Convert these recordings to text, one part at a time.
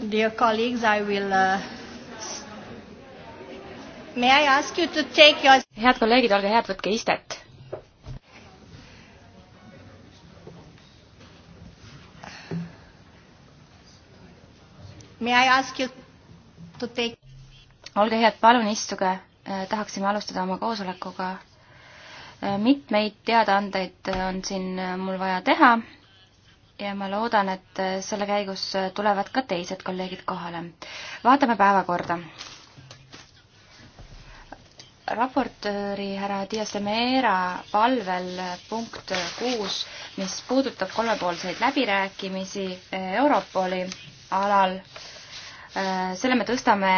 Dear colleagues, I will uh, May I ask you to take your... head kolleegid, olge head, võtke istet. May I ask you to take... olge head, palun istuge, äh, tahaksime alustada oma koosolekuga. Äh, mitmeid teadaandeid äh, on siin mul vaja teha ja ma loodan, et äh, selle käigus äh, tulevad ka teised kolleegid kohale. vaatame päevakorda. raportööri härra Dias de Meera palvel äh, punkt kuus, mis puudutab kolmepoolseid läbirääkimisi Europoli alal, selle me tõstame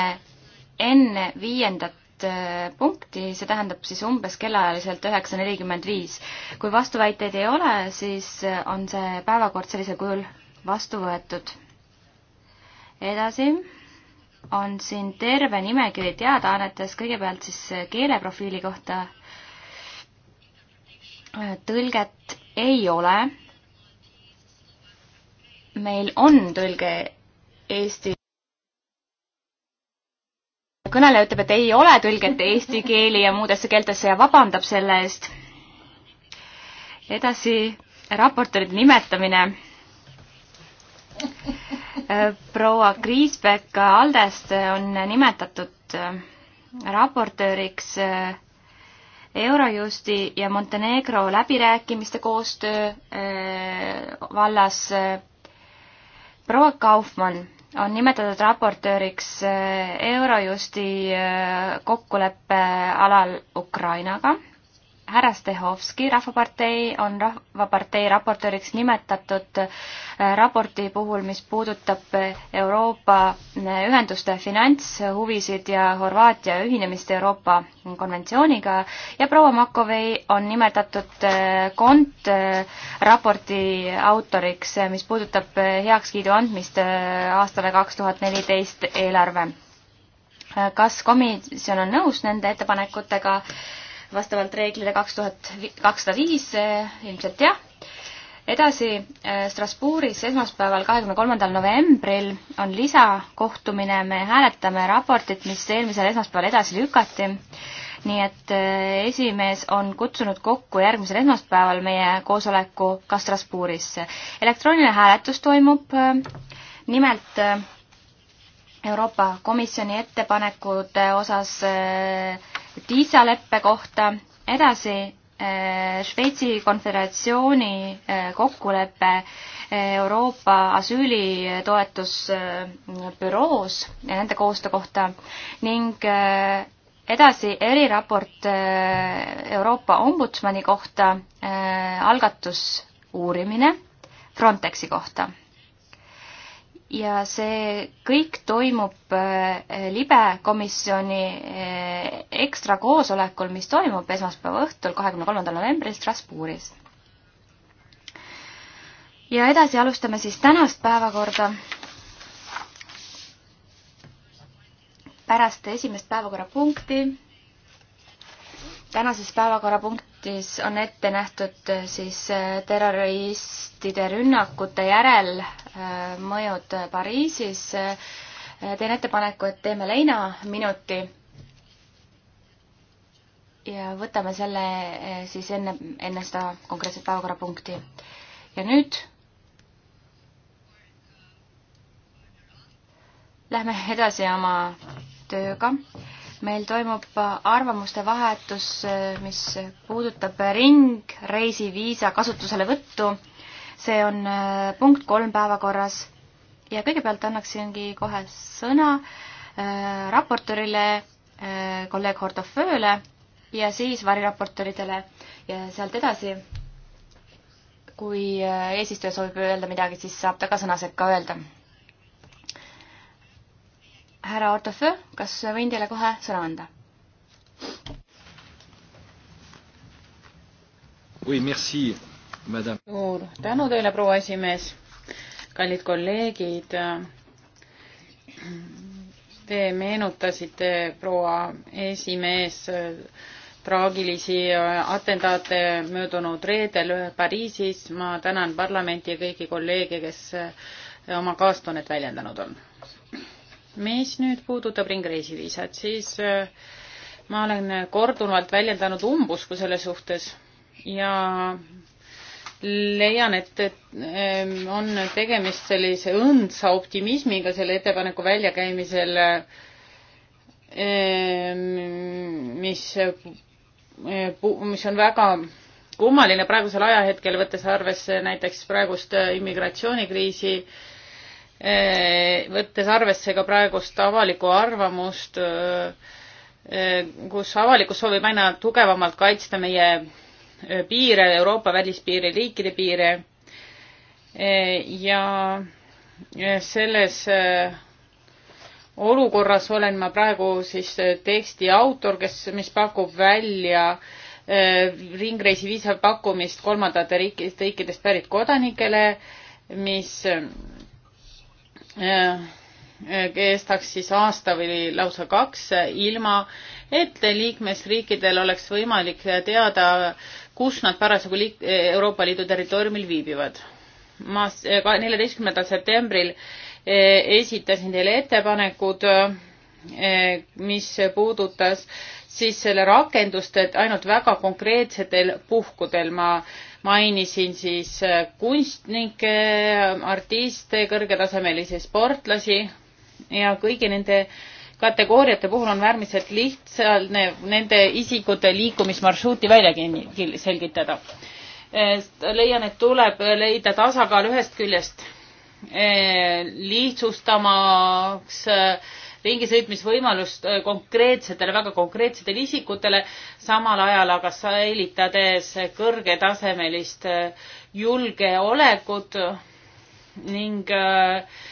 enne viiendat Eh, punkti, see tähendab siis umbes kellaajaliselt üheksa nelikümmend viis. kui vastuväiteid ei ole, siis eh, on see päevakord sellisel kujul vastu võetud. edasi on siin terve nimekiri teadaannetes, kõigepealt siis eh, keeleprofiili kohta. tõlget ei ole. meil on tõlge eesti kõneleja ütleb, et ei ole tõlget eesti keeli ja muudesse keeltesse ja vabandab selle eest. edasi raportööride nimetamine. proua Kriisbeck Aldest on nimetatud raportööriks Eurojusti ja Montenegro läbirääkimiste koostöö eh, vallas. proua Kaufmann on nimetatud raportööriks äh, Eurojusti äh, kokkuleppe alal Ukrainaga härra Stehovski Rahvapartei on Rahvapartei raportööriks nimetatud äh, raporti puhul, mis puudutab äh, Euroopa äh, ühenduste finantshuvisid ja Horvaatia ühinemist Euroopa konventsiooniga ja proua Makovei on nimetatud kont raporti autoriks, mis puudutab heakskiidu andmist aastale kaks tuhat neliteist eelarve kas komisjon on nõus nende ettepanekutega vastavalt reeglile kaks tuhat kakssada viis, ilmselt jah. edasi äh, Strasbourgis esmaspäeval, kahekümne kolmandal novembril on lisakohtumine, me hääletame raportit, mis eelmisel esmaspäeval edasi lükati. nii et äh, esimees on kutsunud kokku järgmisel esmaspäeval meie koosoleku ka Strasbourgis. elektrooniline hääletus toimub äh, nimelt Euroopa Komisjoni ettepanekute osas äh, Tiisa leppe kohta, edasi eh, Šveitsi konföderatsiooni eh, kokkulepe eh, Euroopa asüülitoetusbüroos ja nende koostöö kohta ning edasi eriraport Euroopa ombudsmani kohta, algatus uurimine Frontexi kohta ja see kõik toimub äh, libe komisjoni äh, ekstra koosolekul, mis toimub esmaspäeva õhtul, kahekümne kolmandal novembril Strasbourgis. ja edasi alustame siis tänast päevakorda. pärast esimest päevakorrapunkti tänases päevakorrapunkt raportis on ette nähtud äh, siis äh, terroristide rünnakute järel äh, mõjud Pariisis. teen ettepaneku, et teeme leinaminuti ja võtame selle siis enne, enne seda konkreetset päevakorrapunkti. ja nüüd lähme edasi oma tööga meil toimub arvamuste vahetus, mis puudutab ringreisiviisa kasutuselevõttu. see on äh, punkt kolm päevakorras ja kõigepealt annaksingi kohe sõna äh, raportöörile äh,, kolleeg Hordofööle ja siis variraportööridele ja sealt edasi. kui äh, eesistuja soovib öelda midagi, siis saab ta ka sõna sekka öelda härra Ortofö, kas võin teile kohe sõna anda? suur tänu teile, proua esimees, kallid kolleegid. Te meenutasite, proua esimees, traagilisi atentaate möödunud reedel Pariisis. ma tänan parlamenti ja kõiki kolleege, kes oma kaastunnet väljendanud on mis nüüd puudutab ringreisiviisat, siis äh, ma olen korduvalt väljendanud umbusku selle suhtes ja leian, et, et äh, on tegemist sellise õndsa optimismiga selle ettepaneku väljakäimisel, äh, mis, mis on väga kummaline praegusel ajahetkel, võttes arvesse näiteks praegust immigratsioonikriisi äh, Eh, võttes arvesse ka praegust avalikku arvamust, eh, kus avalikkus soovib aina tugevamalt kaitsta meie eh, piire, Euroopa välispiire, riikide piire ja selles olukorras olen ma praegu siis teksti autor, kes, mis pakub välja ringreisi viisa pakkumist kolmandate riikidest, riikidest pärit kodanikele, mis Äh, kestaks siis aasta või lausa kaks, äh, ilma et liikmesriikidel oleks võimalik äh, teada, kus nad parasjagu liik-, Euroopa Liidu territooriumil viibivad. ma neljateistkümnendal septembril esitasin teile ettepanekud Eh, mis puudutas siis selle rakendust, et ainult väga konkreetsetel puhkudel ma mainisin siis eh, kunstnikke, artiste, kõrgetasemelisi sportlasi ja kõigi nende kategooriate puhul on äärmiselt lihtsalt nende isikute liikumismarsruuti välja selgitada. Eh, leian, et tuleb leida tasakaal ühest küljest lihtsustamaks äh, ringisõitmisvõimalust äh, konkreetsetele, väga konkreetsetele isikutele, samal ajal aga säilitades kõrgetasemelist äh, julgeolekut ning äh,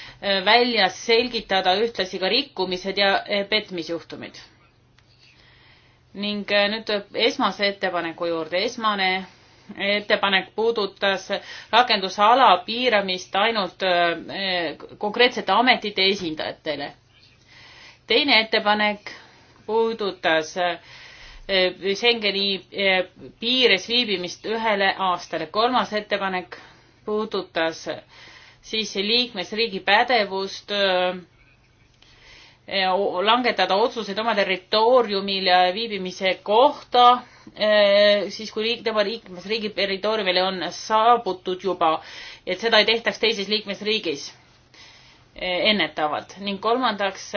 välja selgitada ühtlasi ka rikkumised ja petmisjuhtumid. ning nüüd esmase ettepaneku juurde. esmane ettepanek puudutas rakendusala piiramist ainult konkreetsete ametite esindajatele teine ettepanek puudutas eh, Schengeni eh, piires viibimist ühele aastale. kolmas ettepanek puudutas siis liikmesriigi pädevust eh, langetada otsuseid oma territooriumil viibimise kohta, siis kui riik, tema liikmesriigi territooriumile on saabutud juba, et seda ei tehtaks teises liikmesriigis ennetavalt ning kolmandaks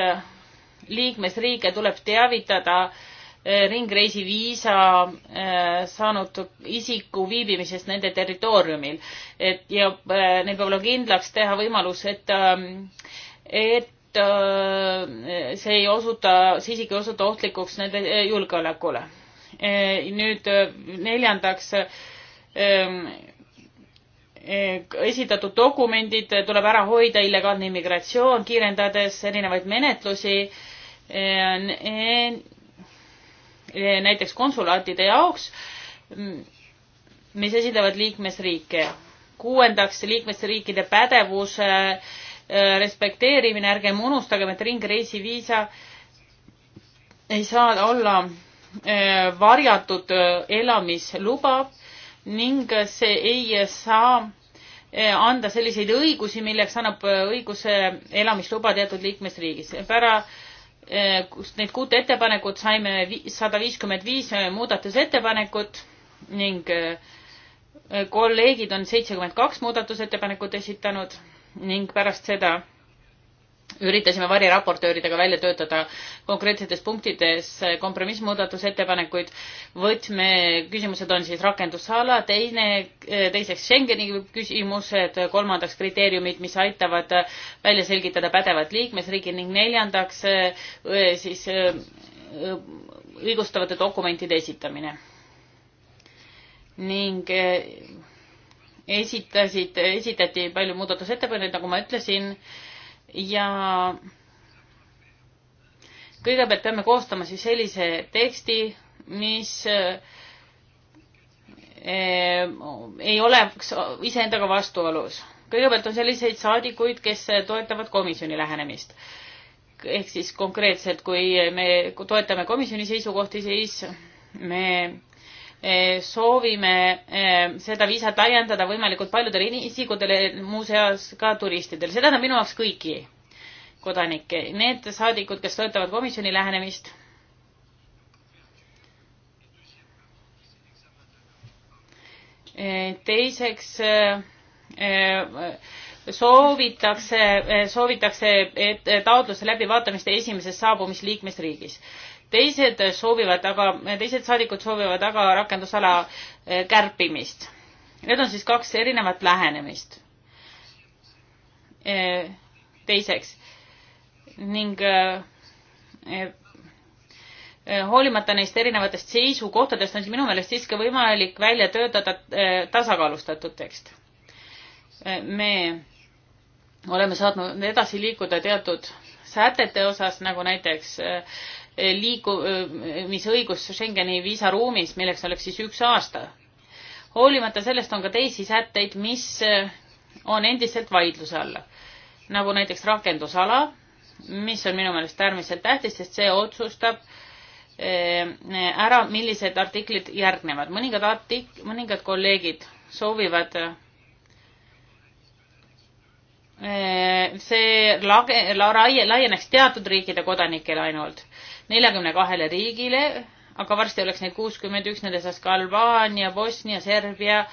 liikmesriike tuleb teavitada eh, ringreisiviisa eh, saanud isiku viibimisest nende territooriumil, et ja eh, neil peab olema kindlaks teha võimalus, et, et see ei osuta, see isik ei osuta ohtlikuks nende julgeolekule. nüüd neljandaks esitatud dokumendid tuleb ära hoida illegaalne immigratsioon, kiirendades erinevaid menetlusi Eh, eh, näiteks konsulaatide jaoks, mm, mis esindavad liikmesriike. kuuendaks, liikmesriikide pädevuse eh, respekteerimine, ärgem unustagem, et ringreisiviisa ei saa olla varjatud elamisluba ning see ei saa anda selliseid õigusi, milleks annab õiguse elamisluba teatud liikmesriigis. pära- Äh, kus neid kuute ettepanekut saime sada viiskümmend viis äh, muudatusettepanekut ning äh, kolleegid on seitsekümmend kaks muudatusettepanekut esitanud ning pärast seda üritasime variraportööridega välja töötada konkreetsetes punktides kompromissmuudatusettepanekuid. võtmeküsimused on siis rakendusala, teine, teiseks Schengeni küsimused, kolmandaks kriteeriumid, mis aitavad välja selgitada pädevad liikmesriigid ning neljandaks eh, siis eh, õigustavate dokumentide esitamine. ning eh, esitasid, esitati palju muudatusettepanekuid, nagu ma ütlesin ja kõigepealt peame koostama siis sellise teksti, mis eh, ei oleks iseendaga vastuolus. kõigepealt on selliseid saadikuid, kes toetavad komisjoni lähenemist. ehk siis konkreetselt, kui me toetame komisjoni seisukohti, siis me Eh, soovime eh, seda viisat laiendada võimalikult paljudele isikutele, muuseas ka turistidele. see tähendab minu jaoks kõiki kodanikke, need saadikud, kes toetavad komisjoni lähenemist. Eh, teiseks soovitakse, soovitakse taotluse läbivaatamist esimeses saabumisliikmesriigis teised soovivad aga, teised saadikud soovivad aga rakendusala eh, kärpimist. Need on siis kaks erinevat lähenemist. Eh, teiseks ning eh, hoolimata neist erinevatest seisukohtadest on minu meelest siiski võimalik välja töötada tasakaalustatud tekst. me oleme saatnud edasi liikuda teatud sätete osas, nagu näiteks Eh, liikumisõigus eh, Schengeni viisaruumis, milleks oleks siis üks aasta. hoolimata sellest on ka teisi sätteid, mis eh, on endiselt vaidluse all, nagu näiteks rakendusala, mis on minu meelest äärmiselt tähtis, sest see otsustab ära, millised artiklid järgnevad. mõningad artik-, mõningad kolleegid soovivad see lage-, la-, laieneks teatud riikide kodanikele ainult neljakümne kahele riigile, aga varsti oleks neid kuuskümmend üks, nende seas ka Albaania, Bosnia, Serbia,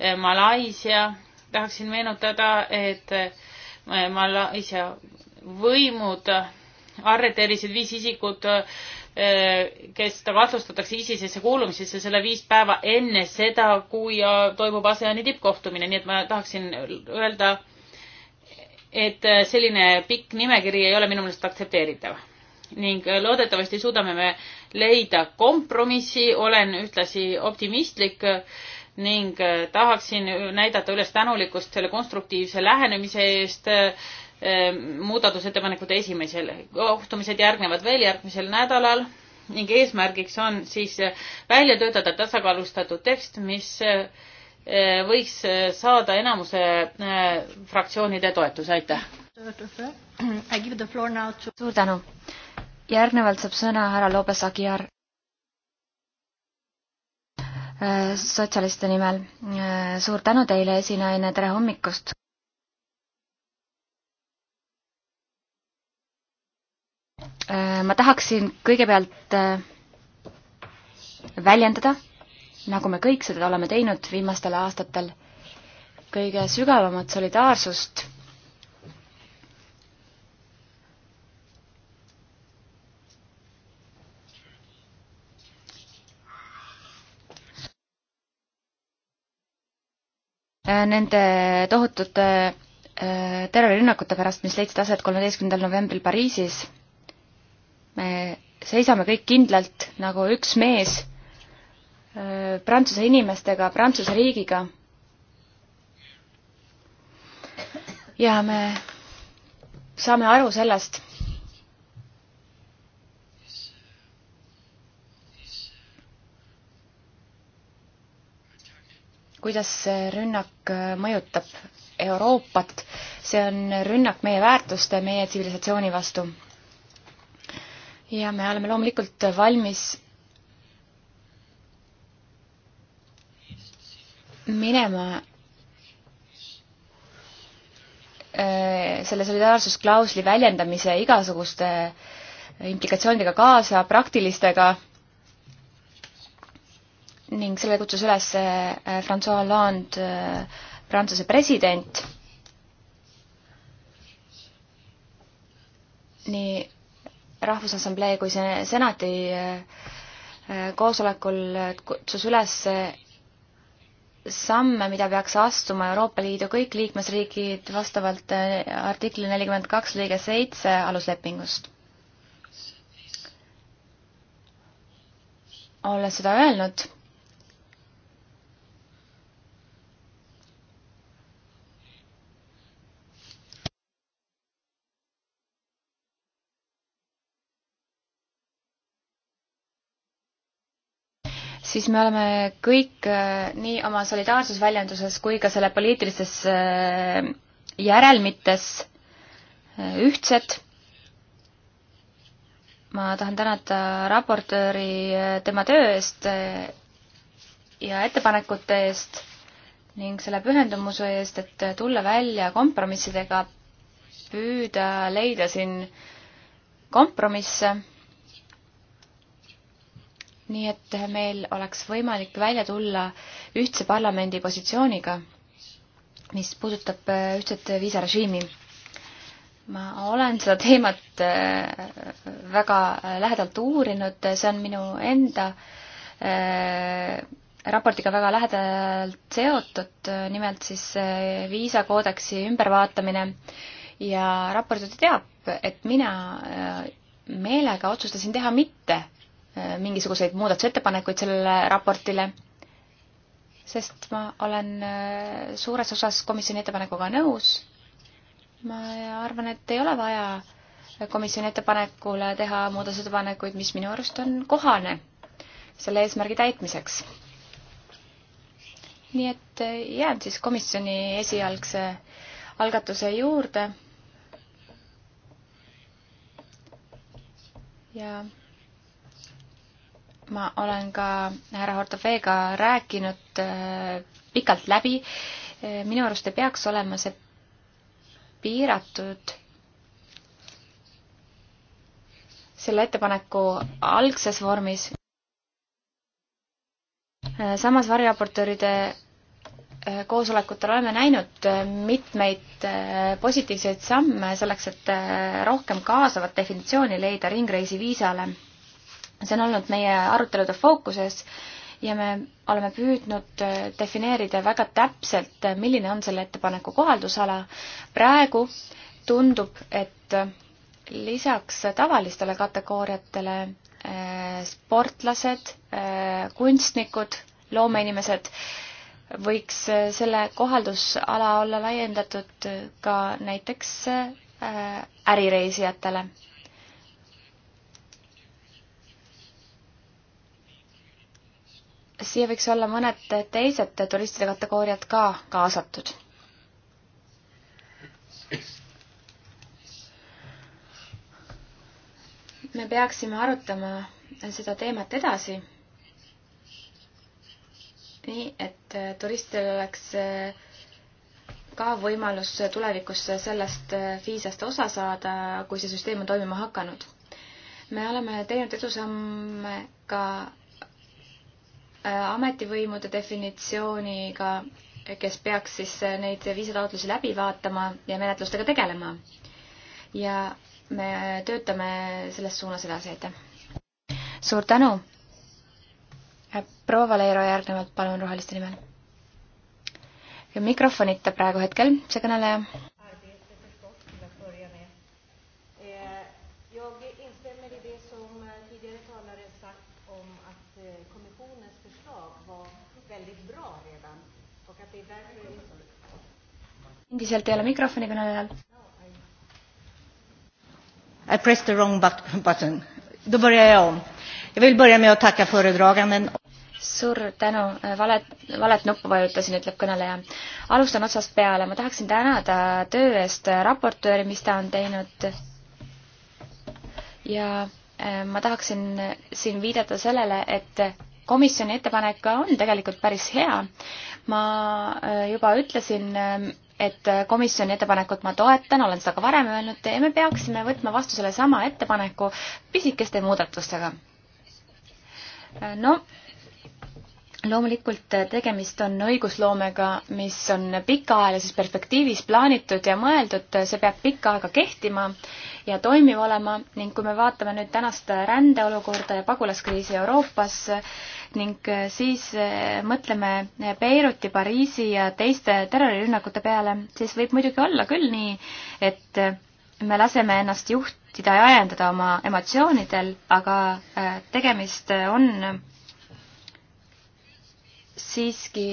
eh, Malaisia. tahaksin meenutada, et eh, Malaisia võimud arreteerisid viis isikut, eh, kes kahtlustatakse ISISesse kuulumisesse selle viis päeva enne seda, kui toimub ASEAN-i tippkohtumine, nii et ma tahaksin öelda, et selline pikk nimekiri ei ole minu meelest aktsepteeritav ning loodetavasti suudame me leida kompromissi, olen ühtlasi optimistlik ning tahaksin näidata üles tänulikkust selle konstruktiivse lähenemise eest eh, muudatusettepanekute esimesel. kohtumised järgnevad veel järgmisel nädalal ning eesmärgiks on siis välja töötada tasakaalustatud tekst, mis eh, võiks saada enamuse eh, fraktsioonide toetuse, aitäh! suur tänu! järgnevalt saab sõna härra Lopes Aguiar äh, sotsialiste nimel. Äh, suur tänu teile, esinaine, tere hommikust! Äh, ma tahaksin kõigepealt väljendada, nagu me kõik seda oleme teinud viimastel aastatel, kõige sügavamat solidaarsust Äh, nende tohutute äh, terrorirünnakute pärast, mis leidsid aset kolmeteistkümnendal novembril Pariisis. me seisame kõik kindlalt nagu üks mees äh, Prantsuse inimestega, Prantsuse riigiga. ja me saame aru sellest kuidas see rünnak äh, mõjutab Euroopat. see on rünnak meie väärtuste, meie tsivilisatsiooni vastu. ja me oleme loomulikult valmis minema äh, selle solidaarsusklausli väljendamise igasuguste implikatsioonidega kaasa, praktilistega ning selle kutsus üles äh, Francois Hollande, äh, Prantsuse president. nii Rahvusassamblee kui see senati äh, koosolekul kutsus üles samme, mida peaks astuma Euroopa Liidu kõik liikmesriigid vastavalt artikli nelikümmend kaks lõige seitse aluslepingust olles seda öelnud, siis me oleme kõik äh, nii oma solidaarsusväljenduses kui ka selle poliitilistes äh, järelmites äh, ühtsed. ma tahan tänada raportööri tema töö eest ja ettepanekute eest ning selle pühendumuse eest, et tulla välja kompromissidega, püüda leida siin kompromisse nii et meil oleks võimalik välja tulla ühtse parlamendi positsiooniga, mis puudutab äh, ühtset viisarežiimi. ma olen seda teemat äh, väga äh, lähedalt uurinud, see on minu enda raportiga väga lähedalt seotud, nimelt siis viisakoodeksi ümbervaatamine ja raport ju teab, et mina meelega otsustasin teha mitte Äh, mingisuguseid muudatusettepanekuid sellele raportile, sest ma olen äh, suures osas komisjoni ettepanekuga nõus. ma arvan, et ei ole vaja komisjoni ettepanekule teha muudatusettepanekuid, mis minu arust on kohane selle eesmärgi täitmiseks. nii et äh, jään siis komisjoni esialgse algatuse juurde ja ma olen ka härra Hortofeega rääkinud äh, pikalt läbi. Äh, minu arust ei peaks olema see piiratud selle ettepaneku algses vormis. Äh, samas variraportööride koosolekutel oleme näinud mitmeid positiivseid samme selleks, et rohkem kaasavat definitsiooni leida ringreisi viisale see on olnud meie arutelude fookuses ja me oleme püüdnud äh, defineerida väga täpselt, äh, milline on selle ettepaneku kohaldusala. praegu tundub, et äh, lisaks tavalistele kategooriatele sportlased, kunstnikud, loomeinimesed, võiks selle kohaldusala olla laiendatud ka näiteks ärireisijatele siia võiks olla mõned teised turistide kategooriad ka kaasatud. me peaksime arutama seda teemat edasi. nii, et turistidel oleks ka võimalus tulevikus sellest viisast osa saada, kui see süsteem on toimima hakanud. me oleme teinud edusamme ka Äh, ametivõimude definitsiooniga, kes peaks siis äh, neid viisataotlusi läbi vaatama ja menetlustega tegelema. ja me töötame selles suunas edasi, aitäh. suur tänu. Äh, proua Valero järgnevalt palun roheliste nimel. mikrofonita praegu hetkel see kõneleja. endiselt ei ole mikrofoni kõnelejal. I pressed the wrong button. Då börjar jag om. Jag vill börja med att tacka föredraganden. suur tänu, valet, valet nuppu vajutasin, ütleb kõneleja. alustan otsast peale, ma tahaksin tänada töö eest raportööri, mis ta on teinud. ja äh, ma tahaksin siin viidata sellele, et komisjoni ettepanek on tegelikult päris hea. ma äh, juba ütlesin äh, et komisjoni ettepanekut ma toetan, olen seda ka varem öelnud, ja me peaksime võtma vastu selle sama ettepaneku pisikeste muudatustega. no loomulikult äh, tegemist on õigusloomega, mis on pikaajalises perspektiivis plaanitud ja mõeldud, see peab pikka aega kehtima ja toimiv olema ning kui me vaatame nüüd tänast rändeolukorda ja pagulaskriisi Euroopas ning äh, siis äh, mõtleme Beiruti, Pariisi ja teiste terrorirünnakute peale, siis võib muidugi olla küll nii, et me laseme ennast juhtida ja ajendada oma emotsioonidel, aga tegemist on siiski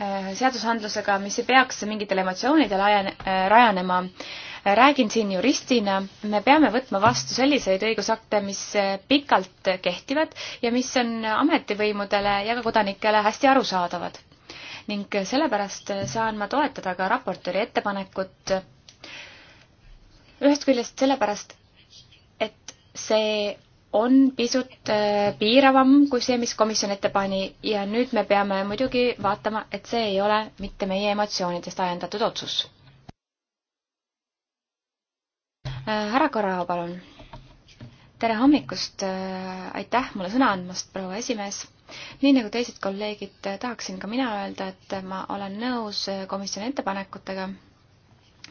äh, seadusandlusega, mis ei peaks mingitele emotsioonidele äh, rajanema. räägin siin juristina, me peame võtma vastu selliseid õigusakte, mis äh, pikalt kehtivad ja mis on ametivõimudele ja ka kodanikele hästi arusaadavad. ning sellepärast saan ma toetada ka raportööri ettepanekut ühest küljest sellepärast, et see on pisut äh, piiravam kui see, mis komisjon ette pani ja nüüd me peame muidugi vaatama, et see ei ole mitte meie emotsioonidest ajendatud otsus. Äh, härra Korrao, palun. tere hommikust, äh, aitäh mulle sõna andmast, proua esimees. nii nagu teised kolleegid, tahaksin ka mina öelda, et ma olen nõus komisjoni ettepanekutega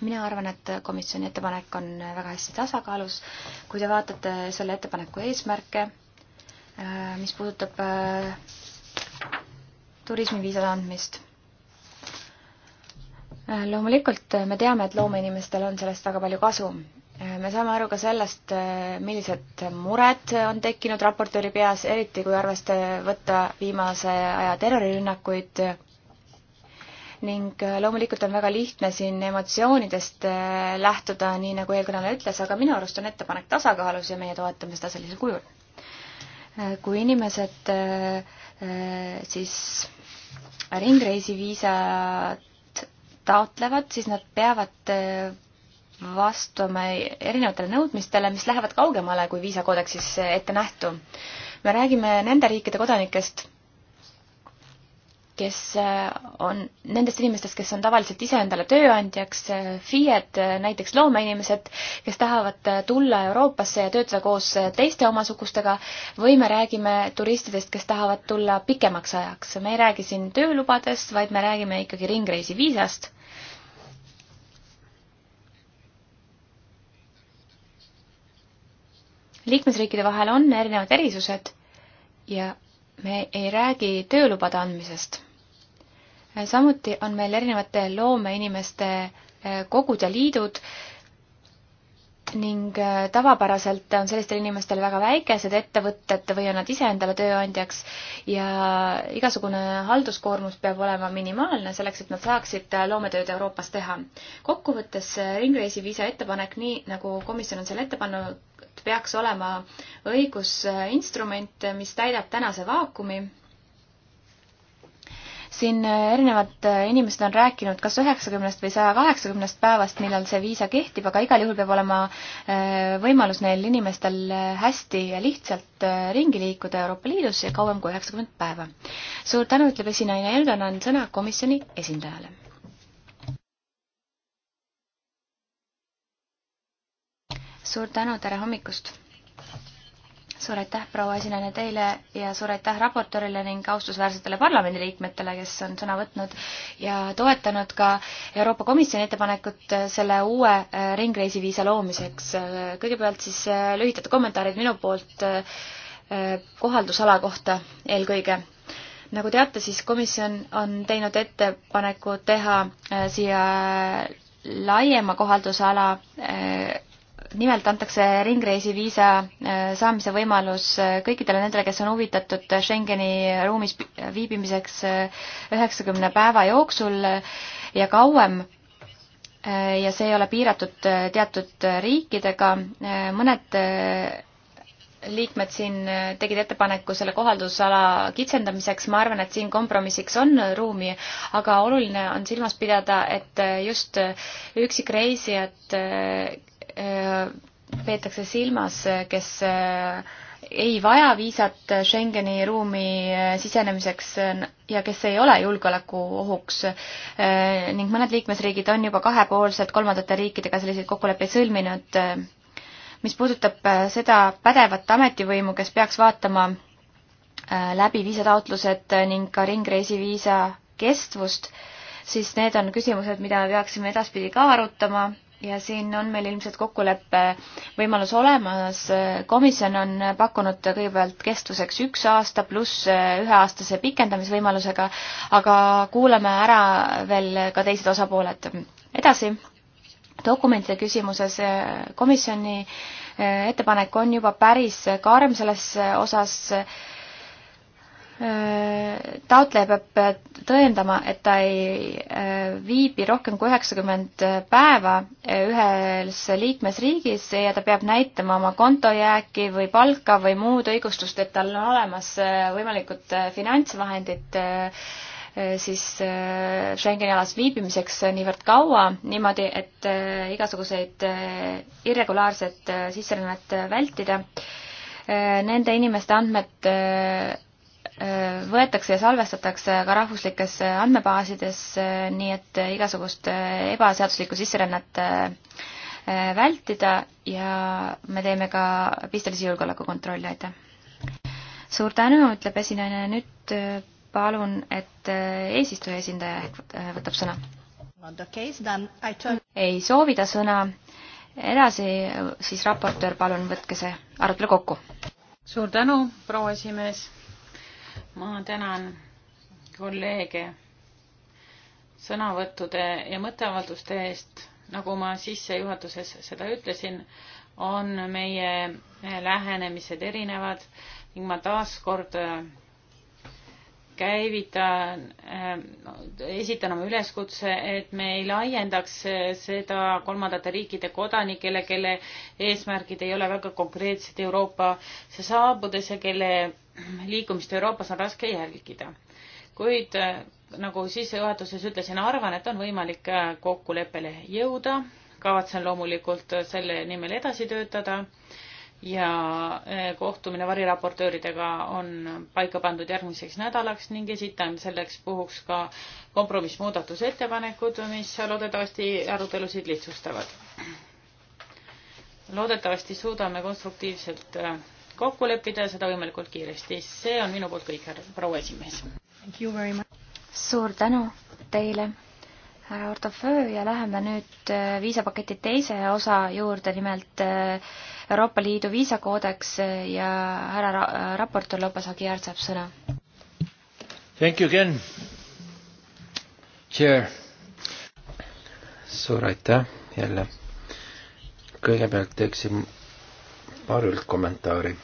mina arvan, et komisjoni ettepanek on väga hästi tasakaalus. kui te vaatate selle ettepaneku eesmärke, äh, mis puudutab äh, turismiviisade andmist, äh, loomulikult me teame, et loomeinimestel on sellest väga palju kasu. me saame aru ka sellest, millised mured on tekkinud raportööri peas, eriti kui arvesse võtta viimase aja terrorirünnakuid ning äh, loomulikult on väga lihtne siin emotsioonidest äh, lähtuda, nii nagu eelkõneleja ütles, aga minu arust on ettepanek tasakaalus ja meie toetame seda sellisel kujul. Äh, kui inimesed siis ringreisiviisat taotlevad, siis nad peavad vastama erinevatele nõudmistele, mis lähevad kaugemale kui viisakoodeksis ette nähtu. me räägime nende riikide kodanikest kes äh, on, nendest inimestest, kes on tavaliselt iseendale tööandjaks, äh, FIE-d, äh, näiteks loomeinimesed, kes tahavad tulla Euroopasse ja töötada koos teiste omasugustega, või me räägime turistidest, kes tahavad tulla pikemaks ajaks. me ei räägi siin töölubadest, vaid me räägime ikkagi ringreisiviisast. liikmesriikide vahel on erinevad erisused ja me ei räägi töölubade andmisest samuti on meil erinevate loomeinimeste eh, kogud ja liidud ning eh, tavapäraselt on sellistel inimestel väga väikesed ettevõtted või on nad ise endale tööandjaks ja igasugune halduskoormus peab olema minimaalne selleks, et nad saaksid eh, loometööd Euroopas teha. kokkuvõttes Ringreisi viisa ettepanek, nii nagu komisjon on selle ette pannud, peaks olema õigusinstrument, mis täidab tänase vaakumi siin äh, erinevad äh, inimesed on rääkinud kas üheksakümnest või saja kaheksakümnest päevast, millal see viisa kehtib, aga igal juhul peab olema äh, võimalus neil inimestel hästi ja lihtsalt ringi liikuda Euroopa Liidus ja kauem kui üheksakümmend päeva. suur tänu, ütleb esinaine Helve, annan sõna komisjoni esindajale. suur tänu, tere hommikust! suur aitäh, proua esinejana teile ja suur aitäh raportöörile ning austusväärsetele parlamendiliikmetele, kes on sõna võtnud ja toetanud ka Euroopa Komisjoni ettepanekut selle uue äh, ringreisiviisa loomiseks. Äh, kõigepealt siis äh, lühidad kommentaarid minu poolt kohaldusala kohta eelkõige nagu teate, siis komisjon on teinud ettepaneku teha siia laiema kohaldusala nimelt antakse ringreisiviisa äh, saamise võimalus äh, kõikidele nendele, kes on huvitatud äh, Schengeni ruumis viibimiseks üheksakümne päeva jooksul ja kauem ja see ei ole piiratud teatud riikidega, mõned liikmed siin tegid ettepaneku selle kohaldusala kitsendamiseks, ma arvan, et siin kompromissiks on ruumi, aga oluline on silmas pidada, et just üksikreisijad, Äh, peetakse silmas, kes äh, ei vaja viisat Schengeni ruumi äh, sisenemiseks ja kes ei ole julgeolekuohuks ning mõned liikmesriigid on juba kahepoolselt kolmandate riikidega selliseid kokkuleppeid sõlminud. mis puudutab seda pädevat ametivõimu, kes peaks vaatama läbi viisataotlused ning ka ringreisiviisa kestvust, siis need on küsimused, mida me peaksime edaspidi ka arutama ja siin on meil ilmselt kokkuleppe võimalus olemas. komisjon on pakkunud kõigepealt kestvuseks üks aasta pluss üheaastase pikendamisvõimalusega, aga kuulame ära veel ka teised osapooled. edasi, dokumentide küsimuses komisjoni ettepanek on juba päris karm selles osas Äh, taotleja peab tõendama, et ta ei äh, viibi rohkem kui üheksakümmend äh, päeva ühes liikmesriigis ja ta peab näitama oma kontojääki või palka või muud õigustust, et tal on olemas võimalikud finantsvahendid siis Schengeni alas viibimiseks niivõrd kaua, niimoodi, et igasuguseid irregulaarset sisserännet vältida. Nende inimeste andmed Äh, võetakse ja salvestatakse ka rahvuslikes äh, andmebaasides, äh, nii et igasugust ebaseaduslikku sisserännet vältida ja me teeme ka pistelisi julgeolekukontrolle, aitäh. suur tänu, ütleb esinejana, nüüd palun, et eesistuja esindaja võtab sõna. ei soovi ta sõna, edasi siis raportöör, palun võtke see arutelu kokku. suur tänu, proua esimees ma tänan kolleege sõnavõttude ja mõtteavalduste eest. nagu ma sissejuhatuses seda ütlesin, on meie lähenemised erinevad ning ma taaskord käivitan, ähm, esitan oma üleskutse, et me ei laiendaks äh, seda kolmandate riikide kodanikele, kelle eesmärgid ei ole väga konkreetsed Euroopasse saabudes ja kelle liikumist Euroopas on raske jälgida. kuid äh, nagu sissejuhatuses ütlesin, arvan, et on võimalik äh, kokkuleppele jõuda, kavatsen loomulikult selle nimel edasi töötada ja eh, kohtumine variraportööridega on paika pandud järgmiseks nädalaks ning esitan selleks puhuks ka kompromissmuudatusettepanekud, mis loodetavasti arutelusid lihtsustavad. loodetavasti suudame konstruktiivselt eh, kokku leppida ja seda võimalikult kiiresti. see on minu poolt kõik, härra proua esimees. suur tänu teile härra Ortoföö ja läheme nüüd eh, viisapaketi teise osa juurde, nimelt Euroopa Liidu viisakoodeks ja härra ra raportöör Lopes Aguiar saab sõna. Thank you again, chair. suur aitäh jälle. kõigepealt teeksin paar üldkommentaari.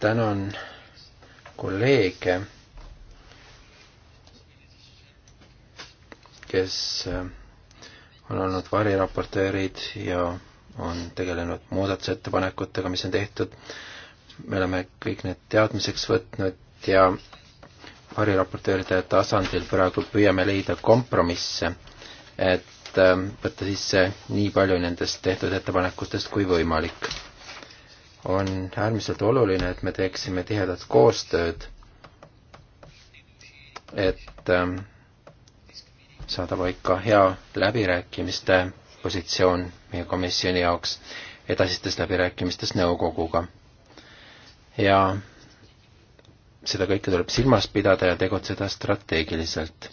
tänan kolleege kes äh, on olnud variraportöörid ja on tegelenud muudatusettepanekutega, mis on tehtud. me oleme kõik need teadmiseks võtnud ja variraportööride tasandil praegu püüame leida kompromisse, et ähm, võtta sisse nii palju nendest tehtud ettepanekutest kui võimalik. on äärmiselt oluline, et me teeksime tihedat koostööd, et ähm, saada paika hea läbirääkimiste positsioon meie komisjoni jaoks edasistes läbirääkimistes nõukoguga. ja seda kõike tuleb silmas pidada ja tegutseda strateegiliselt.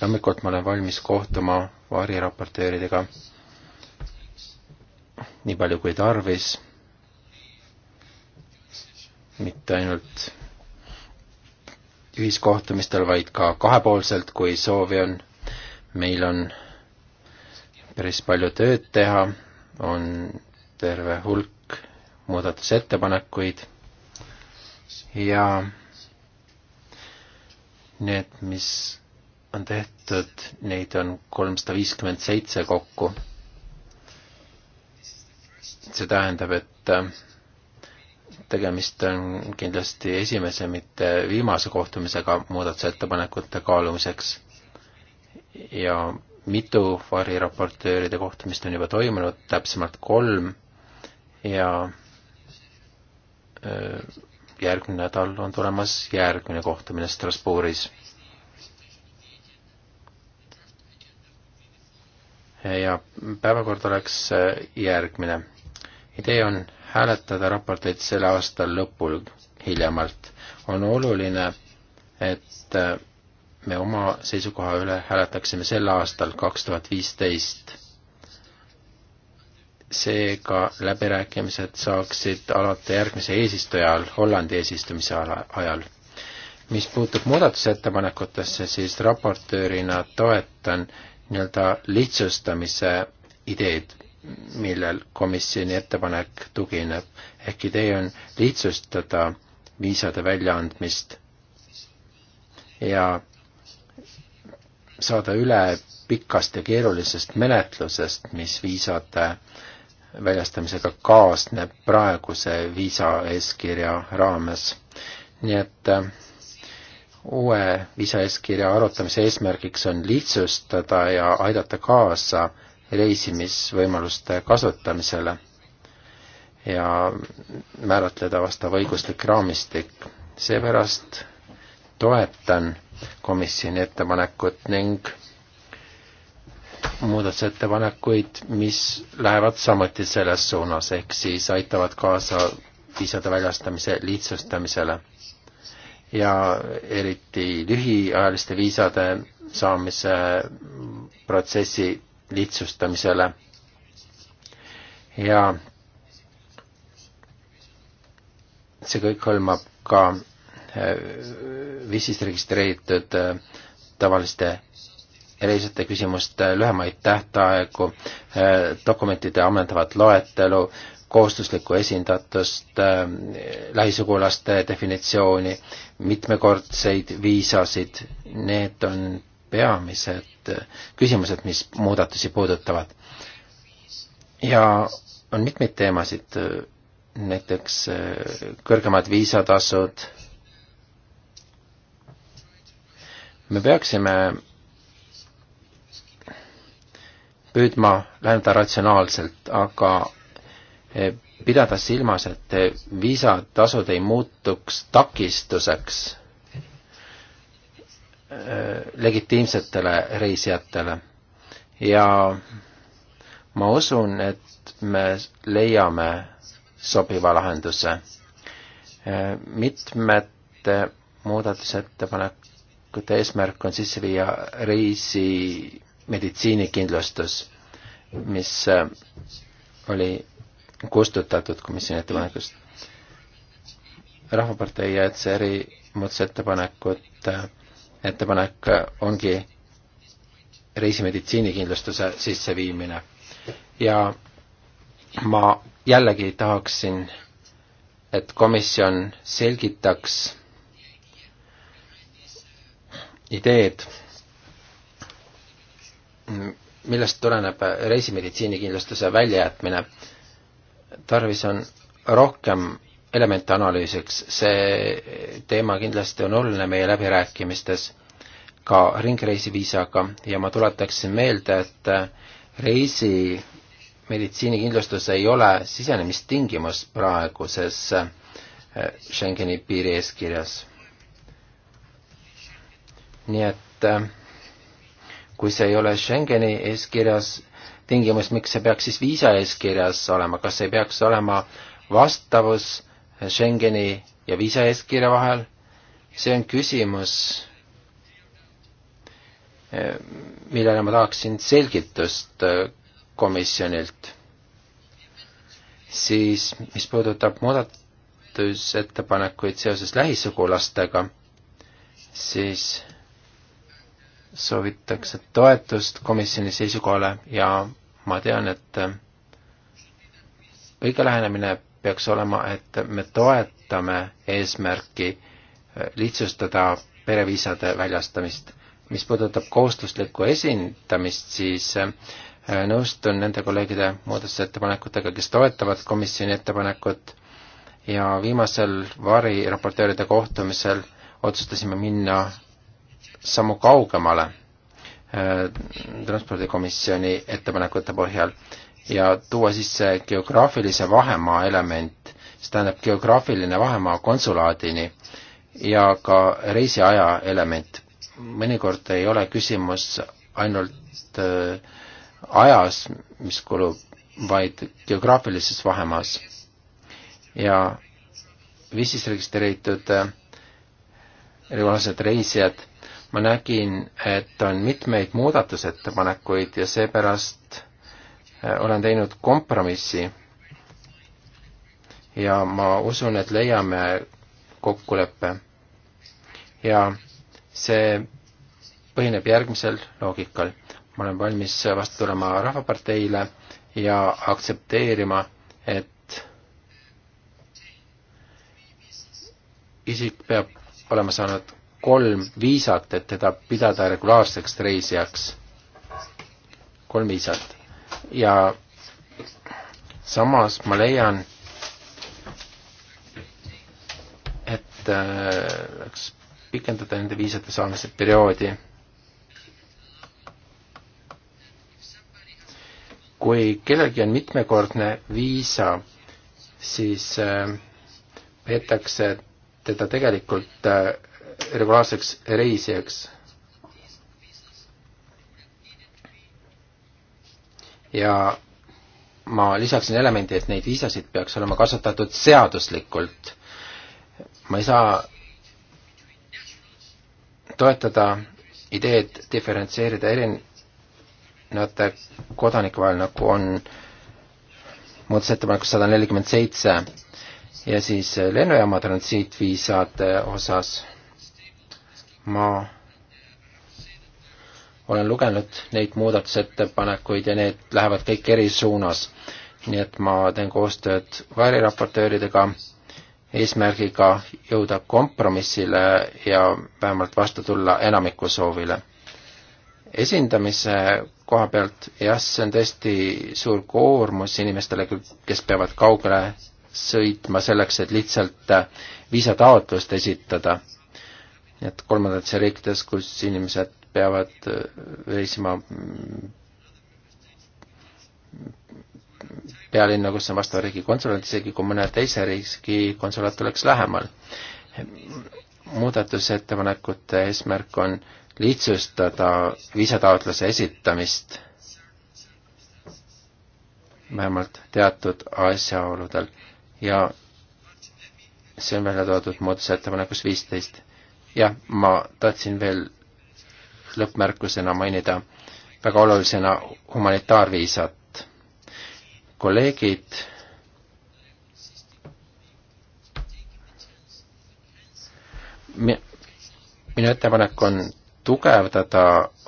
loomulikult ma olen valmis kohtuma variraportööridega nii palju kui tarvis, mitte ainult ühiskohtumistel, vaid ka kahepoolselt, kui soovi on. meil on päris palju tööd teha, on terve hulk muudatusettepanekuid ja need, mis on tehtud, neid on kolmsada viiskümmend seitse kokku. see tähendab, et äh, tegemist on kindlasti esimese, mitte viimase kohtumisega muudatusettepanekute kaalumiseks ja mitu variraportööride kohtumist on juba toimunud, täpsemalt kolm ja järgmine nädal on tulemas järgmine kohtumine Strasbourgis. ja päevakord oleks järgmine. idee on hääletada raporteid selle aasta lõpul hiljemalt. on oluline, et me oma seisukoha üle hääletaksime sel aastal, kaks tuhat viisteist. seega läbirääkimised saaksid alata järgmise eesistuja ajal, Hollandi eesistumise ajal. mis puutub muudatusettepanekutesse, siis raportöörina toetan nii-öelda lihtsustamise ideed, millel komisjoni ettepanek tugineb. ehk idee on lihtsustada viisade väljaandmist ja saada üle pikast ja keerulisest menetlusest, mis viisade väljastamisega kaasneb praeguse viisaeeskirja raames. nii et äh, uue viisaeeskirja arutamise eesmärgiks on lihtsustada ja aidata kaasa reisimisvõimaluste kasutamisele ja määratleda vastav õiguslik raamistik. seepärast toetan komisjoni ettepanekut ning muudatusettepanekuid, mis lähevad samuti selles suunas, ehk siis aitavad kaasa viisade väljastamise lihtsustamisele. ja eriti lühiajaliste viisade saamise protsessi lihtsustamisele. ja see kõik hõlmab ka VIS-ist äh, registreeritud äh, tavaliste reisijate küsimust, äh, lühemaid tähtaegu, dokumentide ammendavat loetelu, kohustuslikku esindatust, lähisugulaste definitsiooni, mitmekordseid viisasid, need on peamised küsimused, mis muudatusi puudutavad. ja on mitmeid teemasid, näiteks kõrgemad viisatasud, me peaksime püüdma läheneda ratsionaalselt, aga eh, pidada silmas, et viisatasud ei muutuks takistuseks eh, legitiimsetele reisijatele. ja ma usun, et me leiame sobiva lahenduse. Eh, mitmete muudatusettepanek ettepanekute eesmärk on sisse viia reisi meditsiinikindlustus, mis äh, oli kustutatud komisjoni ettepanekust. rahvapartei ja ETSR-i muudatusettepanekut, äh, ettepanek ongi reisimeditsiinikindlustuse sisseviimine ja ma jällegi tahaksin, et komisjon selgitaks ideed, millest tuleneb reisimeditsiinikindlustuse väljajätmine. tarvis on rohkem elemente analüüsiks, see teema kindlasti on oluline meie läbirääkimistes ka ringreisiviisaga ja ma tuletaksin meelde, et reisi meditsiinikindlustus ei ole sisenemistingimus praeguses Schengeni piirieeskirjas nii et äh, kui see ei ole Schengeni eeskirjas tingimus, miks see peaks siis viisa eeskirjas olema, kas ei peaks olema vastavus Schengeni ja viisa eeskirja vahel? see on küsimus, äh, millele ma tahaksin selgitust äh, komisjonilt. siis, mis puudutab muudatusettepanekuid seoses lähisugulastega, siis soovitakse toetust komisjoni seisukohale ja ma tean, et õige lähenemine peaks olema, et me toetame eesmärki äh, lihtsustada pereviisade väljastamist. mis puudutab kohustuslikku esindamist, siis äh, nõustun nende kolleegide muudatusettepanekutega, kes toetavad komisjoni ettepanekut ja viimasel variraportööride kohtumisel otsustasime minna sammu kaugemale äh, transpordikomisjoni ettepanekute põhjal ja tuua sisse geograafilise vahemaa element, see tähendab geograafiline vahemaa konsulaadini ja ka reisiaja element. mõnikord ei ole küsimus ainult äh, ajas, mis kulub, vaid geograafilises vahemaas. ja viisteist registreeritud äh, regulaarset reisijat ma nägin, et on mitmeid muudatusettepanekuid ja seepärast äh, olen teinud kompromissi. ja ma usun, et leiame kokkuleppe. ja see põhineb järgmisel loogikal. ma olen valmis vastu tulema Rahvaparteile ja aktsepteerima, et isik peab olema saanud kolm viisat, et teda pidada regulaarseks reisijaks. kolm viisat. ja samas ma leian, et oleks äh, pikendada nende viisade saamise perioodi. kui kellelgi on mitmekordne viisa, siis äh, peetakse teda tegelikult äh, regulaarseks reisijaks. ja ma lisaksin elemendi, et neid viisasid peaks olema kasutatud seaduslikult. ma ei saa toetada ideed diferentseerida erinevate kodanike vahel, nagu on muudatusettepanekus sada nelikümmend seitse ja siis lennujaama transiitviisade osas ma olen lugenud neid muudatusettepanekuid ja need lähevad kõik eri suunas. nii et ma teen koostööd variraportööridega eesmärgiga jõuda kompromissile ja vähemalt vastu tulla enamiku soovile. esindamise koha pealt, jah, see on tõesti suur koormus inimestele, kes peavad kaugele sõitma selleks, et lihtsalt viisataotlust esitada et kolmandates riikides, kus inimesed peavad äh, reisima mm, pealinna, kus on vastava riigi konsulaat, isegi kui mõne teise riigi konsulaat oleks lähemal. muudatusettepanekute eesmärk on lihtsustada viisataotluse esitamist vähemalt teatud asjaoludel ja see on välja toodud muudatusettepanekus viisteist jah, ma tahtsin veel lõppmärkusena mainida väga olulisena humanitaarviisat. kolleegid mi-, minu ettepanek on tugevdada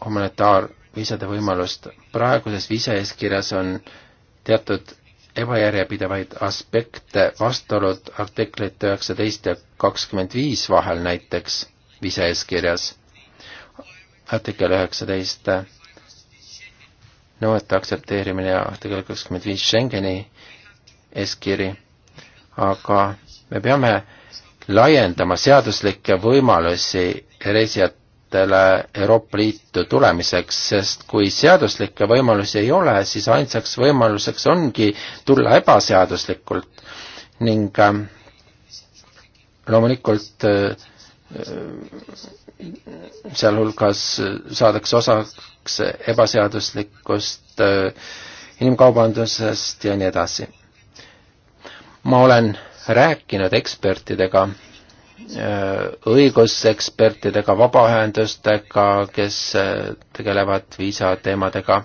humanitaarviisade võimalust. praeguses viisaeeskirjas on teatud ebajärjepidevaid aspekte, vastuolud artiklite üheksateist ja kakskümmend viis vahel näiteks visaeeskirjas. artikkel üheksateist nõuete aktsepteerimine ja artikkel kakskümmend viis Schengeni eeskiri, aga me peame laiendama seaduslikke võimalusi reisijatele Euroopa Liitu tulemiseks, sest kui seaduslikke võimalusi ei ole, siis ainsaks võimaluseks ongi tulla ebaseaduslikult ning ähm, loomulikult äh, sealhulgas saadakse osaks ebaseaduslikust inimkaubandusest ja nii edasi. ma olen rääkinud ekspertidega, õigusekspertidega, vabaühendustega, kes tegelevad viisateemadega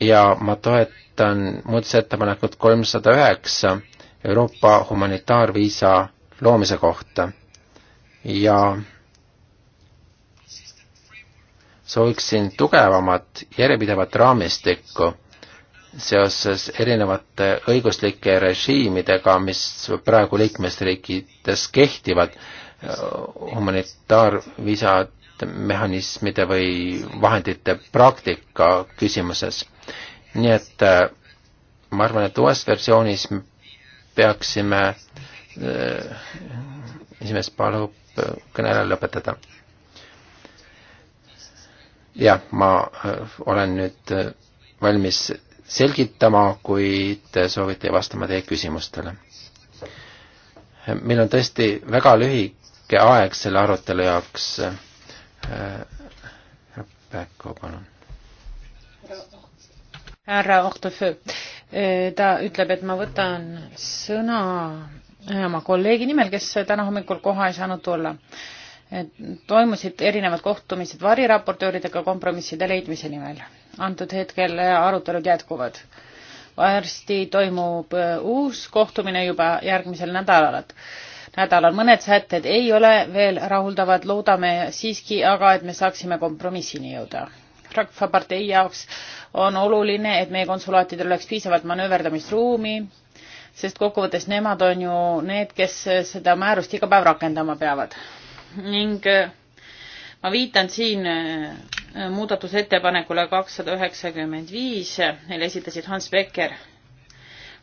ja ma toetan muudatusettepanekut kolmsada üheksa Euroopa humanitaarviisa loomise kohta ja sooviksin tugevamat järjepidevat raamistikku seoses erinevate õiguslike režiimidega, mis praegu liikmesriikides kehtivad, äh, humanitaarvisad, mehhanismide või vahendite praktika küsimuses. nii et äh, ma arvan, et uues versioonis me peaksime äh, esimees palub äh, kõnele lõpetada. jah, ma äh, olen nüüd äh, valmis selgitama, kuid te soovite vastama teie küsimustele. meil on tõesti väga lühike aeg selle arutelu jaoks. Päkko, palun. härra Ohtoföö, ta ütleb, et ma võtan sõna oma kolleegi nimel, kes täna hommikul koha ei saanud tulla. toimusid erinevad kohtumised variraportööridega kompromisside leidmise nimel. antud hetkel arutelud jätkuvad. varsti toimub äh, uus kohtumine juba järgmisel nädalal nädalal. mõned sätted ei ole veel rahuldavad, loodame siiski aga, et me saaksime kompromissini jõuda. rahvapartei jaoks on oluline, et meie konsulaatidel oleks piisavalt manööverdamisruumi sest kokkuvõttes nemad on ju need, kes seda määrust iga päev rakendama peavad. ning äh, ma viitan siin äh, muudatusettepanekule kakssada üheksakümmend viis, mille esitasid Hans Becker,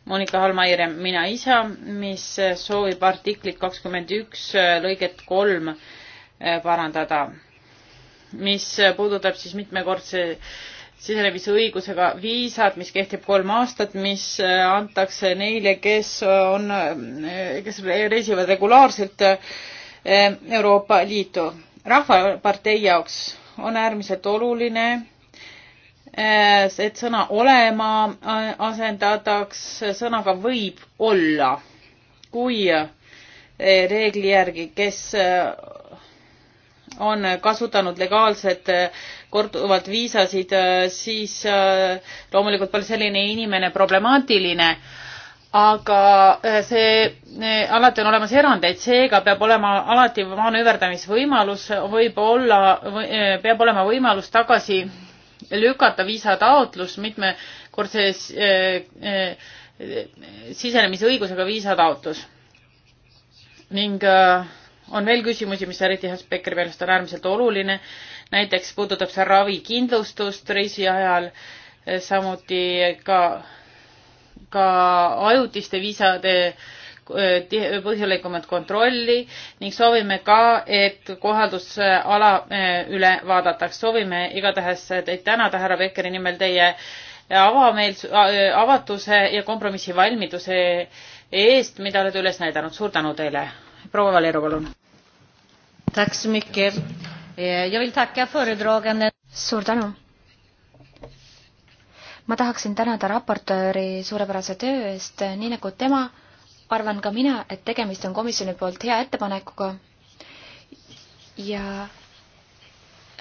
Monika Halmaier ja mina isa, mis äh, soovib artiklit kakskümmend üks lõiget kolm parandada, mis puudutab siis mitmekordse sisenemisõigusega viisad, mis kehtib kolm aastat, mis äh, antakse neile, kes on, äh, kes reisivad regulaarselt äh, Euroopa Liitu. rahvapartei jaoks on äärmiselt oluline, et sõna olema asendataks sõnaga võib olla, kui reegli järgi, kes on kasutanud legaalset korduvalt viisasid, äh, siis äh, loomulikult pole selline inimene problemaatiline, aga äh, see, alati on olemas erandeid, seega peab olema alati manööverdamisvõimalus, võib-olla, peab olema võimalus tagasi lükata viisataotlus mitmekordse sisenemisõigusega viisataotlus ning äh, on veel küsimusi, mis eriti Hans Beckeri meelest on äärmiselt oluline, näiteks puudutab see ravikindlustust reisi ajal, samuti ka, ka ajutiste viisade eh, põhjalikumat kontrolli ning soovime ka, et kohaldusala eh, üle vaadataks. soovime igatahes teid tänada, härra Beckeri nimel, teie avameel-, eh, avatuse ja kompromissivalmiduse eest, mida olete üles näidanud. suur tänu teile. proua Valero, palun Tack så mycket. Eh, jag vill tacka föredraganden. Suur tänu. Ma tahaksin tänada raportööri suurepärase töö eest, nii nagu tema, arvan ka mina, et tegemist on komisjoni poolt hea ettepanekuga. Ja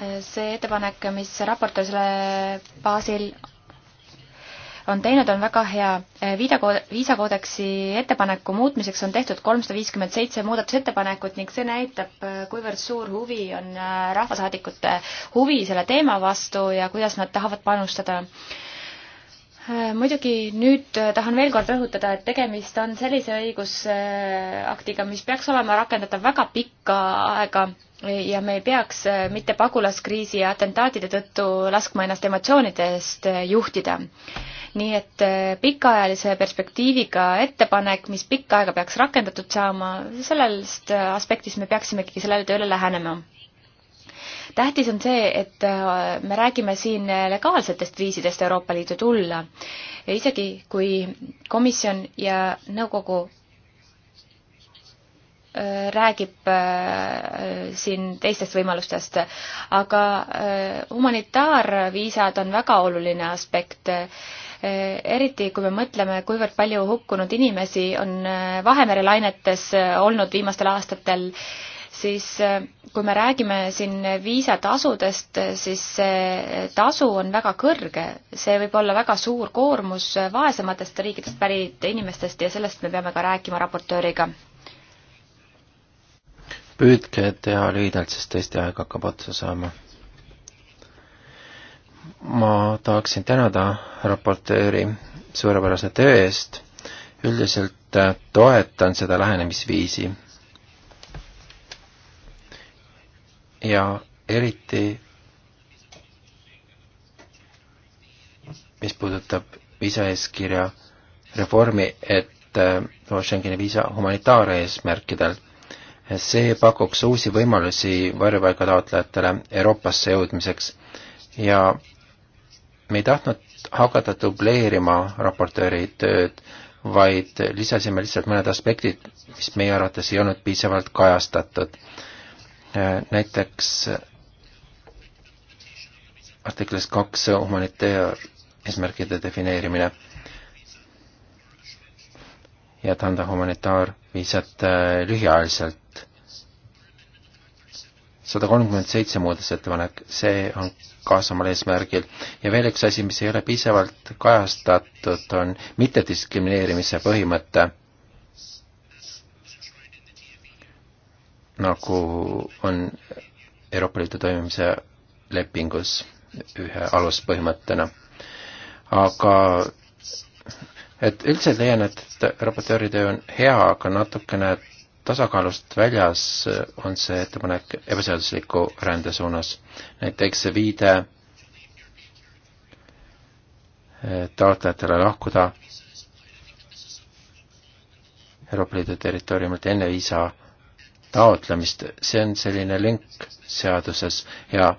eh, see ettepanek, mis raportööri baasil on teinud, on väga hea. Eh, viidakood-, viisakoodeksi ettepaneku muutmiseks on tehtud kolmsada viiskümmend seitse muudatusettepanekut ning see näitab, eh, kuivõrd suur huvi on eh, rahvasaadikute huvi selle teema vastu ja kuidas nad tahavad panustada muidugi nüüd tahan veel kord rõhutada, et tegemist on sellise õigusaktiga, mis peaks olema rakendatav väga pikka aega ja me ei peaks mitte pagulaskriisi ja atentaatide tõttu laskma ennast emotsioonidest juhtida nii et äh, pikaajalise perspektiiviga ettepanek, mis pikka aega peaks rakendatud saama, sellest äh, aspektist me peaksimegi sellele tööle lähenema. tähtis on see, et äh, me räägime siin legaalsetest viisidest Euroopa Liitu tulla. isegi kui komisjon ja nõukogu räägib siin teistest võimalustest, aga humanitaarviisad on väga oluline aspekt Eh, eriti kui me mõtleme, kuivõrd palju hukkunud inimesi on eh, Vahemere lainetes eh, olnud viimastel aastatel, siis kui me räägime siin viisatasudest, siis see tasu on väga kõrge, see võib olla väga suur koormus vaesematest riikidest pärit inimestest ja sellest me peame ka rääkima raportööriga. püüdke teha lühidalt, sest tõesti aeg hakkab otsa saama ma tahaksin tänada raportööri suurepärase töö eest. üldiselt äh, toetan seda lähenemisviisi. ja eriti, mis puudutab viisaeeskirja reformi, et äh, Schengeni viisa humanitaareesmärkidel. see pakuks uusi võimalusi varjupaiga taotlejatele Euroopasse jõudmiseks ja me ei tahtnud hakata dubleerima raportööri tööd, vaid lisasime lihtsalt mõned aspektid, mis meie arvates ei olnud piisavalt kajastatud. näiteks artiklis kaks humanitaar eesmärkide defineerimine ja et anda humanitaarviisat äh, lühiajaliselt. sada kolmkümmend seitse muudatusettepanek, see on kaasamal eesmärgil. ja veel üks asi, mis ei ole piisavalt kajastatud, on mittediskrimineerimise põhimõte. nagu on Euroopa Liidu toimimise lepingus ühe aluspõhimõttena. aga et üldiselt leian, et raportööri töö on hea, aga natukene tasakaalust väljas on see ettepanek ebaseadusliku rände suunas. näiteks see viide eh, taotlejatele lahkuda Euroopa Liidu territooriumilt enne viisa taotlemist, see on selline lünk seaduses ja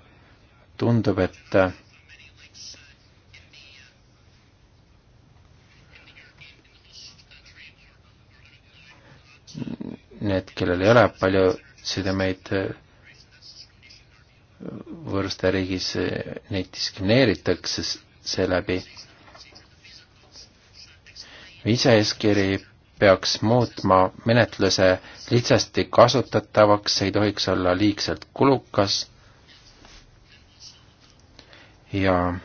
tundub, et need, kellel ei ole palju sidemeid võõrsteriigis, neid diskrimineeritakse seeläbi. viisaeeskiri peaks muutma menetluse lihtsasti kasutatavaks, see ei tohiks olla liigselt kulukas ja äh,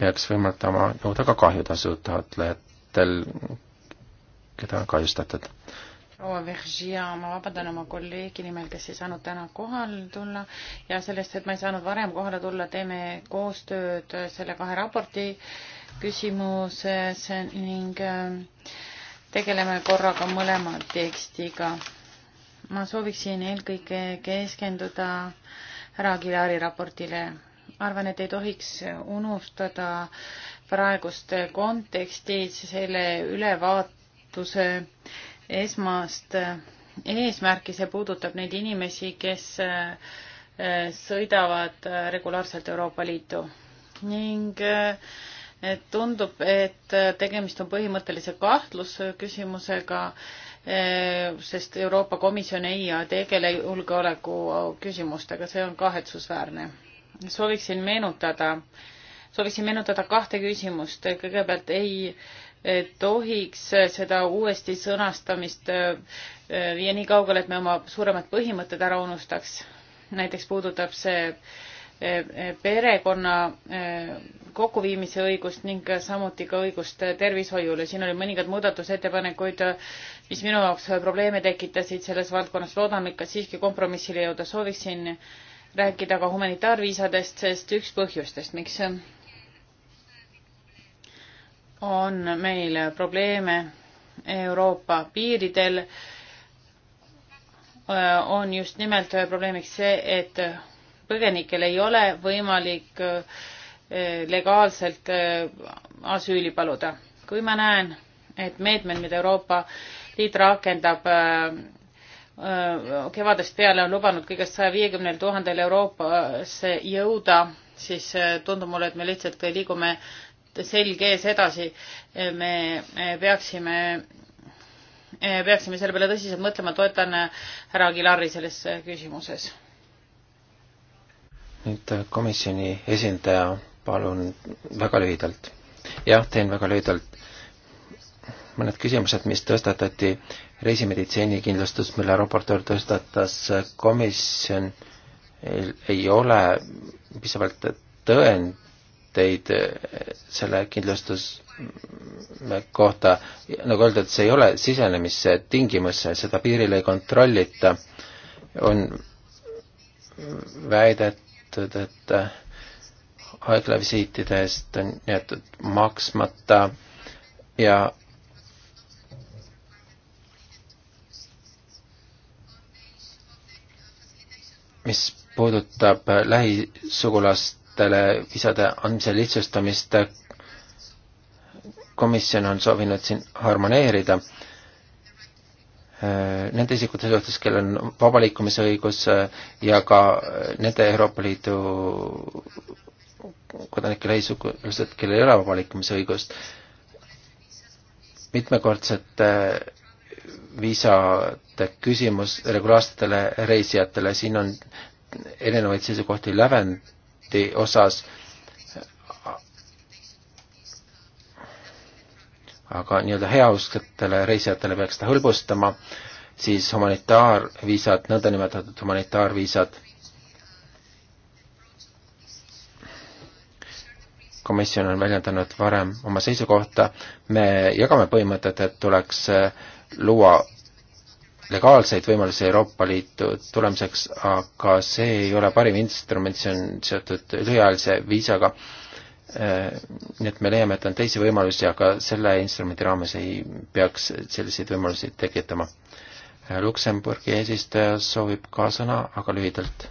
peaks võimaldama nõuda ka kahjutasu taotlejatel, keda on kahjustatud. proua Veržia, ma vabandan oma kolleegi nimel, kes ei saanud täna kohale tulla ja sellest, et ma ei saanud varem kohale tulla, teeme koostööd selle kahe raporti küsimuses ning äh, tegeleme korraga mõlema tekstiga. ma sooviksin eelkõige keskenduda härra Aguilari raportile. arvan, et ei tohiks unustada praegust konteksti selle ülevaate algatuse esmast eesmärki, see puudutab neid inimesi, kes eh, sõidavad eh, regulaarselt Euroopa Liitu ning et eh, tundub, et tegemist on põhimõttelise kahtlusküsimusega, sest Euroopa Komisjon ei tegele julgeoleku küsimustega, see on kahetsusväärne. sooviksin meenutada, sooviksin meenutada kahte küsimust, kõigepealt ei tohiks seda uuesti sõnastamist äh, äh, viia nii kaugele, et me oma suuremad põhimõtted ära unustaks. näiteks puudutab see äh, perekonna kokkuviimise õigust ning samuti ka õigust tervishoiule. siin oli mõningad muudatusettepanekuid, mis minu jaoks probleeme tekitasid selles valdkonnas. loodame ikka siiski kompromissile jõuda. sooviksin rääkida ka humanitaarviisadest, sest üks põhjustest, miks on meil probleeme Euroopa piiridel, on just nimelt probleemiks see, et põgenikel ei ole võimalik eh, legaalselt eh, asüüli paluda. kui ma näen, et meetmed, mida Euroopa Liit rakendab eh, kevadest peale on lubanud kõigest saja viiekümnel tuhandel Euroopasse jõuda, siis tundub mulle, et me lihtsalt liigume äh, selg ees edasi. Eh, me eh, peaksime, eh, peaksime selle peale tõsiselt mõtlema, toetan härra Aguilari selles küsimuses. nüüd komisjoni esindaja, palun väga lühidalt. jah, teen väga lühidalt. mõned küsimused, mis tõstatati, reisimeditsiinikindlustus, mille raportöör tõstatas, komisjon ei ole piisavalt tõend teid eh, selle kindlustusme kohta. nagu öeldud, see ei ole sisenemise tingimus, seda piiril ei kontrollita. on väidetud, et eh, haiglavisiitide eest on jäetud maksmata ja mis puudutab lähisugulast isikutele visade andmise lihtsustamist. komisjon on soovinud siin harmoneerida nende isikute suhtes, kellel on vaba liikumise õigus ja ka nende Euroopa Liidu kodanikele isikuliselt, kellel ei ole vaba liikumise õigust, mitmekordsete viisade küsimus regulaarsetele reisijatele, siin on erinevaid seisukohti lävend-, raporti osas. aga nii-öelda heausksetele reisijatele peaks seda hõlbustama, siis humanitaarviisad, nõndanimetatud humanitaarviisad. komisjon on väljendanud varem oma seisukohta, me jagame põhimõtet, et tuleks eh, luua legaalseid võimalusi Euroopa Liitu tulemiseks, aga see ei ole parim instrument, see on seotud lühiajalise viisaga. Äh, nii et me leiame, et on teisi võimalusi, aga selle instrumendi raames ei peaks selliseid võimalusi tekitama. Äh, Luksemburgi eesistuja soovib ka sõna, aga lühidalt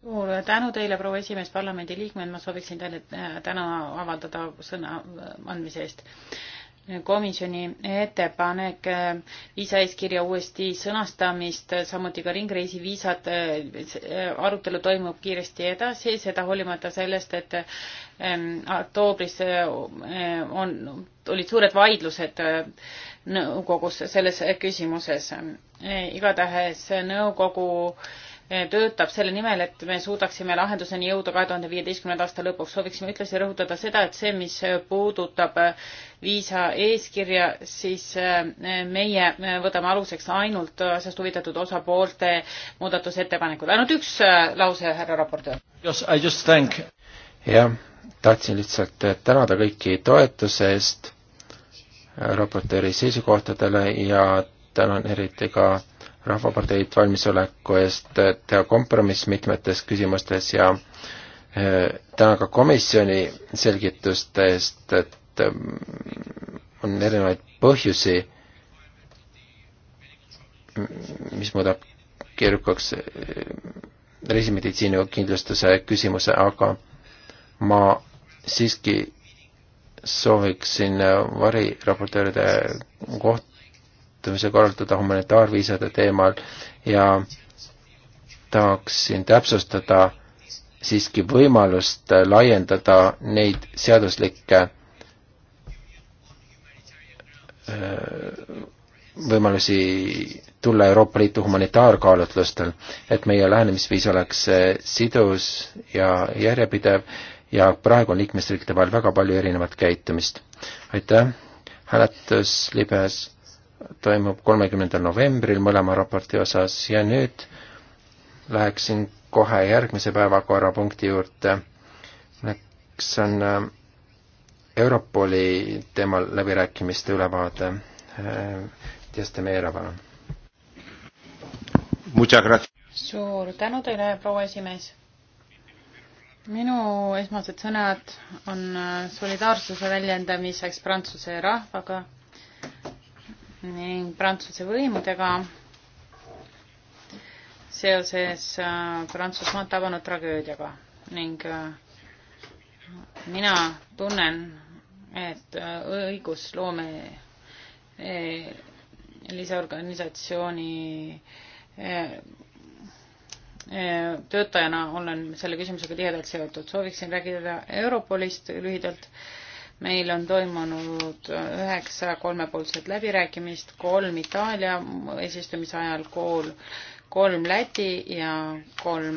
suur tänu teile, proua esimees, parlamendi liikmed, ma sooviksin teile äh, täna avaldada sõna andmise eest komisjoni ettepanek viisaeeskirja eh, uuesti sõnastamist, samuti ka ringreisiviisad, eh, arutelu toimub kiiresti edasi, seda hoolimata sellest, et ehm, oktoobris eh, on, olid suured vaidlused nõukogus selles küsimuses. igatahes nõukogu äh, töötab selle nimel, et me suudaksime lahenduseni jõuda kahe tuhande viieteistkümnenda aasta lõpuks. sooviksime ühtlasi rõhutada seda, et see, mis puudutab viisa eeskirja, siis äh, meie äh, võtame aluseks ainult asjast huvitatud osapoolte muudatusettepanekud. ainult üks äh, lause, härra raportöör. jah, tahtsin lihtsalt tänada kõiki toetuse eest raportööri seisukohtadele ja tänan eriti ka Rahvaparteid valmisoleku eest teha kompromiss mitmetes küsimustes ja eh, tänan ka komisjoni selgituste eest, et mm, on erinevaid põhjusi, mm, mis muudab keerukaks eh, reisimeditsiini kindlustuse küsimuse, aga ma siiski sooviksin eh, variraportööride koht-, kohtumise korraldada humanitaarviisade teemal ja tahaksin täpsustada siiski võimalust laiendada neid seaduslikke äh, võimalusi tulla Euroopa Liitu humanitaarkaalutlustel, et meie lähenemisviis oleks äh, sidus ja järjepidev ja praegu on liikmesriikide vahel väga palju erinevat käitumist. aitäh, hääletus libes toimub kolmekümnendal novembril mõlema raporti osas ja nüüd läheksin kohe järgmise päevakorrapunkti juurde, milleks on äh, Europoli teemal läbirääkimiste ülevaade. Äh, Diastemeera, palun. suur tänu teile, proua esimees. minu esmased sõnad on äh, solidaarsuse väljendamiseks Prantsuse rahvaga ning Prantsuse võimudega seoses äh, Prantsusmaad tabanud tragöödiaga ning äh, mina tunnen, et äh, õigusloome lisaorganisatsiooni töötajana olen selle küsimusega tihedalt seotud. sooviksin rääkida Europolist lühidalt meil on toimunud üheksa kolmepoolset läbirääkimist, kolm Itaalia eesistumise ajal, kool, kolm Läti ja kolm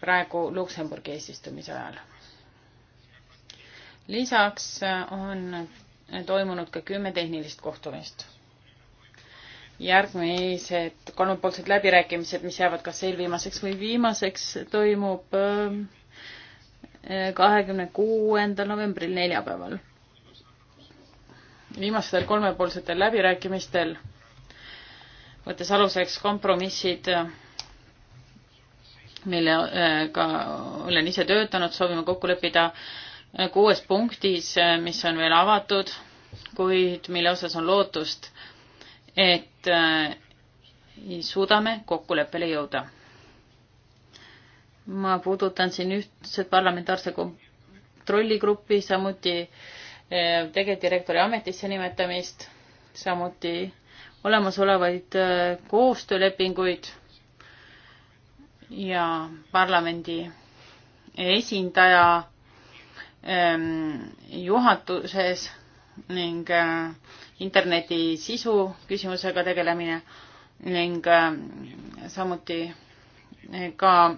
praegu Luksemburgi eesistumise ajal. lisaks on toimunud ka kümme tehnilist kohtumist. järgmised kolmepoolsed läbirääkimised, mis jäävad kas eelviimaseks või viimaseks, toimub äh, kahekümne kuuendal novembril, neljapäeval. viimastel kolmepoolsetel läbirääkimistel, võttes aluseks kompromissid, millega äh, olen ise töötanud, soovime kokku leppida äh, kuues punktis, äh, mis on veel avatud, kuid mille osas on lootust, et suudame kokkuleppele jõuda ma puudutan siin ühtset parlamentaarse kontrolligruppi, samuti eh, tegevdirektori ametisse nimetamist, samuti olemasolevaid eh, koostöölepinguid ja parlamendi esindaja ehm, juhatuses ning eh, interneti sisu küsimusega tegelemine ning samuti ka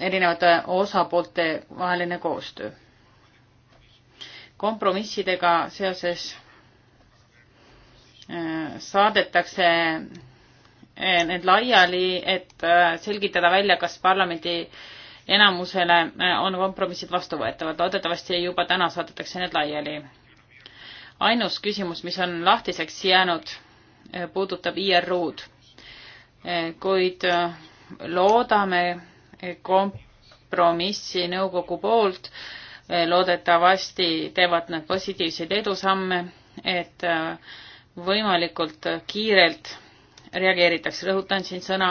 erinevate osapoolte vaheline koostöö. kompromissidega seoses äh, saadetakse äh, need laiali, et äh, selgitada välja, kas parlamendi enamusele on kompromissid vastuvõetavad. loodetavasti juba täna saadetakse need laiali. ainus küsimus, mis on lahtiseks jäänud, puudutab IRU-d, kuid loodame, kompromissi nõukogu poolt. loodetavasti teevad nad positiivseid edusamme, et äh, võimalikult kiirelt reageeritakse, rõhutan siin sõna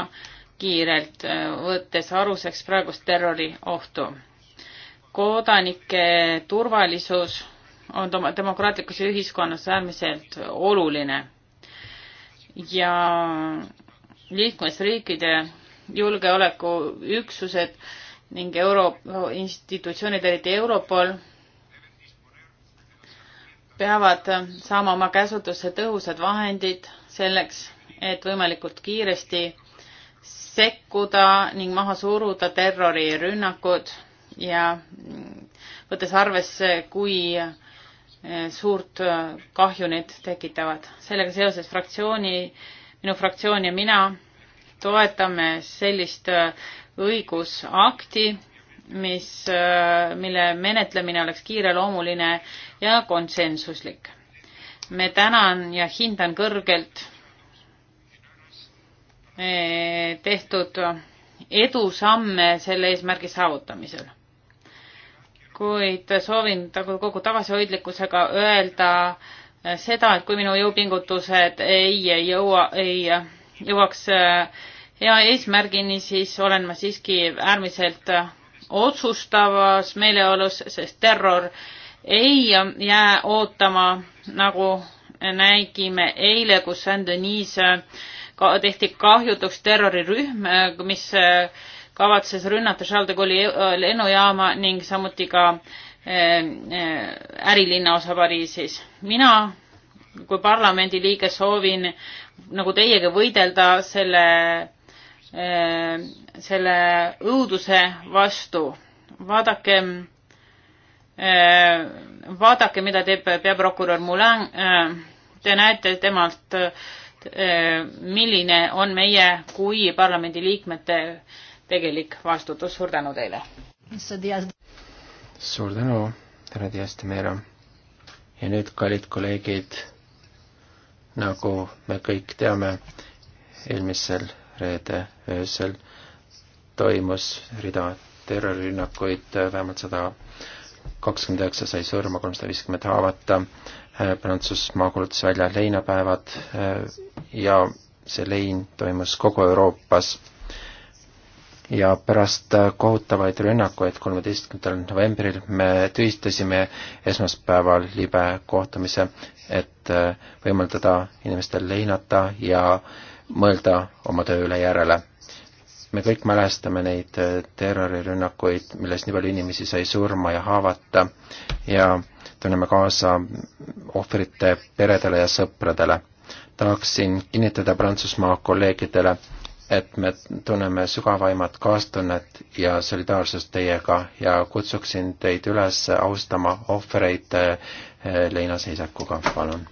kiirelt, äh, võttes aluseks praegust terroriohtu. kodanike turvalisus on demokraatlikus ühiskonnas äärmiselt oluline ja liikmesriikide julgeolekuüksused ning euro institutsioonid, eriti Europol, peavad saama oma käsutusse tõhusad vahendid selleks, et võimalikult kiiresti sekkuda ning maha suruda terrorirünnakud ja võttes arvesse, kui eh, suurt eh, kahju need tekitavad. sellega seoses fraktsiooni, minu fraktsioon ja mina toetame sellist äh, õigusakti, mis, äh, mille menetlemine oleks kiireloomuline ja konsensuslik. me tänan ja hindan kõrgelt äh, tehtud edusamme selle eesmärgi saavutamisel. kuid soovin kogu tagasihoidlikkusega öelda seda, et kui minu jõupingutused ei jõua, ei jõuaks äh, hea eesmärgini, siis olen ma siiski äärmiselt äh, otsustavas meeleolus, sest terror ei jää ootama, nagu nägime eile, kus Saint-Denis äh, tehti kahjutuks terrorirühm, mis kavatses rünnata Charles de Gaulle'i lennujaama ning samuti ka ärilinnaosa Pariisis. mina kui parlamendiliige soovin nagu teiega võidelda selle, eh, selle õuduse vastu. vaadake, eh, vaadake, mida teeb peaprokurör Moulin. Eh, te näete temalt, milline on meie kui parlamendiliikmete tegelik vastutus. suur tänu teile! suur tänu, härra Dias de Mera! ja nüüd, kallid kolleegid nagu me kõik teame, eelmisel reede öösel toimus rida terrorirünnakuid, vähemalt sada kakskümmend üheksa sai surma, kolmsada viiskümmend haavata, äh, Prantsusmaa kuulutas välja leinapäevad äh, ja see lein toimus kogu Euroopas ja pärast äh, kohutavaid rünnakuid kolmeteistkümnendal novembril me tühistasime esmaspäeval libe kohtumise, et äh, võimaldada inimestel leinata ja mõelda oma töö üle järele. me kõik mälestame neid äh, terrorirünnakuid, milles nii palju inimesi sai surma ja haavata ja tunneme kaasa ohvrite peredele ja sõpradele. tahaksin kinnitada Prantsusmaa kolleegidele, et me tunneme sügavaimat kaastunnet ja solidaarsust teiega ja kutsuksin teid üles austama ohvreid eh, leinaseisakuga, palun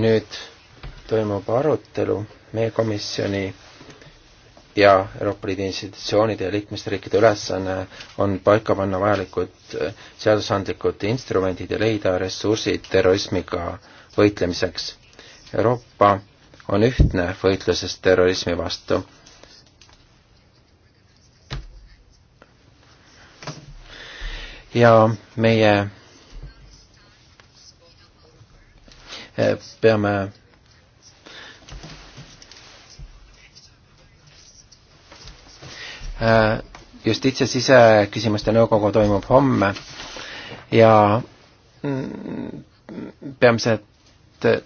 nüüd toimub arutelu meie komisjoni ja Euroopa Liidu institutsioonide ja liikmesriikide ülesanne on paika panna vajalikud eh, seadusandlikud instrumendid ja leida ressursid terrorismiga võitlemiseks. Euroopa on ühtne võitluses terrorismi vastu. ja meie Eh, peame eh, justiits- ja siseküsimuste nõukogu toimub homme ja mm, peamised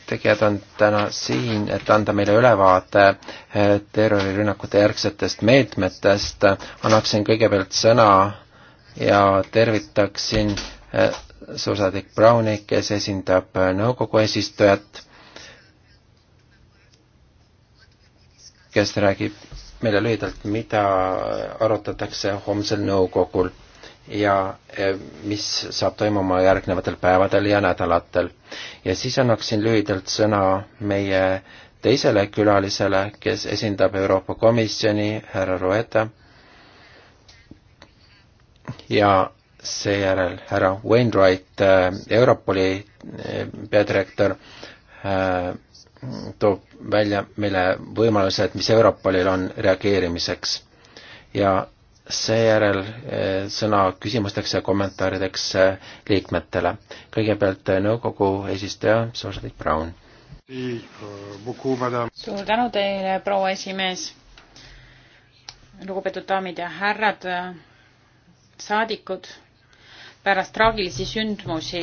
tegijad on täna siin, et anda meile ülevaade eh, terrorirünnakute järgsetest meetmetest. annaksin kõigepealt sõna ja tervitaksin suursaadik Browni, kes esindab äh, nõukogu eesistujat, kes räägib meile lühidalt, mida arutatakse homsel nõukogul ja äh, mis saab toimuma järgnevatel päevadel ja nädalatel. ja siis annaksin lühidalt sõna meie teisele külalisele, kes esindab Euroopa Komisjoni, härra Roeta. ja seejärel härra Wainwright, äh, Europoli äh, peadirektor, äh, toob välja meile võimalused, mis Europolil on reageerimiseks. ja seejärel sõna küsimusteks ja kommentaarideks liikmetele. kõigepealt nõukogu eesistuja Sosalik Brown. Euh, suur tänu teile, proua esimees. lugupeetud daamid ja härrad, saadikud pärast traagilisi sündmusi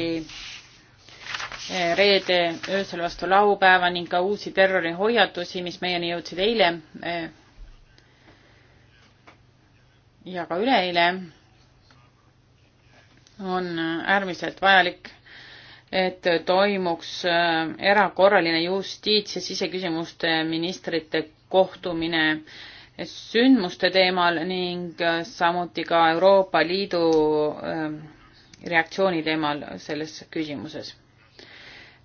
eh, reede öösel vastu laupäeva ning ka uusi terrorihoiatusi, mis meieni jõudsid eile eh, ja ka üleeile, on äärmiselt vajalik, et toimuks eh, erakorraline justiits- ja siseküsimuste ministrite kohtumine sündmuste teemal ning samuti ka Euroopa Liidu reaktsiooni teemal selles küsimuses.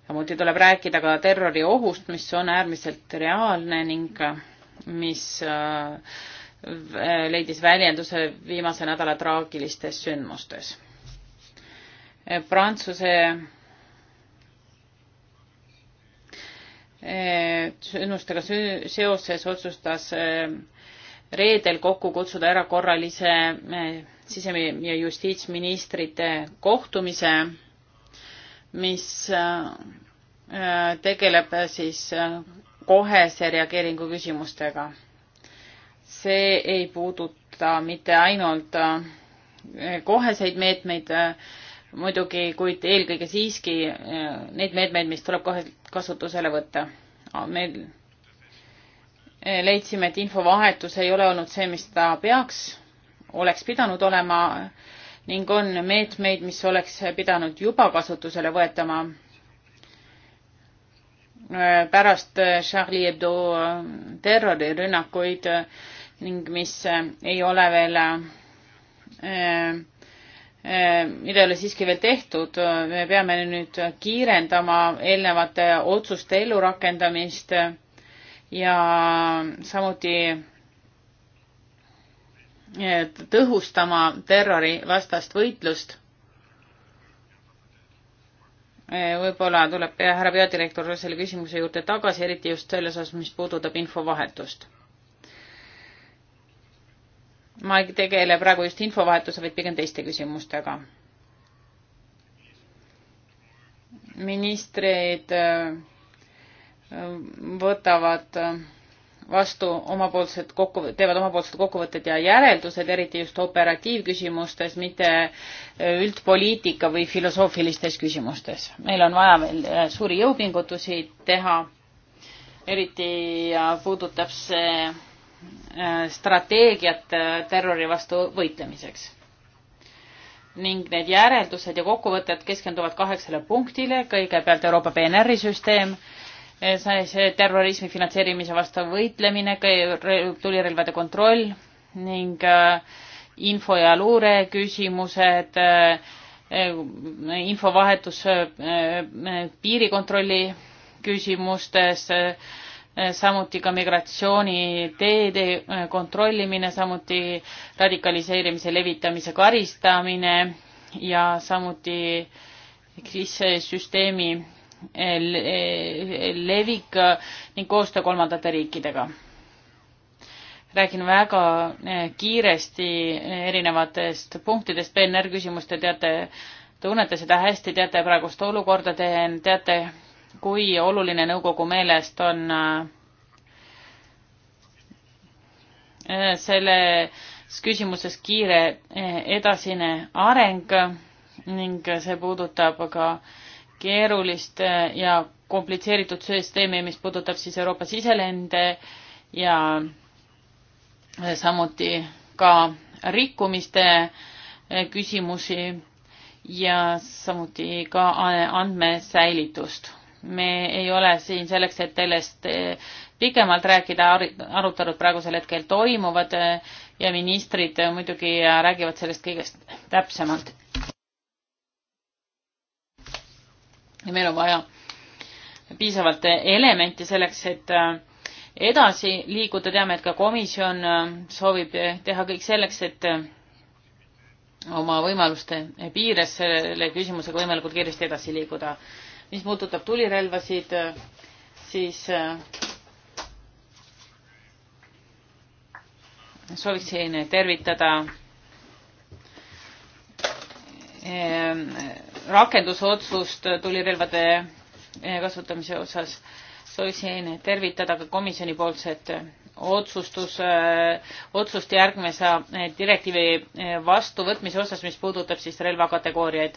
samuti tuleb rääkida ka terroriohust, mis on äärmiselt reaalne ning mis äh, leidis väljenduse viimase nädala traagilistes sündmustes. Prantsuse äh, sündmustega seoses otsustas äh, reedel kokku kutsuda erakorralise sisemi- ja justiitsministrite kohtumise, mis äh, tegeleb siis äh, kohese reageeringu küsimustega. see ei puuduta mitte ainult äh, koheseid meetmeid, muidugi, kuid eelkõige siiski neid meetmeid, mis tuleb kohe kasutusele võtta. me leidsime, et infovahetus ei ole olnud see, mis ta peaks oleks pidanud olema ning on meetmeid, mis oleks pidanud juba kasutusele võetama pärast Charlie Hebdo terrorirünnakuid ning mis ei ole veel, mida ei ole siiski veel tehtud. me peame nüüd kiirendama eelnevate otsuste ellurakendamist ja samuti tõhustama terrorivastast võitlust. E, võib-olla tuleb härra peadirektor selle küsimuse juurde tagasi, eriti just selles osas, mis puudutab infovahetust. ma ei tegele praegu just infovahetuse, vaid pigem teiste küsimustega. ministrid e, võtavad e, vastu omapoolsed kokku, teevad omapoolsed kokkuvõtted ja järeldused, eriti just operatiivküsimustes, mitte äh, üldpoliitika või filosoofilistes küsimustes. meil on vaja veel äh, suuri jõupingutusi teha, eriti puudutab see äh, strateegiat terrori vastu võitlemiseks. ning need järeldused ja kokkuvõtted keskenduvad kaheksale punktile, kõigepealt Euroopa PNR-i süsteem sai see terrorismi finantseerimise vastu võitlemine, tulirelvade kontroll ning äh, info ja luure küsimused, äh, äh, infovahetus piirikontrolli küsimustes, samuti ka migratsiooniteede kontrollimine, samuti radikaliseerimise levitamise karistamine ja samuti siis süsteemi levik eh, ning koostöö kolmandate riikidega. räägin väga eh, kiiresti eh, erinevatest punktidest, PNR küsimust te teate, tunnete seda hästi, teate praegust olukorda, te teate, kui oluline nõukogu meelest on selles küsimuses kiire edasine areng ning see puudutab ka äh, keerulist äh, ja komplitseeritud süsteemi, mis puudutab siis Euroopa siselende ja äh, samuti ka rikkumiste äh, küsimusi ja samuti ka andmesäilitust. me ei ole siin selleks, et sellest pikemalt rääkida, arutelud praegusel hetkel toimuvad ja ministrid muidugi räägivad sellest kõigest täpsemalt. ja meil on vaja piisavalt elemente selleks, et äh, edasi liikuda, teame, et ka komisjon äh, soovib teha kõik selleks, et äh, oma võimaluste piires selle küsimusega võimalikult kiiresti edasi liikuda. mis puudutab tulirelvasid, siis sooviksin tervitada rakendusotsust tulirelvade eh, kasutamise osas. soovisin tervitada ka komisjoni poolset eh, otsustus, eh, otsust järgmise direktiivi vastuvõtmise osas, mis puudutab siis relvakategooriaid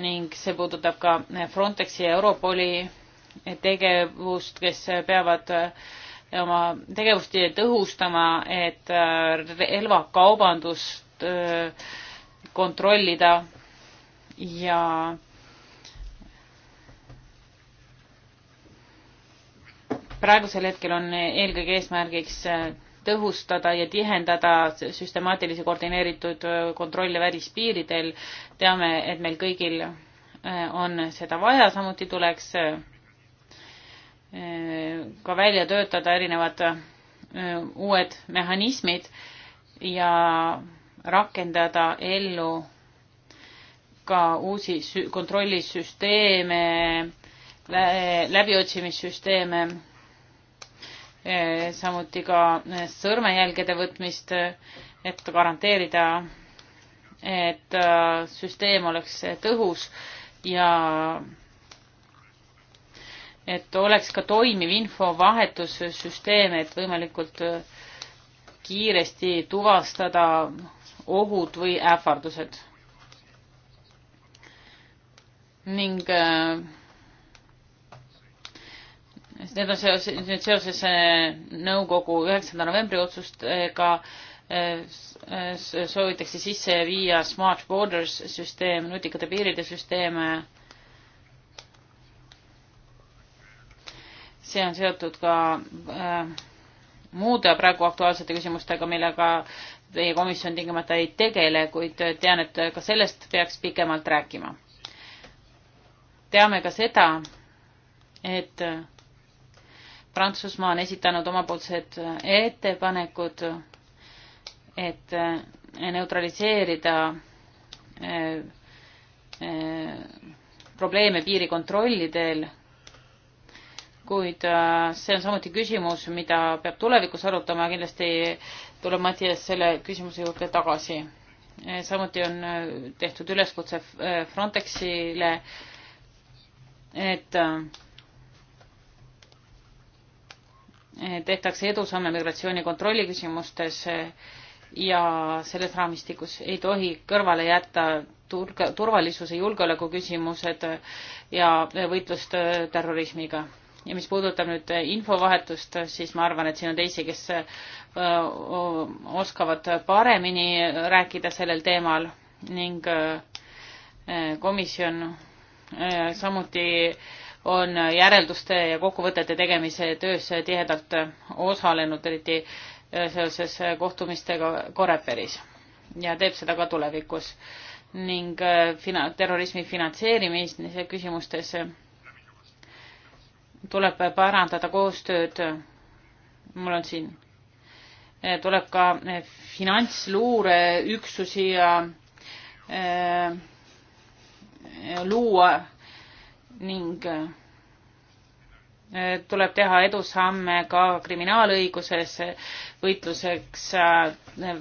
ning see puudutab ka Frontexi ja Europoli tegevust, kes peavad oma tegevust tõhustama, et relvakaubandust kontrollida ja praegusel hetkel on eelkõige eesmärgiks äh, tõhustada ja tihendada süstemaatilisi koordineeritud äh, kontrolle välispiiridel. teame, et meil kõigil äh, on seda vaja, samuti tuleks ka välja töötada erinevad uued mehhanismid ja rakendada ellu ka uusi kontrollisüsteeme, läbiotsimissüsteeme, eh, samuti ka eh, sõrmejälgede võtmist, et garanteerida, et eh, süsteem oleks tõhus ja et oleks ka toimiv infovahetussüsteem, et võimalikult kiiresti tuvastada ohud või ähvardused ning äh, need on seoses, nüüd seoses äh, nõukogu üheksanda novembri otsustega äh, soovitakse sisse viia Smart Borders süsteem, nutikate piiride süsteem. see on seotud ka äh, muude praegu aktuaalsete küsimustega, millega teie komisjon tingimata ei tegele, kuid tean, et ka sellest peaks pikemalt rääkima teame ka seda, et Prantsusmaa on esitanud omapoolsed ettepanekud, et eh, neutraliseerida eh, eh, probleeme piirikontrollidel, kuid see on samuti küsimus, mida peab tulevikus arutama ja kindlasti tuleb Mattias selle küsimuse juurde tagasi. samuti on tehtud üleskutse Frontexile et tehtakse edusamme migratsiooni kontrolli küsimustes ja selles raamistikus ei tohi kõrvale jätta turg-, turvalisuse, julgeoleku küsimused ja võitlust terrorismiga. ja mis puudutab nüüd infovahetust, siis ma arvan, et siin on teisi, kes oskavad paremini rääkida sellel teemal ning komisjon Äh, samuti on järelduste ja kokkuvõtete tegemise töös tihedalt osalenud, eriti äh, seoses kohtumistega Koreperis ja teeb seda ka tulevikus ning äh, fina-, terrorismi finantseerimise küsimustes tuleb parandada koostööd, mul on siin, tuleb ka finantsluureüksusi ja äh, luua ning äh, tuleb teha edusamme ka kriminaalõiguses võitluseks äh,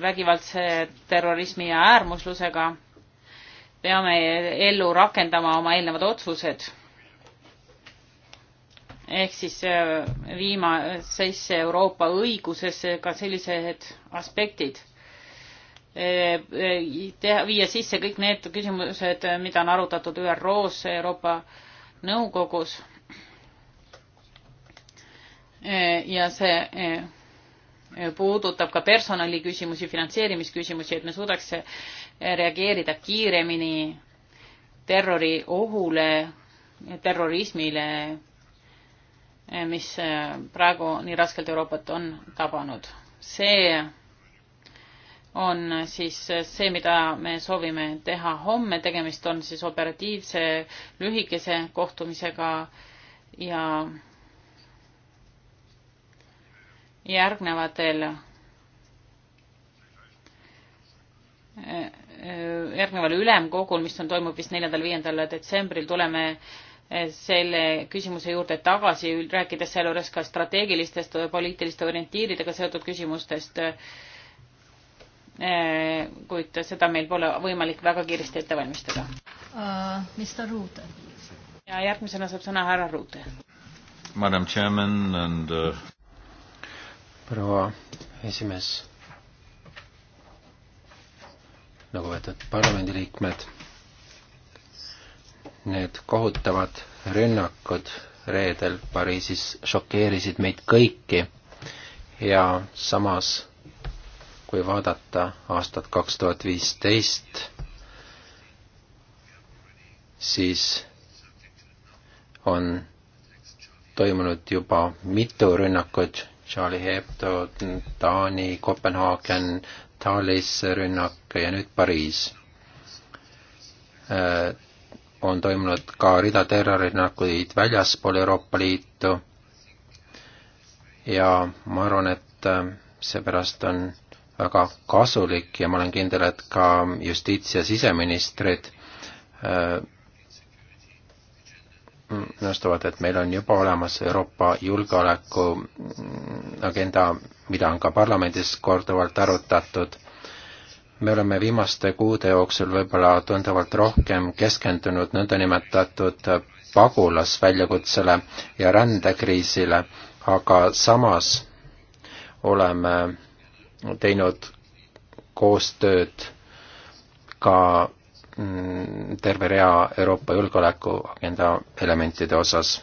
vägivaldse terrorismi ja äärmuslusega. peame ellu rakendama oma eelnevad otsused. ehk siis äh, viima sisse Euroopa õigusesse ka sellised aspektid teha, viia sisse kõik need küsimused, mida on arutatud ÜRO-s, Euroopa Nõukogus. ja see eh, puudutab ka personaliküsimusi, finantseerimisküsimusi, et me suudaks eh, reageerida kiiremini terroriohule, terrorismile, eh, mis praegu nii raskelt Euroopat on tabanud. see on siis see, mida me soovime teha homme, tegemist on siis operatiivse lühikese kohtumisega ja järgnevatel järgneval ülemkogul, mis on, toimub vist neljandal-viiendal detsembril, tuleme selle küsimuse juurde tagasi, rääkides sealjuures ka strateegilistest poliitiliste orientiiridega seotud küsimustest äh, Eh, kuid seda meil pole võimalik väga kiiresti ette valmistada uh,. Mr Ruute. ja järgmisena saab sõna härra Ruute. Madam Chairman and uh... proua esimees, lugupeetud parlamendiliikmed, need kohutavad rünnakud reedel Pariisis šokeerisid meid kõiki ja samas kui vaadata aastat kaks tuhat viisteist, siis on toimunud juba mitu rünnakut, Charlie Hebdo, Taani, Kopenhaagen, Talis rünnak ja nüüd Pariis. Äh, on toimunud ka rida terrorirünnakuid väljaspool Euroopa Liitu ja ma arvan, et äh, seepärast on väga kasulik ja ma olen kindel, et ka justiits- ja siseministrid äh, nõustuvad, et meil on juba olemas Euroopa julgeolekuagenda, mm, mida on ka parlamendis korduvalt arutatud. me oleme viimaste kuude jooksul võib-olla tunduvalt rohkem keskendunud nõndanimetatud pagulasväljakutsele ja rändekriisile, aga samas oleme teinud koostööd ka mm, terve rea Euroopa julgeolekuagenda elementide osas.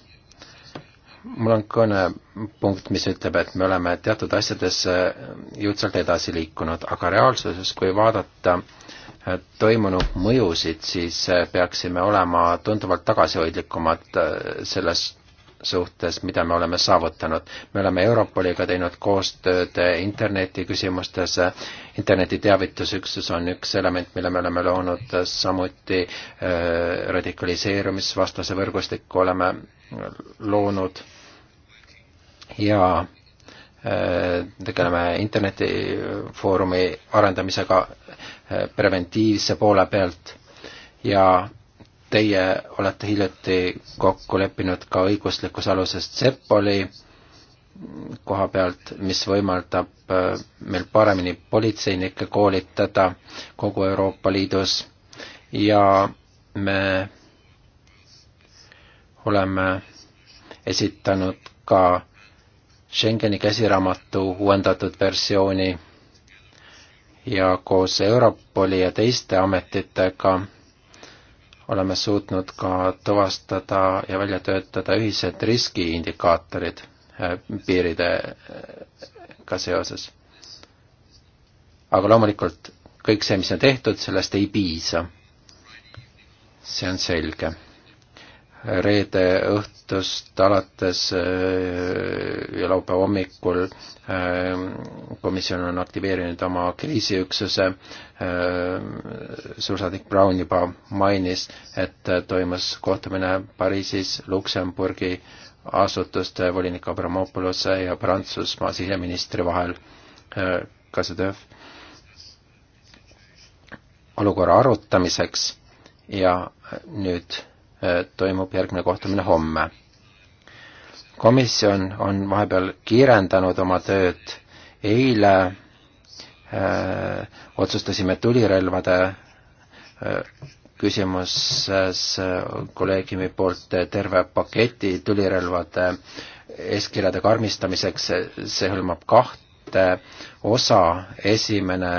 mul on kõnepunkt, mis ütleb, et me oleme teatud asjades äh, jõudsalt edasi liikunud, aga reaalsuses, kui vaadata äh, toimunud mõjusid, siis äh, peaksime olema tunduvalt tagasihoidlikumad selles suhtes, mida me oleme saavutanud. me oleme Europoliga teinud koostööd interneti küsimustes, internetiteavitusüksus on üks element, mille me oleme loonud, samuti äh, radikaliseerumisvastase võrgustiku oleme loonud ja äh, tegeleme internetifoorumi arendamisega äh, preventiivse poole pealt ja Teie olete hiljuti kokku leppinud ka õiguslikus aluses Tsepoli koha pealt, mis võimaldab äh, meil paremini politseinikke koolitada kogu Euroopa Liidus ja me oleme esitanud ka Schengeni käsiraamatu uuendatud versiooni ja koos Europoli ja teiste ametitega oleme suutnud ka tuvastada ja välja töötada ühised riskiindikaatorid äh, piiridega seoses. aga loomulikult kõik see, mis on tehtud, sellest ei piisa. see on selge reede õhtust alates äh, ja laupäeva hommikul äh, komisjon on aktiveerinud oma kriisiüksuse. Äh, suursaadik Brown juba mainis, et toimus kohtumine Pariisis Luksemburgi asutuste volinik Abramopolose ja Prantsusmaa siseministri vahel. ka see töö olukorra arutamiseks ja nüüd Äh, toimub järgmine kohtumine homme. komisjon on vahepeal kiirendanud oma tööd, eile öö, äh, otsustasime tulirelvade öö, äh, küsimuses kolleegiumi poolt terve paketi tulirelvade eeskirjade karmistamiseks, see hõlmab kahte osa, esimene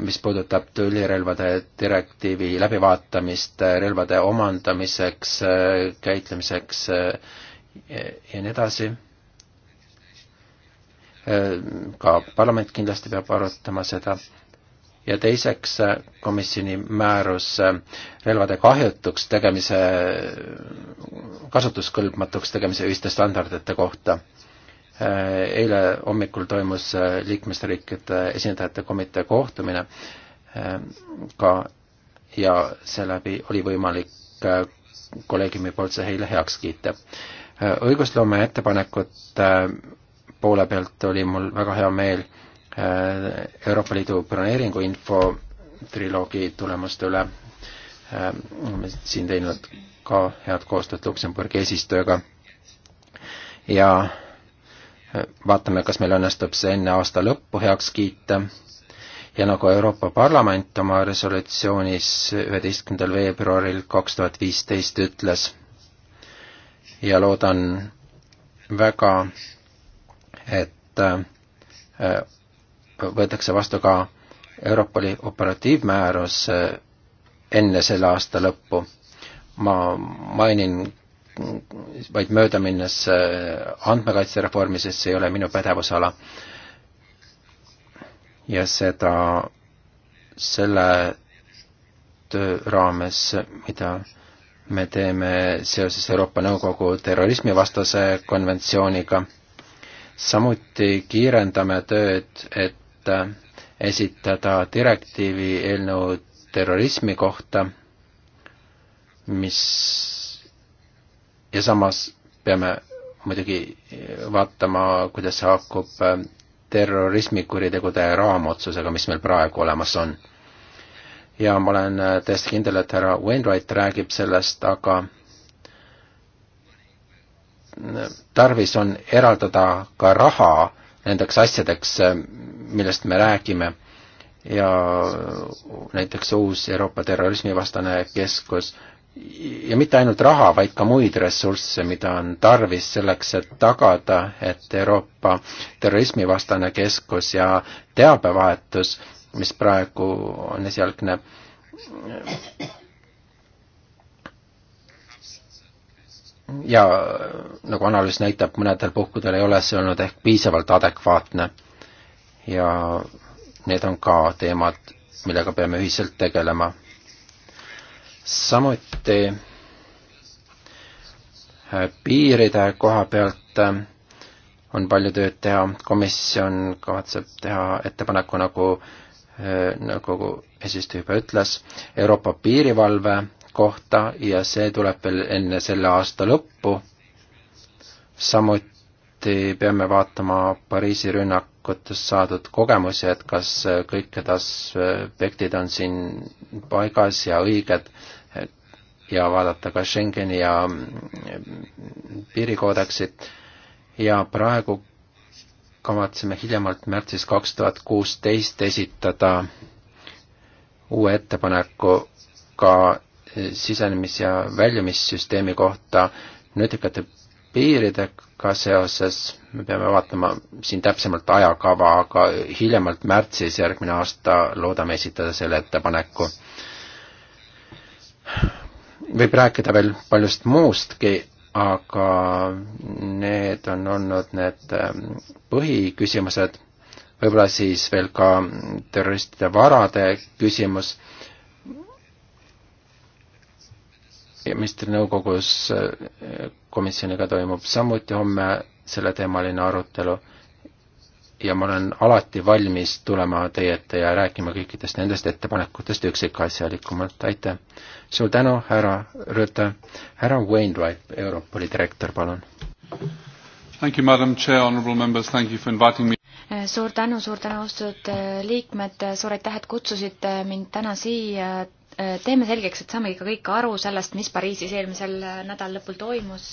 mis puudutab tulirelvade direktiivi läbivaatamist relvade omandamiseks, käitlemiseks eh, ja nii edasi. Eh, ka parlament kindlasti peab arutama seda. ja teiseks komisjoni määrus eh, relvade kahjutuks tegemise, kasutuskõlbmatuks tegemise ühiste standardite kohta Äh, eile hommikul toimus äh, liikmesriikide esindajate komitee kohtumine äh, ka ja seeläbi oli võimalik kolleegiumi poolt see eile heaks kiita. õigusloome ettepanekute poole pealt oli mul väga hea meel Euroopa Liidu broneeringu info triloogi tulemuste üle. oleme siin teinud ka head koostööd Luksemburgi eesistujaga ja vaatame, kas meil õnnestub see enne aasta lõppu heaks kiita ja nagu Euroopa Parlament oma resolutsioonis üheteistkümnendal veebruaril kaks tuhat viisteist ütles ja loodan väga, et äh, võetakse vastu ka Europoli operatiivmäärus äh, enne selle aasta lõppu. ma mainin vaid mööda minnes äh, andmekaitsereformi, sest see ei ole minu pädevusala. ja seda selle töö raames, mida me teeme seoses Euroopa Nõukogu terrorismivastase konventsiooniga. samuti kiirendame tööd, et esitada direktiivi eelnõu terrorismi kohta, mis ja samas peame muidugi eh, vaatama, kuidas see haakub eh, terrorismikuritegude raamotsusega, mis meil praegu olemas on. ja ma olen eh, täiesti kindel, et härra Wainwright räägib sellest, aga tarvis on eraldada ka raha nendeks asjadeks, millest me räägime. ja näiteks uus Euroopa terrorismivastane keskus ja mitte ainult raha, vaid ka muid ressursse, mida on tarvis selleks, et tagada, et Euroopa terrorismivastane keskus ja teabevahetus, mis praegu on esialgne, ja nagu analüüs näitab, mõnedel puhkudel ei ole see olnud ehk piisavalt adekvaatne. ja need on ka teemad, millega peame ühiselt tegelema samuti äh, piiride koha pealt äh, on palju tööd teha, komisjon kavatseb teha ettepaneku, nagu nõukogu äh, nagu eesistuja juba ütles, Euroopa piirivalve kohta ja see tuleb veel enne selle aasta lõppu. samuti peame vaatama Pariisi rünnak uuringutest saadud kogemusi, et kas äh, kõik need aspektid on siin paigas ja õiged ja vaadata ka Schengeni ja mm, piirikoodeksit ja praegu kavatseme hiljemalt märtsis kaks tuhat kuusteist esitada uue ettepaneku ka äh, sisenemis- ja väljumissüsteemi kohta nutikate piiridega, ka seoses me peame vaatama siin täpsemalt ajakava, aga hiljemalt märtsis järgmine aasta loodame esitada selle ettepaneku. võib rääkida veel paljust muustki, aga need on olnud need ähm, põhiküsimused, võib-olla siis veel ka terroristide varade küsimus ministrinõukogus eh, komisjoniga toimub samuti homme selleteemaline arutelu ja ma olen alati valmis tulema teie ette ja rääkima kõikidest nendest ettepanekutest üksikasjalikumalt, aitäh. suur tänu, härra Rõõta. härra Wainwright, Europoli direktor, palun. Thank you, madam chair, honorable members, thank you for inviting me. Eh, suur tänu, suur tänu, austatud eh, liikmed, suur aitäh, et kutsusite mind täna siia teeme selgeks, et saame ikka kõik aru sellest, mis Pariisis eelmisel nädal lõpul toimus.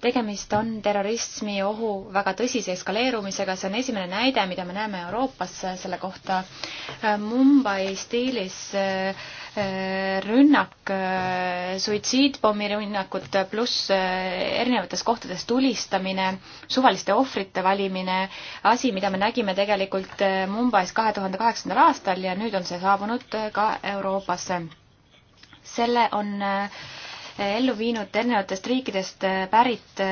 tegemist on terrorismi ohu väga tõsise eskaleerumisega, see on esimene näide, mida me näeme Euroopas selle kohta. Mumbai stiilis Äh, rünnak, äh, suitsiidpommirünnakud pluss äh, erinevates kohtades tulistamine, suvaliste ohvrite valimine, asi, mida me nägime tegelikult Mumbais kahe tuhande kaheksandal aastal ja nüüd on see saabunud ka Euroopasse. selle on ellu viinud erinevatest riikidest pärit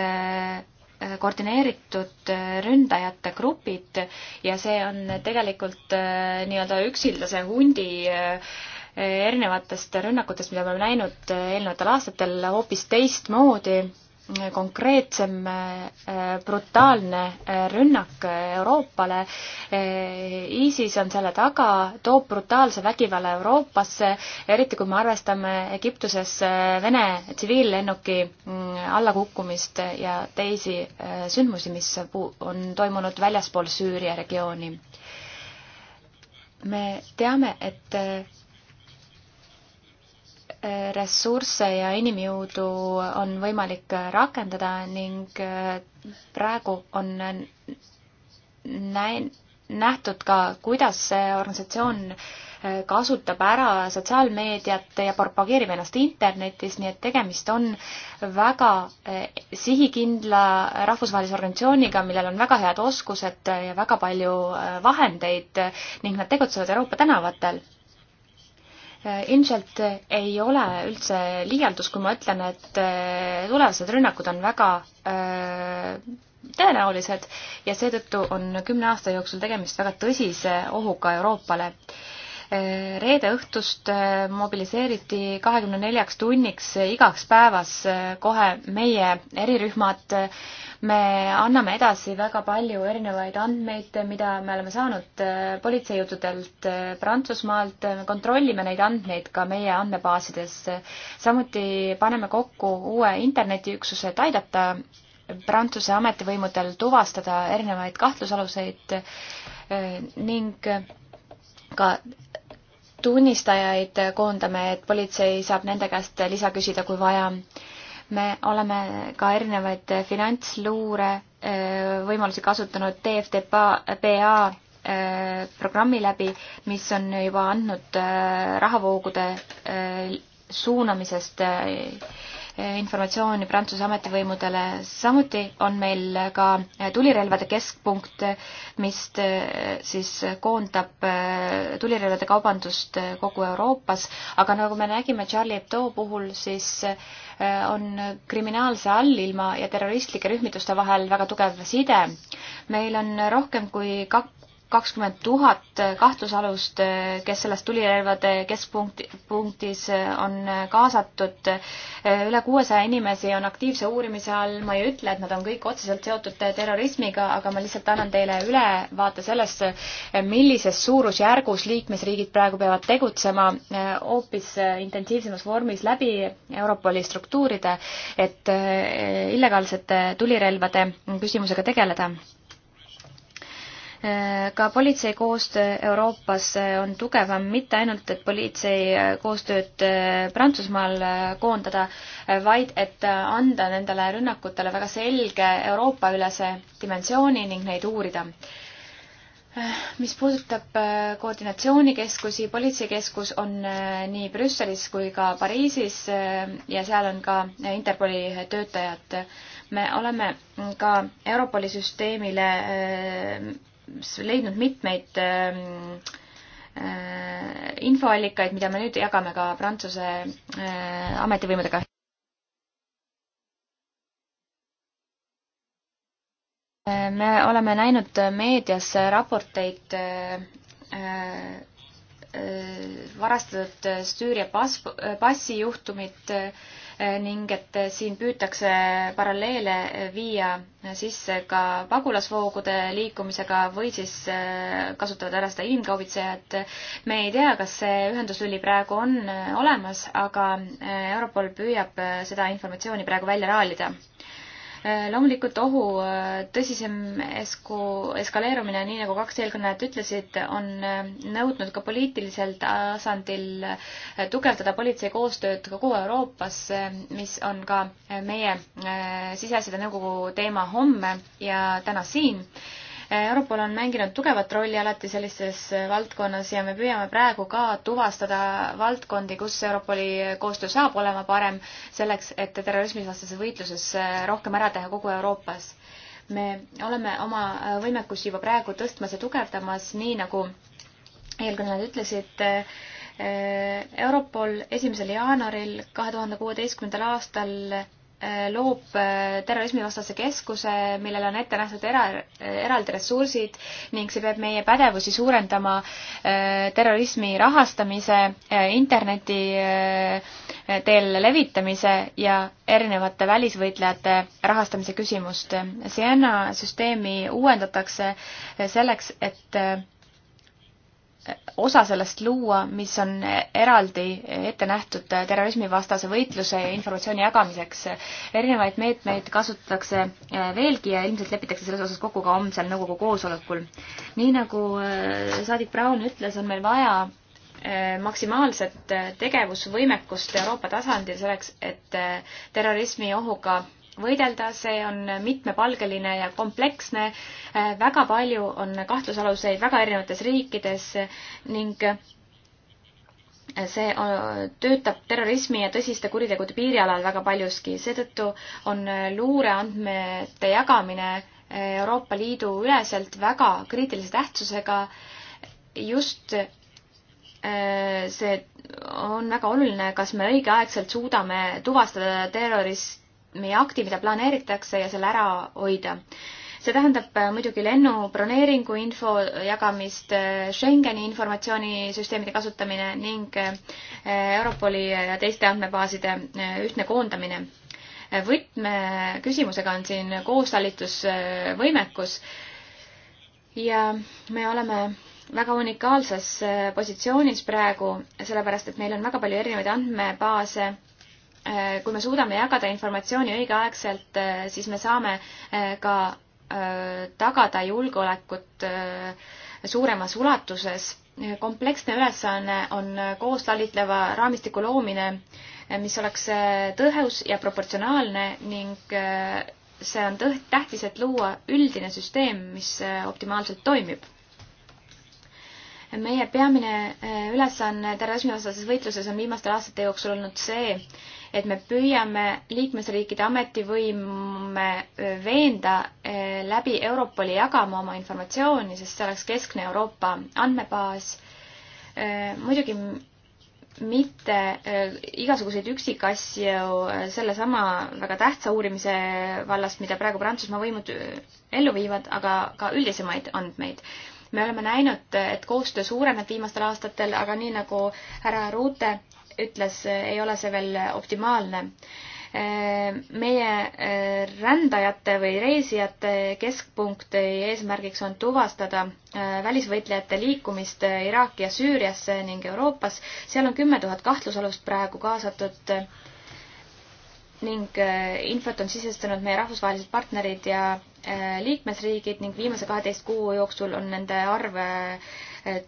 koordineeritud ründajate grupid ja see on tegelikult nii-öelda üksildase hundi äh, erinevatest rünnakutest, mida me oleme näinud eelnevatel aastatel, hoopis teistmoodi, konkreetsem eh, brutaalne eh, rünnak eh, Euroopale. ISIS on selle taga, toob brutaalse vägivalla Euroopasse, eriti kui me arvestame Egiptuses Vene tsiviillennuki mm, allakukkumist ja teisi sündmusi, mis on toimunud väljaspool Süüria regiooni. me teame, et ressursse ja inimjõudu on võimalik rakendada ning äh, praegu on nähtud ka, kuidas see organisatsioon äh, kasutab ära sotsiaalmeediat ja propageerib ennast internetis, nii et tegemist on väga äh, sihikindla rahvusvahelise organisatsiooniga, millel on väga head oskused ja väga palju vahendeid ning nad tegutsevad Euroopa tänavatel Äh, ilmselt ei ole üldse liialdus, kui ma ütlen, et äh, tulevased rünnakud on väga äh, tõenäolised ja seetõttu on kümne aasta jooksul tegemist väga tõsise ohuga Euroopale reede õhtust äh, mobiliseeriti kahekümne neljaks tunniks äh, igaks päevas äh, kohe meie erirühmad. me anname edasi väga palju erinevaid andmeid, mida me oleme saanud politseijõududelt Prantsusmaalt, kontrollime neid andmeid ka meie andmebaasides. samuti paneme kokku uue internetiüksuse, et aidata Prantsuse ametivõimudel tuvastada erinevaid kahtlusaluseid ning ka tunnistajaid koondame, et politsei saab nende käest lisa küsida, kui vaja. me oleme ka erinevaid finantsluure äh, võimalusi kasutanud DFDPA äh, programmi läbi, mis on juba andnud äh, rahavoogude suunamisest informatsiooni Prantsuse ametivõimudele. samuti on meil ka tulirelvade keskpunkt, mis äh, siis koondab äh, tulirelvade kaubandust äh, kogu Euroopas, aga nagu me nägime Charlie Hebdo puhul, siis on kriminaalse allilma ja terroristlike rühmituste vahel väga tugev side. meil on rohkem kui kak-, kakskümmend tuhat kahtlusalust, kes selles tulirelvade keskpunkti, punktis on kaasatud. üle kuuesaja inimesi on aktiivse uurimise all, ma ei ütle, et nad on kõik otseselt seotud terrorismiga, aga ma lihtsalt annan teile ülevaate sellest, millises suurusjärgus liikmesriigid praegu peavad tegutsema hoopis intensiivsemas vormis läbi Europoli struktuuride, et illegaalsete tulirelvade küsimusega tegeleda Äh, ka politsei koostöö Euroopas äh, on tugevam, mitte ainult, et politsei äh, koostööd Prantsusmaal koondada, vaid et anda nendele rünnakutele väga selge Euroopa-ülese dimensiooni ning neid uurida. mis puudutab koordinatsioonikeskusi, politseikeskus on nii Brüsselis kui ka Pariisis ja seal on ka Interpoli töötajad. me oleme ka Europoli süsteemile leidnud mitmeid ähm, äh, infoallikaid, mida me nüüd jagame ka Prantsuse äh, ametivõimudega. me oleme näinud meedias raporteid äh, varastatud Süüria pass, passijuhtumid ning et siin püütakse paralleele viia sisse ka pagulasvoogude liikumisega või siis äh, kasutavad ära seda inimkaubitsejat. me ei tea, kas see ühenduslüli praegu on äh, olemas, aga äh, Europol püüab seda informatsiooni praegu välja raalida Äh, loomulikult ohu äh, tõsisem esku, eskaleerumine, nii nagu kaks eelkõnelejat ütlesid, on äh, nõudnud ka poliitilisel tasandil tugevdada politsei koostööd kogu Euroopas, mis on ka meie siseasjade nõukogu teema homme ja täna siin Europol on mänginud tugevat rolli alati sellises valdkonnas ja me püüame praegu ka tuvastada valdkondi, kus Europoli koostöö saab olema parem, selleks et terrorismivastases võitluses rohkem ära teha kogu Euroopas. me oleme oma võimekusi juba praegu tõstmas ja tugevdamas, nii nagu eelkõnelejad ütlesid, Europol esimesel jaanuaril kahe tuhande kuueteistkümnendal aastal Äh, loob äh, terrorismivastase keskuse, millele on ette nähtud era, eraldi ressursid ning see peab meie pädevusi suurendama äh, terrorismi rahastamise, interneti teel levitamise ja erinevate välisvõitlejate rahastamise küsimust. Siena süsteemi uuendatakse selleks, et osa sellest luua, mis on eraldi ette nähtud terrorismivastase võitluse ja informatsiooni jagamiseks. erinevaid meetmeid kasutatakse äh, veelgi ja ilmselt lepitakse selles osas kokku ka homsel nõukogu koosolekul. nii nagu äh, saadik Brown ütles, on meil vaja äh, maksimaalset tegevusvõimekust Euroopa tasandil selleks, et terrorismi ohuga võidelda, see on mitmepalgeline ja kompleksne, äh, väga palju on kahtlusaluseid väga erinevates riikides ning äh, see äh, töötab terrorismi ja tõsiste kuritegude piirialal väga paljuski, seetõttu on luureandmete jagamine Euroopa Liidu üleselt väga kriitilise tähtsusega. just see on väga oluline, kas me õigeaegselt suudame tuvastada terrorist, meie akti, mida planeeritakse ja selle ära hoida. see tähendab äh, muidugi lennu broneeringu info jagamist, äh, Schengeni informatsioonisüsteemide kasutamine ning äh, Europoli ja teiste andmebaaside ühtne koondamine võtmeküsimusega on siin koostalitusvõimekus ja me oleme väga unikaalses positsioonis praegu, sellepärast et meil on väga palju erinevaid andmebaase Äh, kui me suudame jagada informatsiooni õigeaegselt, äh, siis me saame äh, ka tagada julgeolekut suuremas ulatuses. kompleksne ülesanne on koostalitleva raamistiku loomine, mis oleks tõhus ja proportsionaalne ning see on tähtis, et luua üldine süsteem, mis optimaalselt toimib meie peamine äh, ülesanne terrorismi osases võitluses on viimaste aastate jooksul olnud see, et me püüame liikmesriikide ametivõime äh, veenda äh, läbi Europoli jagama oma informatsiooni, sest see oleks keskne Euroopa andmebaas. muidugi mitte igasuguseid üksikasju sellesama väga tähtsa uurimise vallast, mida praegu Prantsusmaa võimud ellu viivad, aga ka üldisemaid andmeid me oleme näinud, et koostöö suureneb viimastel aastatel, aga nii nagu härra Ruute ütles, ei ole see veel optimaalne. meie eh, rändajate või reisijate keskpunkti eesmärgiks on tuvastada eh, välisvõitlejate liikumist Iraaki ja Süüriasse ning Euroopas. seal on kümme tuhat kahtlusalust praegu kaasatud eh, ning infot on sisestanud meie rahvusvahelised partnerid ja Äh, liikmesriigid ning viimase kaheteist kuu jooksul on nende arv äh,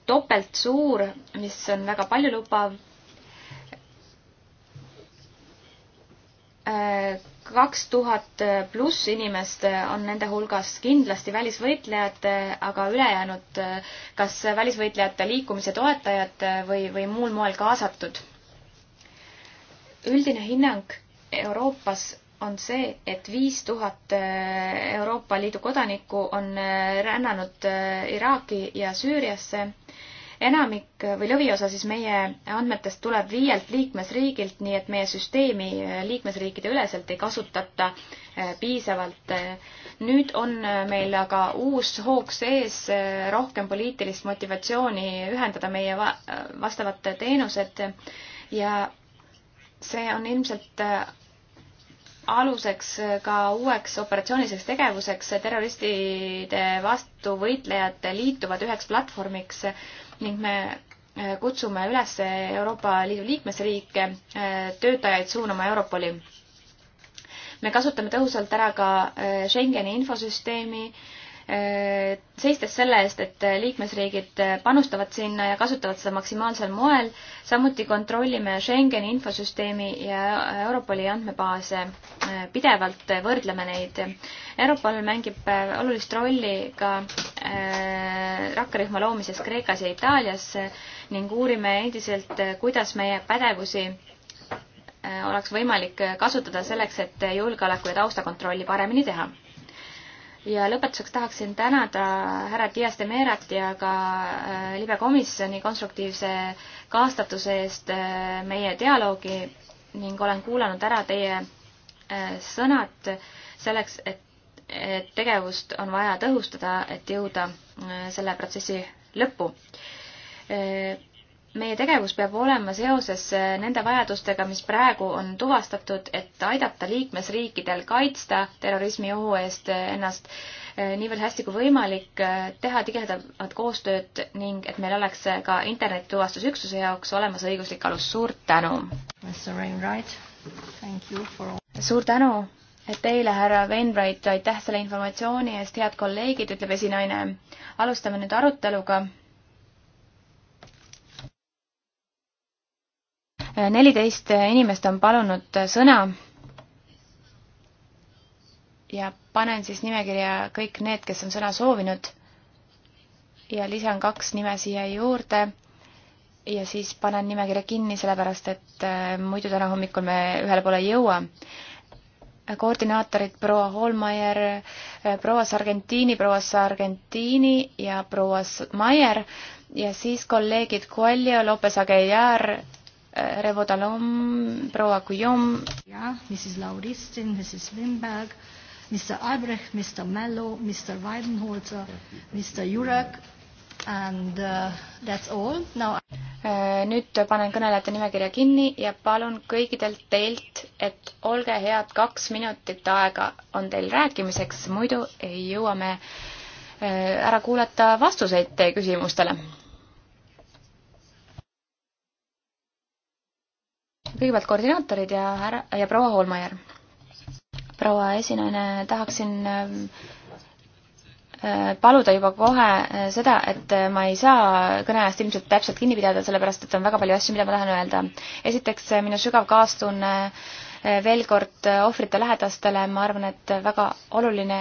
topelt suur, mis on väga paljulubav. Äh, kaks tuhat pluss inimest on nende hulgas kindlasti välisvõitlejad, aga ülejäänud kas välisvõitlejate liikumise toetajad või, või muul moel kaasatud. üldine hinnang Euroopas on see, et viis tuhat äh, Euroopa Liidu kodanikku on äh, rännanud äh, Iraaki ja Süüriasse. enamik või lõviosa siis meie andmetest tuleb viielt liikmesriigilt, nii et meie süsteemi liikmesriikide üleselt ei kasutata piisavalt. nüüd on meil aga uus hoog sees, rohkem poliitilist motivatsiooni ühendada meie vastavad teenused ja see on ilmselt aluseks äh, ka uueks operatsiooniliseks tegevuseks äh, terroristide vastu võitlejad liituvad üheks platvormiks äh, ning me kutsume üles Euroopa Liidu liikmesriike töötajaid suunama Europoli. me kasutame tõhusalt ära ka Schengeni infosüsteemi äh, seistes selle eest, et liikmesriigid panustavad sinna ja kasutavad seda maksimaalsel moel. samuti kontrollime Schengeni infosüsteemi ja Europoli andmebaase pidevalt, võrdleme neid. Europol mängib olulist rolli ka äh, rakkerühma loomises Kreekas ja Itaalias ning uurime endiselt, kuidas meie pädevusi äh, oleks võimalik kasutada selleks, et julgeoleku ja taustakontrolli paremini teha ja lõpetuseks tahaksin tänada härra Dias de Merat ja ka äh, libe komisjoni konstruktiivse kaastatuse eest äh, meie dialoogi ning olen kuulanud ära teie äh, sõnad selleks, et, et tegevust on vaja tõhustada, et jõuda selle protsessi lõppu meie tegevus peab olema seoses äh, nende vajadustega, mis praegu on tuvastatud, et aidata liikmesriikidel kaitsta terrorismi ohu eest äh, ennast äh, niivõrd hästi kui võimalik, teha tigedamat koostööd ning et meil oleks ka internetituvastusüksuse jaoks olemas õiguslik alus. suur tänu! suur tänu teile, härra Wainwright, aitäh selle informatsiooni eest, head kolleegid, ütleb esinaine. alustame nüüd aruteluga neliteist inimest on palunud sõna. ja panen siis nimekirja kõik need, kes on sõna soovinud. ja lisan kaks nime siia juurde. ja siis panen nimekirja kinni, sellepärast et äh, muidu täna hommikul me ühele poole ei jõua koordinaatorid proua Holmeier, äh, proua Sargentini, proua Sargentini ja proua Maier ja siis kolleegid Coelho, Lopez Aguilar, Revo Dalom, proua Guillaume. jah, Mrs Lauristin, Mrs Wimberg, Mr Albrecht, Mr Mello, Mr Weidenholzer, Mr Jurek and uh, that's all Now.... Äh, nüüd panen kõnelejate nimekirja kinni ja palun kõikidelt teilt, et olge head, kaks minutit aega on teil rääkimiseks, muidu ei jõua me äh, ära kuulata vastuseid teie küsimustele kõigepealt koordinaatorid ja härra ja proua Holmajärv. proua esinaine, tahaksin ähm, äh, paluda juba kohe äh, seda, et äh, ma ei saa kõneajast ilmselt täpselt kinni pidada, sellepärast et on väga palju asju, mida ma tahan öelda. esiteks minu sügav kaastunne veel kord ohvrite lähedastele, ma arvan, et väga oluline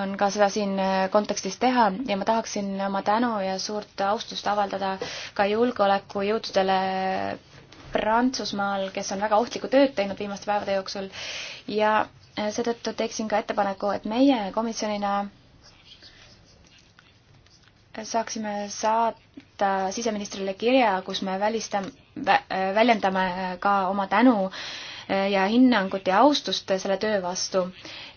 on ka seda siin kontekstis teha ja ma tahaksin oma tänu ja suurt austust avaldada ka julgeolekujõududele Prantsusmaal, kes on väga ohtlikku tööd teinud viimaste päevade jooksul ja äh, seetõttu teeksin ka ettepaneku, et meie komisjonina äh, saaksime saata siseministrile kirja, kus me välistame, äh, väljendame ka oma tänu ja hinnangut ja austust selle töö vastu.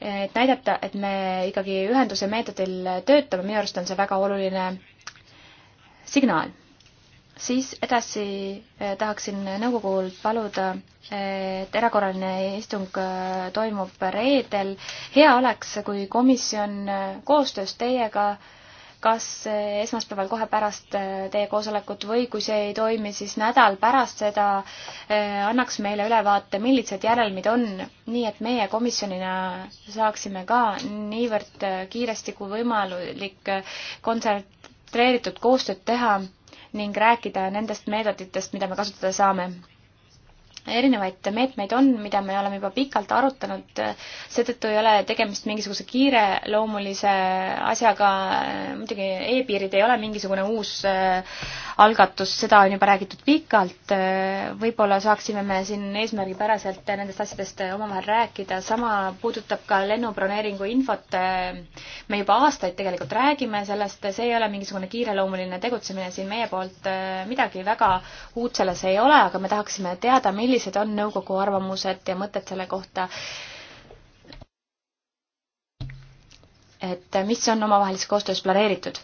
et näidata, et me ikkagi ühenduse meetodil töötame, minu arust on see väga oluline signaal siis edasi eh, tahaksin nõukogul paluda, et eh, erakorraline istung eh, toimub reedel. hea oleks, kui komisjon koostöös teiega kas esmaspäeval kohe pärast teie koosolekut või kui see ei toimi, siis nädal pärast seda annaks meile ülevaate, millised järelmid on, nii et meie komisjonina saaksime ka niivõrd kiiresti kui võimalik kontsentreeritud koostööd teha ning rääkida nendest meetoditest, mida me kasutada saame erinevaid meetmeid on, mida me oleme juba pikalt arutanud, seetõttu ei ole tegemist mingisuguse kiireloomulise asjaga, muidugi e-piirid ei ole mingisugune uus äh, algatus, seda on juba räägitud pikalt, äh, võib-olla saaksime me siin eesmärgipäraselt nendest asjadest omavahel rääkida, sama puudutab ka lennubroneeringu infot, äh, me juba aastaid tegelikult räägime sellest, see ei ole mingisugune kiireloomuline tegutsemine siin meie poolt, midagi väga uut selles ei ole, aga me tahaksime teada, millised millised on nõukogu arvamused ja mõtted selle kohta, et mis on omavahelises koostöös planeeritud?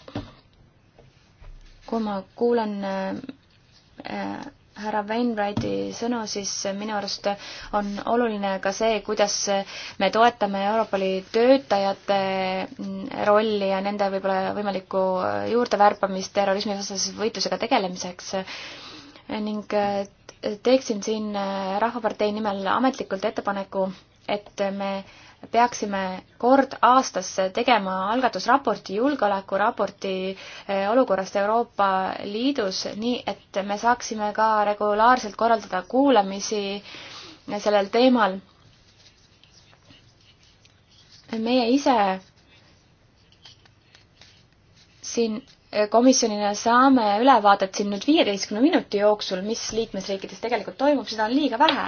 kui ma kuulen äh, härra Wainwrighti sõnu, siis minu arust on oluline ka see, kuidas me toetame Europoli töötajate mm, rolli ja nende võib-olla võimalikku juurdevärbamist terrorismivastases võitlusega tegelemiseks ning äh, teeksin siin äh, Rahvapartei nimel ametlikult ettepaneku, et me peaksime kord aastas tegema algatusraporti, julgeolekuraporti äh, olukorrast Euroopa Liidus, nii et me saaksime ka regulaarselt korraldada kuulamisi sellel teemal. meie ise siin komisjonina saame ülevaadet siin nüüd viieteistkümne minuti jooksul, mis liikmesriikides tegelikult toimub, seda on liiga vähe.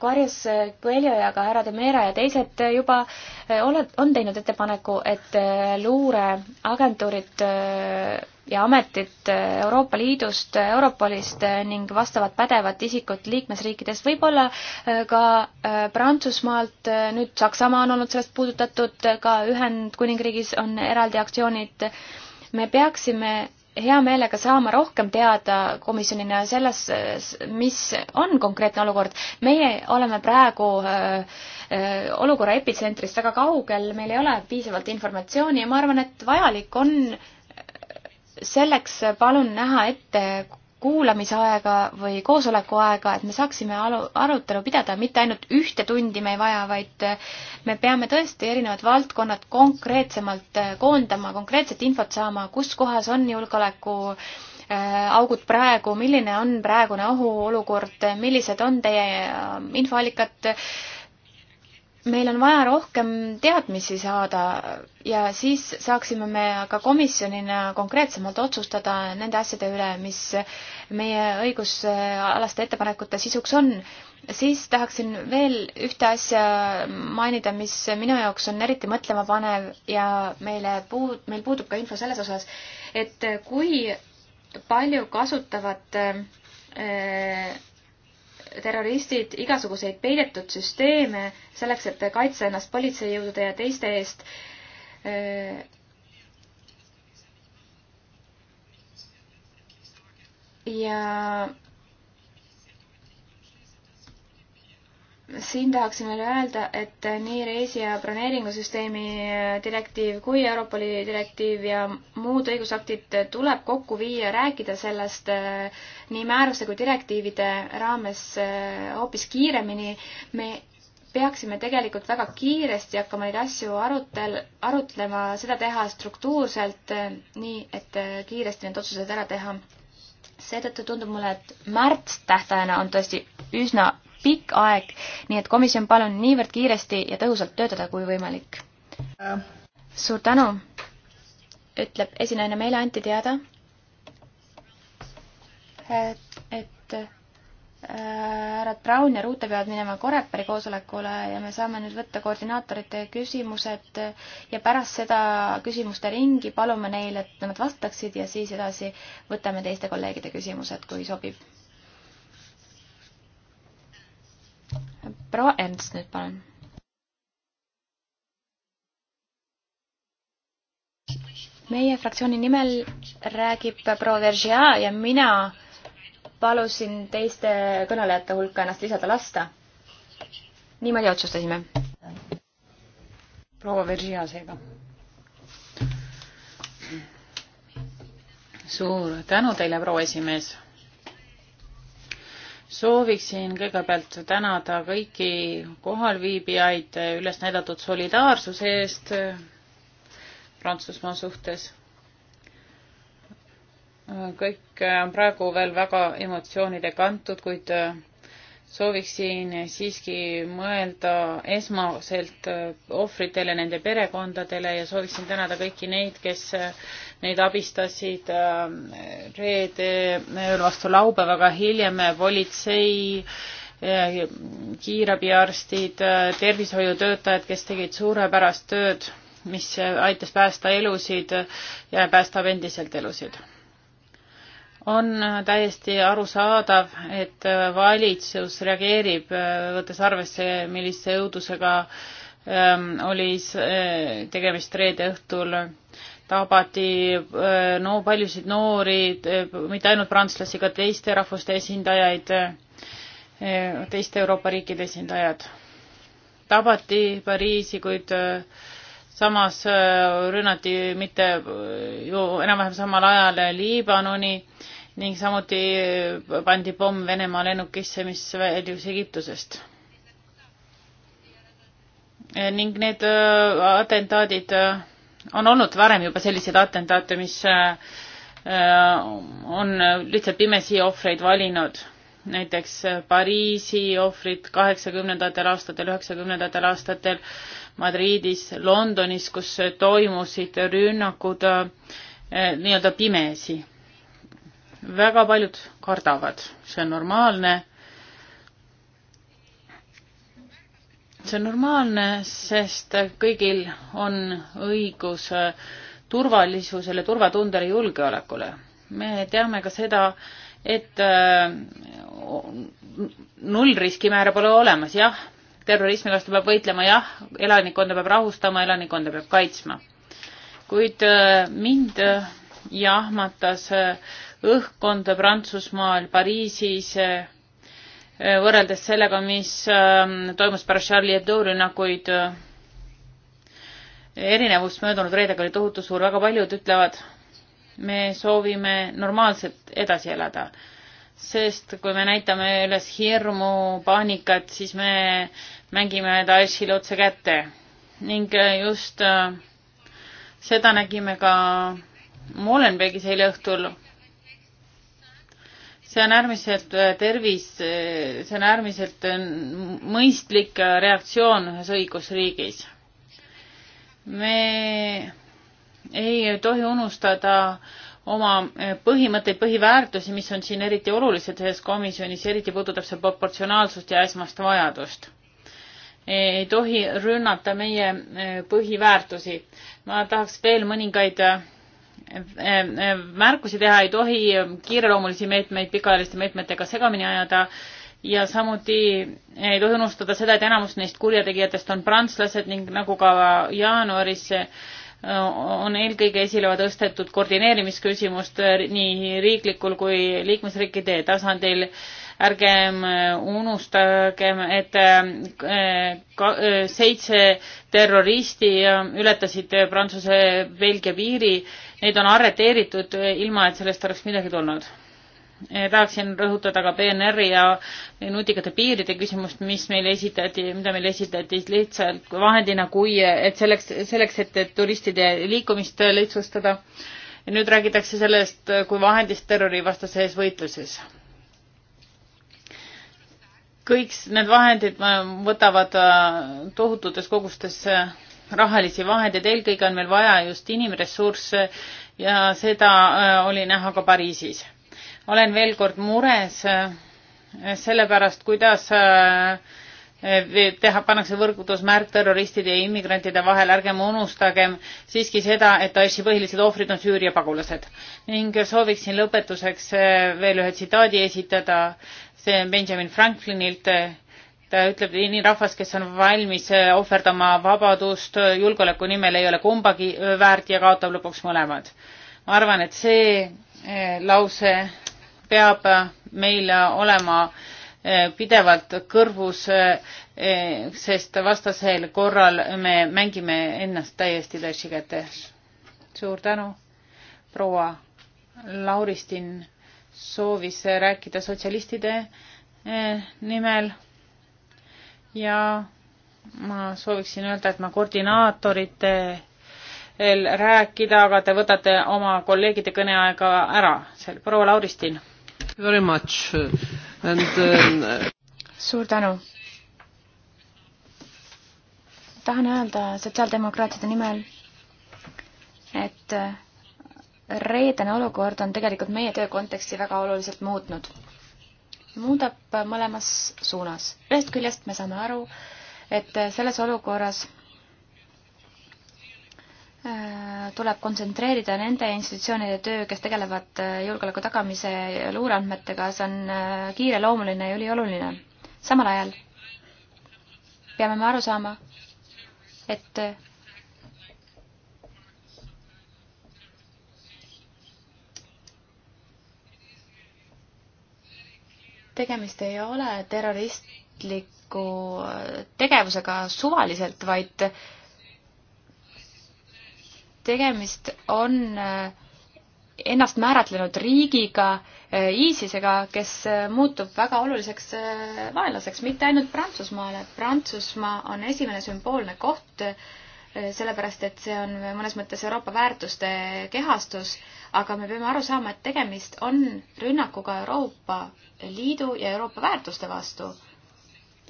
Karjas Coelho ja ka härra de Meera ja teised juba eh, oled, on teinud ettepaneku, et eh, luureagentuurid eh, ja ametid Euroopa Liidust, Europolist ning vastavad pädevad isikud liikmesriikidest, võib-olla ka Prantsusmaalt, nüüd Saksamaa on olnud sellest puudutatud, ka Ühendkuningriigis on eraldi aktsioonid äh, me peaksime hea meelega saama rohkem teada komisjonina selles, mis on konkreetne olukord. meie oleme praegu äh, äh, olukorra epitsentrist väga kaugel, meil ei ole piisavalt informatsiooni ja ma arvan, et vajalik on selleks palun näha ette kuulamisaega või koosoleku aega, et me saaksime alu, arutelu pidada, mitte ainult ühte tundi me ei vaja, vaid äh, me peame tõesti erinevad valdkonnad konkreetsemalt äh, koondama, konkreetset infot saama, kus kohas on julgeoleku äh, augud praegu, milline on praegune ohuolukord, millised on teie infoallikad äh,, meil on vaja rohkem teadmisi saada ja siis saaksime me ka komisjonina konkreetsemalt otsustada nende asjade üle, mis meie õigusalaste ettepanekute sisuks on. siis tahaksin veel ühte asja mainida, mis minu jaoks on eriti mõtlemapanev ja meile puu-, meil puudub ka info selles osas, et kui palju kasutavad äh, terroristid igasuguseid peidetud süsteeme selleks, et kaitsta ennast politseijõudude ja teiste eest. Äh, ja siin tahaksin veel öelda, et nii reisi- ja broneeringusüsteemi äh, direktiiv kui Euroopa Liidu direktiiv ja muud õigusaktid tuleb kokku viia, rääkida sellest äh, nii määruste kui direktiivide raames äh, hoopis kiiremini. me peaksime tegelikult väga kiiresti hakkama neid asju arutel, arutlema, seda teha struktuurselt, nii et kiiresti need otsused ära teha. seetõttu tundub mulle, et märts tähtajana on tõesti üsna pikk aeg, nii et komisjon, palun niivõrd kiiresti ja tõhusalt töötada kui võimalik. suur tänu, ütleb esinaine, meile anti teada, et, et äh, härrad Brown ja Ruute peavad minema Koreperi koosolekule ja me saame nüüd võtta koordinaatorite küsimused ja pärast seda küsimuste ringi palume neil, et nad vastaksid ja siis edasi võtame teiste kolleegide küsimused, kui sobib proua Ernst nüüd, palun. meie fraktsiooni nimel räägib proua Veržia ja mina palusin teiste kõnelejate hulka ennast lisada lasta. niimoodi otsustasime. proua Veržia seega. suur tänu teile, proua esimees sooviksin kõigepealt tänada kõiki kohalviibijaid üles näidatud solidaarsuse eest Prantsusmaa suhtes. kõik on praegu veel väga emotsioonide kantud, kuid sooviksin siiski mõelda esmaselt äh, ohvritele, nende perekondadele ja sooviksin tänada kõiki neid, kes äh, neid abistasid äh, reede vastu laupäeva, aga hiljem politsei, kiirabiarstid, tervishoiutöötajad, kes tegid suurepärast tööd, mis aitas päästa elusid ja päästab endiselt elusid on täiesti arusaadav, et valitsus reageerib, võttes arvesse, millise õudusega ähm, oli äh, tegemist reede õhtul. tabati äh, no paljusid noori, äh, mitte ainult prantslasi, ka teiste rahvuste esindajaid, teiste Euroopa riikide esindajad. tabati Pariisi, kuid samas rünnati mitte ju enam-vähem samal ajal Liibanoni ning samuti pandi pomm Venemaa lennukisse, mis väljus Egiptusest. ning need äh, atentaadid, äh, on olnud varem juba selliseid atentaate, mis äh, on lihtsalt pimesi ohvreid valinud. näiteks Pariisi ohvrid kaheksakümnendatel aastatel, üheksakümnendatel aastatel Madridis, Londonis, kus toimusid rünnakud nii-öelda pimesi väga paljud kardavad, see on normaalne. see on normaalne, sest kõigil on õigus turvalisusele, turvatundele, julgeolekule. me teame ka seda, et äh, nullriskimäära pole olemas, jah, terrorismi vastu peab võitlema, jah, elanikkonda peab rahustama, elanikkonda peab kaitsma. kuid äh, mind äh, jahmatas äh, õhkkonda Prantsusmaal, Pariisis, äh, äh, võrreldes sellega, mis ähm, toimus pärast Charlie Hebdo rünnakuid. Äh, erinevus möödunud reedega oli tohutu suur, väga paljud ütlevad, me soovime normaalselt edasi elada, sest kui me näitame üles hirmu, paanikat, siis me mängime Daeshile otse kätte ning just seda nägime ka Molenbeegis eile õhtul see on äärmiselt äh, tervis, äh, see on äärmiselt äh, mõistlik reaktsioon ühes õigusriigis. me ei tohi unustada oma põhimõtteid, põhiväärtusi, mis on siin eriti olulised ühes komisjonis, eriti puudutab see proportsionaalsust ja esmast vajadust. ei tohi rünnata meie põhiväärtusi. ma tahaks veel mõningaid märkusi teha, ei tohi kiireloomulisi meetmeid pikaajaliste meetmetega segamini ajada ja samuti ei tohi unustada seda, et enamus neist kurjategijatest on prantslased ning nagu ka jaanuaris on eelkõige esile tõstetud koordineerimisküsimust nii riiklikul kui liikmesriikide tasandil. ärgem unustagem, et eh, eh, seitse terroristi eh, ületasid Prantsuse-Belgia piiri neid on arreteeritud eh, ilma, et sellest oleks midagi tulnud. Eh, tahaksin rõhutada ka PNR-i ja nutikate piiride küsimust, mis meile esitati, mida meile esitati lihtsalt vahendina, kui, et selleks, selleks, et turistide liikumist lihtsustada. ja nüüd räägitakse sellest kui vahendist terrorivastases võitluses kõik need vahendid võtavad tohututes kogustes eh, rahalisi vahendeid, eelkõige on meil vaja just inimressursse ja seda äh, oli näha ka Pariisis. olen veel kord mures äh, selle pärast, kuidas äh, teha, pannakse võrgutusmärk terroristide ja immigrantide vahel, ärgem unustagem siiski seda, et Daeshi põhilised ohvrid on Süüria pagulased. ning sooviksin lõpetuseks veel ühe tsitaadi esitada, see on Benjamin Franklinilt ta ütleb, nii rahvas, kes on valmis eh, ohverdama vabadust eh, julgeoleku nimel, ei ole kumbagi eh, väärt ja kaotab lõpuks mõlemad. ma arvan, et see lause peab meil olema pidevalt kõrvus, sest vastasel korral me mängime ennast täiesti Daeshi kätte. suur tänu, proua Lauristin soovis rääkida sotsialistide nimel ja ma sooviksin öelda, et ma koordinaatorite rääkida, aga te võtate oma kolleegide kõneaega ära. proua Lauristin. Very much and uh... suur tänu. tahan öelda sotsiaaldemokraatide nimel, et reedene olukord on tegelikult meie töö konteksti väga oluliselt muutnud muudab mõlemas suunas. ühest küljest me saame aru, et selles olukorras äh, tuleb kontsentreerida nende institutsioonide töö, kes tegelevad äh, julgeoleku tagamise ja luureandmetega, see on äh, kiireloomuline ja ülioluline. samal ajal peame me aru saama, et tegemist ei ole terroristliku tegevusega suvaliselt, vaid tegemist on eh, ennast määratlenud riigiga, eh, ISISega, kes eh, muutub väga oluliseks vaenlaseks, mitte ainult Prantsusmaale. Prantsusmaa on esimene sümboolne koht äh, Äh, sellepärast et see on mõnes mõttes Euroopa väärtuste kehastus, aga me peame aru saama, et tegemist on rünnakuga Euroopa Liidu ja Euroopa väärtuste vastu.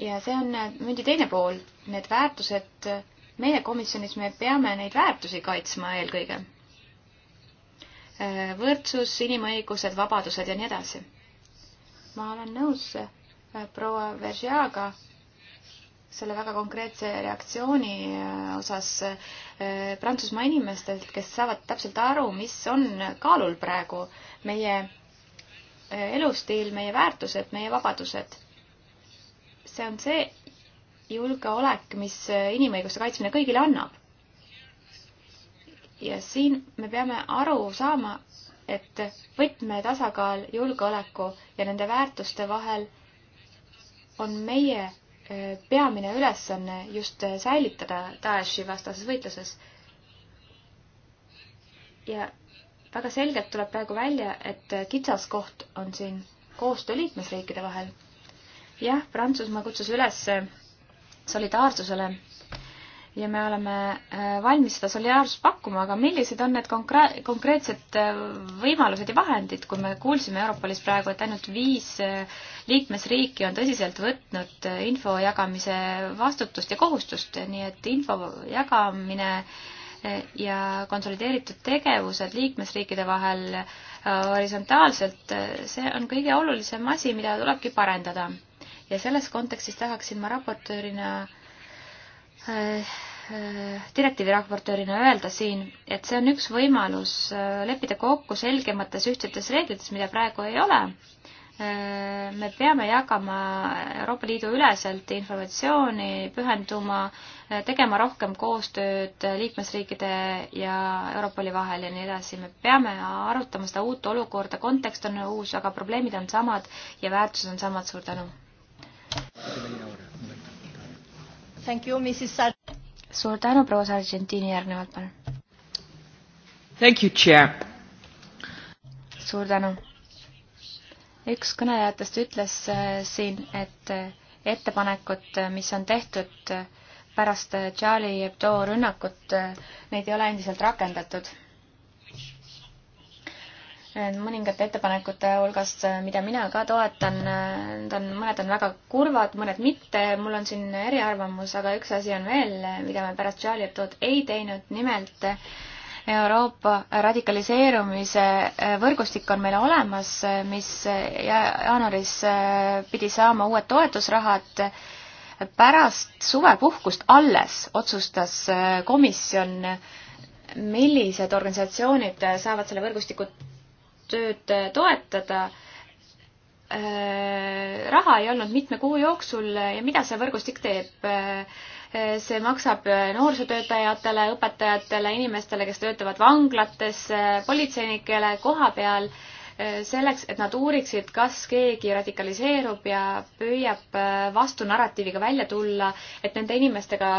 ja see on äh, mündi teine pool, need väärtused, äh, meie komisjonis me peame neid väärtusi kaitsma eelkõige. võrdsus, inimõigused, vabadused ja nii edasi. ma olen nõus proua Veržiaga selle väga konkreetse reaktsiooni äh, osas äh, Prantsusmaa inimestelt, kes saavad täpselt aru, mis on kaalul praegu meie äh, elustiil, meie väärtused, meie vabadused. see on see julgeolek, mis inimõiguste kaitsmine kõigile annab. ja siin me peame aru saama, et võtmetasakaal julgeoleku ja nende väärtuste vahel on meie peamine ülesanne just säilitada Daeshi vastases võitluses. ja väga selgelt tuleb praegu välja, et kitsaskoht on siin koostöö liikmesriikide vahel. jah, Prantsusmaa kutsus üles solidaarsusele ja me oleme äh, valmis seda solidaarsust pakkuma, aga millised on need konkre-, konkreetsed äh, võimalused ja vahendid, kui me kuulsime Europolis praegu, et ainult viis äh, liikmesriiki on tõsiselt võtnud info jagamise vastutust ja kohustust, nii et info jagamine ja konsolideeritud tegevused liikmesriikide vahel horisontaalselt, see on kõige olulisem asi, mida tulebki parendada. ja selles kontekstis tahaksin ma raportöörina äh, Äh, äh, direktiivi raportöörina öelda siin, et see on üks võimalus äh, leppida kokku selgemates ühtsetes reeglites, mida praegu ei ole. me peame jagama Euroopa Liidu üleselt informatsiooni, pühenduma, tegema rohkem koostööd liikmesriikide ja Europoli vahel ja nii edasi. me peame arutama seda uut olukorda, kontekst on uus, aga probleemid on samad ja väärtused on samad. suur tänu! Thank you, Mrs Sar-. suur tänu, proua Sargentini, järgnevalt palun. Thank you, chair. suur tänu. üks kõnelejatest ütles äh, siin, et äh, ettepanekut, äh, mis on tehtud pärast Charlie Hebdo rünnakut, neid ei ole endiselt rakendatud mõningate ettepanekute hulgast, äh, mida mina ka toetan, äh, need on, mõned on väga kurvad, mõned mitte, mul on siin eriarvamus, aga üks asi on veel, äh, mida me pärast Charlie Hebdo'd ei teinud, nimelt Euroopa radikaliseerumise võrgustik on meil olemas, mis jaanuaris pidi saama uued toetusrahad. pärast suvepuhkust alles otsustas komisjon, millised organisatsioonid saavad selle võrgustiku tööd äh, toetada. Äh, raha ei olnud mitme kuu jooksul ja mida see võrgustik teeb? Äh, see maksab noorsootöötajatele, õpetajatele, inimestele, kes töötavad vanglates, politseinikele koha peal, selleks, et nad uuriksid, kas keegi radikaliseerub ja püüab vastunarratiiviga välja tulla, et nende inimestega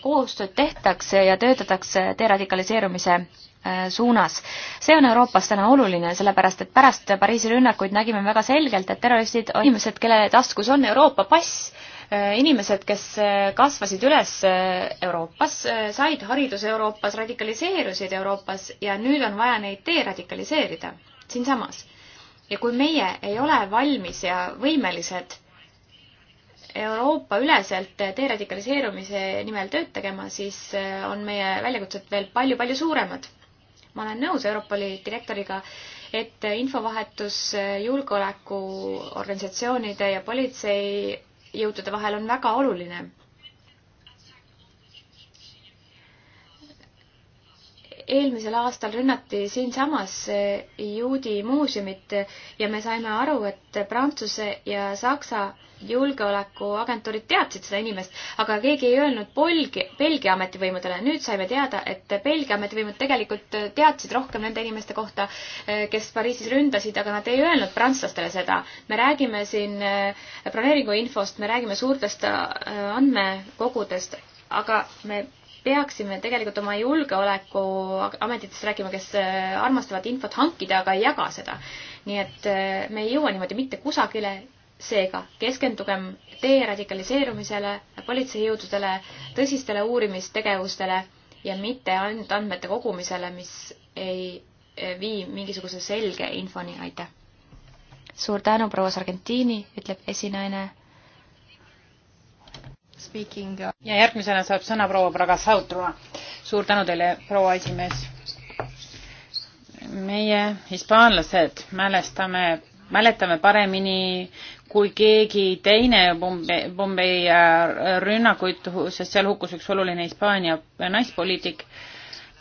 koostööd tehtakse ja töötatakse deradikaliseerumise Äh, suunas. see on Euroopas täna oluline, sellepärast et pärast Pariisi rünnakuid nägime väga selgelt, et terroristid on inimesed, kelle taskus on Euroopa pass, äh, inimesed, kes äh, kasvasid üles Euroopas, said hariduse Euroopas, radikaliseerusid Euroopas ja nüüd on vaja neid deradikaliseerida siinsamas. ja kui meie ei ole valmis ja võimelised Euroopa üleselt deradikaliseerumise nimel tööd tegema, siis on meie väljakutsed veel palju-palju suuremad ma olen nõus Europoli direktoriga, et infovahetus eh, julgeolekuorganisatsioonide ja politseijõudude vahel on väga oluline. eelmisel aastal rünnati siinsamas eh, juudi muuseumit ja me saime aru, et Prantsuse ja Saksa julgeolekuagentuurid teadsid seda inimest, aga keegi ei öelnud Polgi, Belgia ametivõimudele. nüüd saime teada, et Belgia ametivõimud tegelikult teadsid rohkem nende inimeste kohta, eh, kes Pariisis ründasid, aga nad ei öelnud prantslastele seda. me räägime siin eh, broneeringuinfost, me räägime suurtest andmekogudest, aga me peaksime tegelikult oma julgeolekuametitest rääkima, kes äh, armastavad infot hankida, aga ei jaga seda. nii et äh, me ei jõua niimoodi mitte kusagile, seega keskendugem deradikaliseerumisele, politseijõududele, tõsistele uurimistegevustele ja mitte ainult andmete kogumisele, mis ei äh, vii mingisuguse selge infoni, aitäh! suur tänu, proua Sargentini, ütleb esinaine Speaking... ja järgmisena saab sõna proua Pragasautova. suur tänu teile, proua esimees. meie, hispaanlased, mälestame, mäletame paremini kui keegi teine Bombay, Bombay äh, rünnakuid, sest seal hukkus üks oluline Hispaania naispoliitik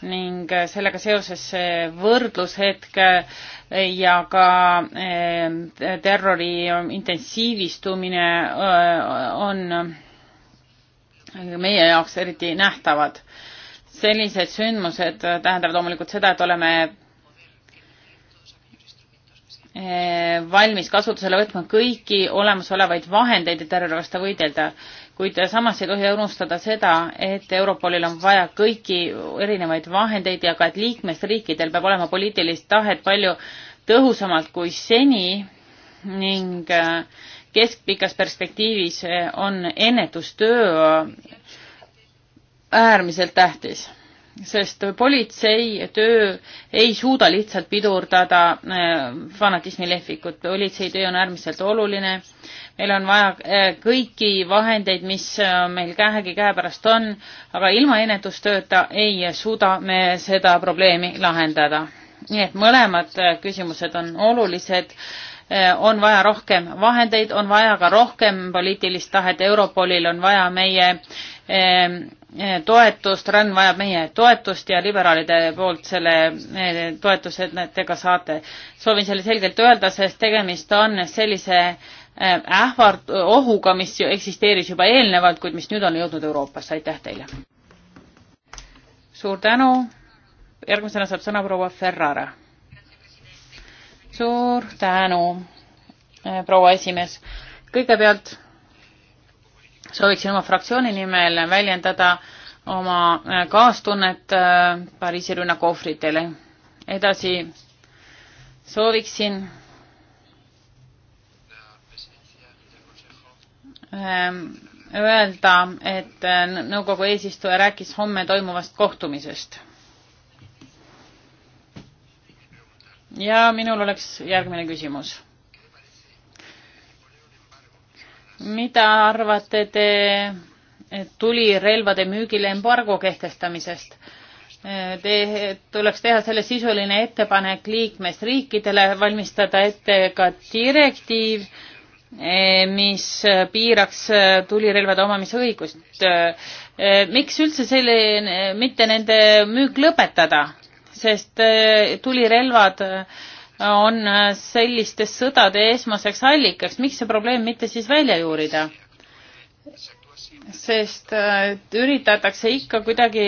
ning äh, sellega seoses see võrdlushetk äh, ja ka terrori intensiivistumine on meie jaoks eriti nähtavad. sellised sündmused tähendavad loomulikult seda, et oleme eh, valmis kasutusele võtma kõiki olemasolevaid vahendeid, et terrori vastu võidelda, kuid samas ei tohi unustada seda, et Europolil on vaja kõiki erinevaid vahendeid ja ka, et liikmesriikidel peab olema poliitilist tahet palju tõhusamalt kui seni ning äh, keskpikas perspektiivis eh, on ennetustöö äh, äärmiselt tähtis, sest politsei töö ei suuda lihtsalt pidurdada äh, fanatismi lehvikut, politsei töö on äärmiselt oluline, meil on vaja äh, kõiki vahendeid, mis meil vähegi käepärast on, aga ilma ennetustööta ei suuda me seda probleemi lahendada. nii et mõlemad küsimused on olulised Eh, on vaja rohkem vahendeid, on vaja ka rohkem poliitilist tahet, Europolil on vaja meie eh, eh, toetust, RAN vajab meie toetust ja liberaalide poolt selle toetuse te ka saate. soovin selle selgelt öelda, sest tegemist on sellise ähvard-, ohuga, mis eksisteeris juba eelnevalt, kuid mis nüüd on jõudnud Euroopasse, aitäh teile! suur tänu, järgmisena saab sõna proua Ferrara suur tänu, eh, proua esimees. kõigepealt sooviksin oma fraktsiooni nimel väljendada oma eh, kaastunnet eh, Pariisi rünnaku ohvritele. edasi sooviksin öelda, et nõukogu eesistuja rääkis homme toimuvast kohtumisest ja minul oleks järgmine küsimus. mida arvate te tulirelvade müügile embargo kehtestamisest? Te, tuleks teha selle sisuline ettepanek liikmesriikidele, valmistada ette ka direktiiv, eh, mis piiraks tulirelvade omamisõigust. Eh, miks üldse selline, mitte nende müük lõpetada? sest eh, tulirelvad eh, on eh, selliste sõdade esmaseks allikaks, miks see probleem mitte siis välja juurida? sest üritatakse ikka kuidagi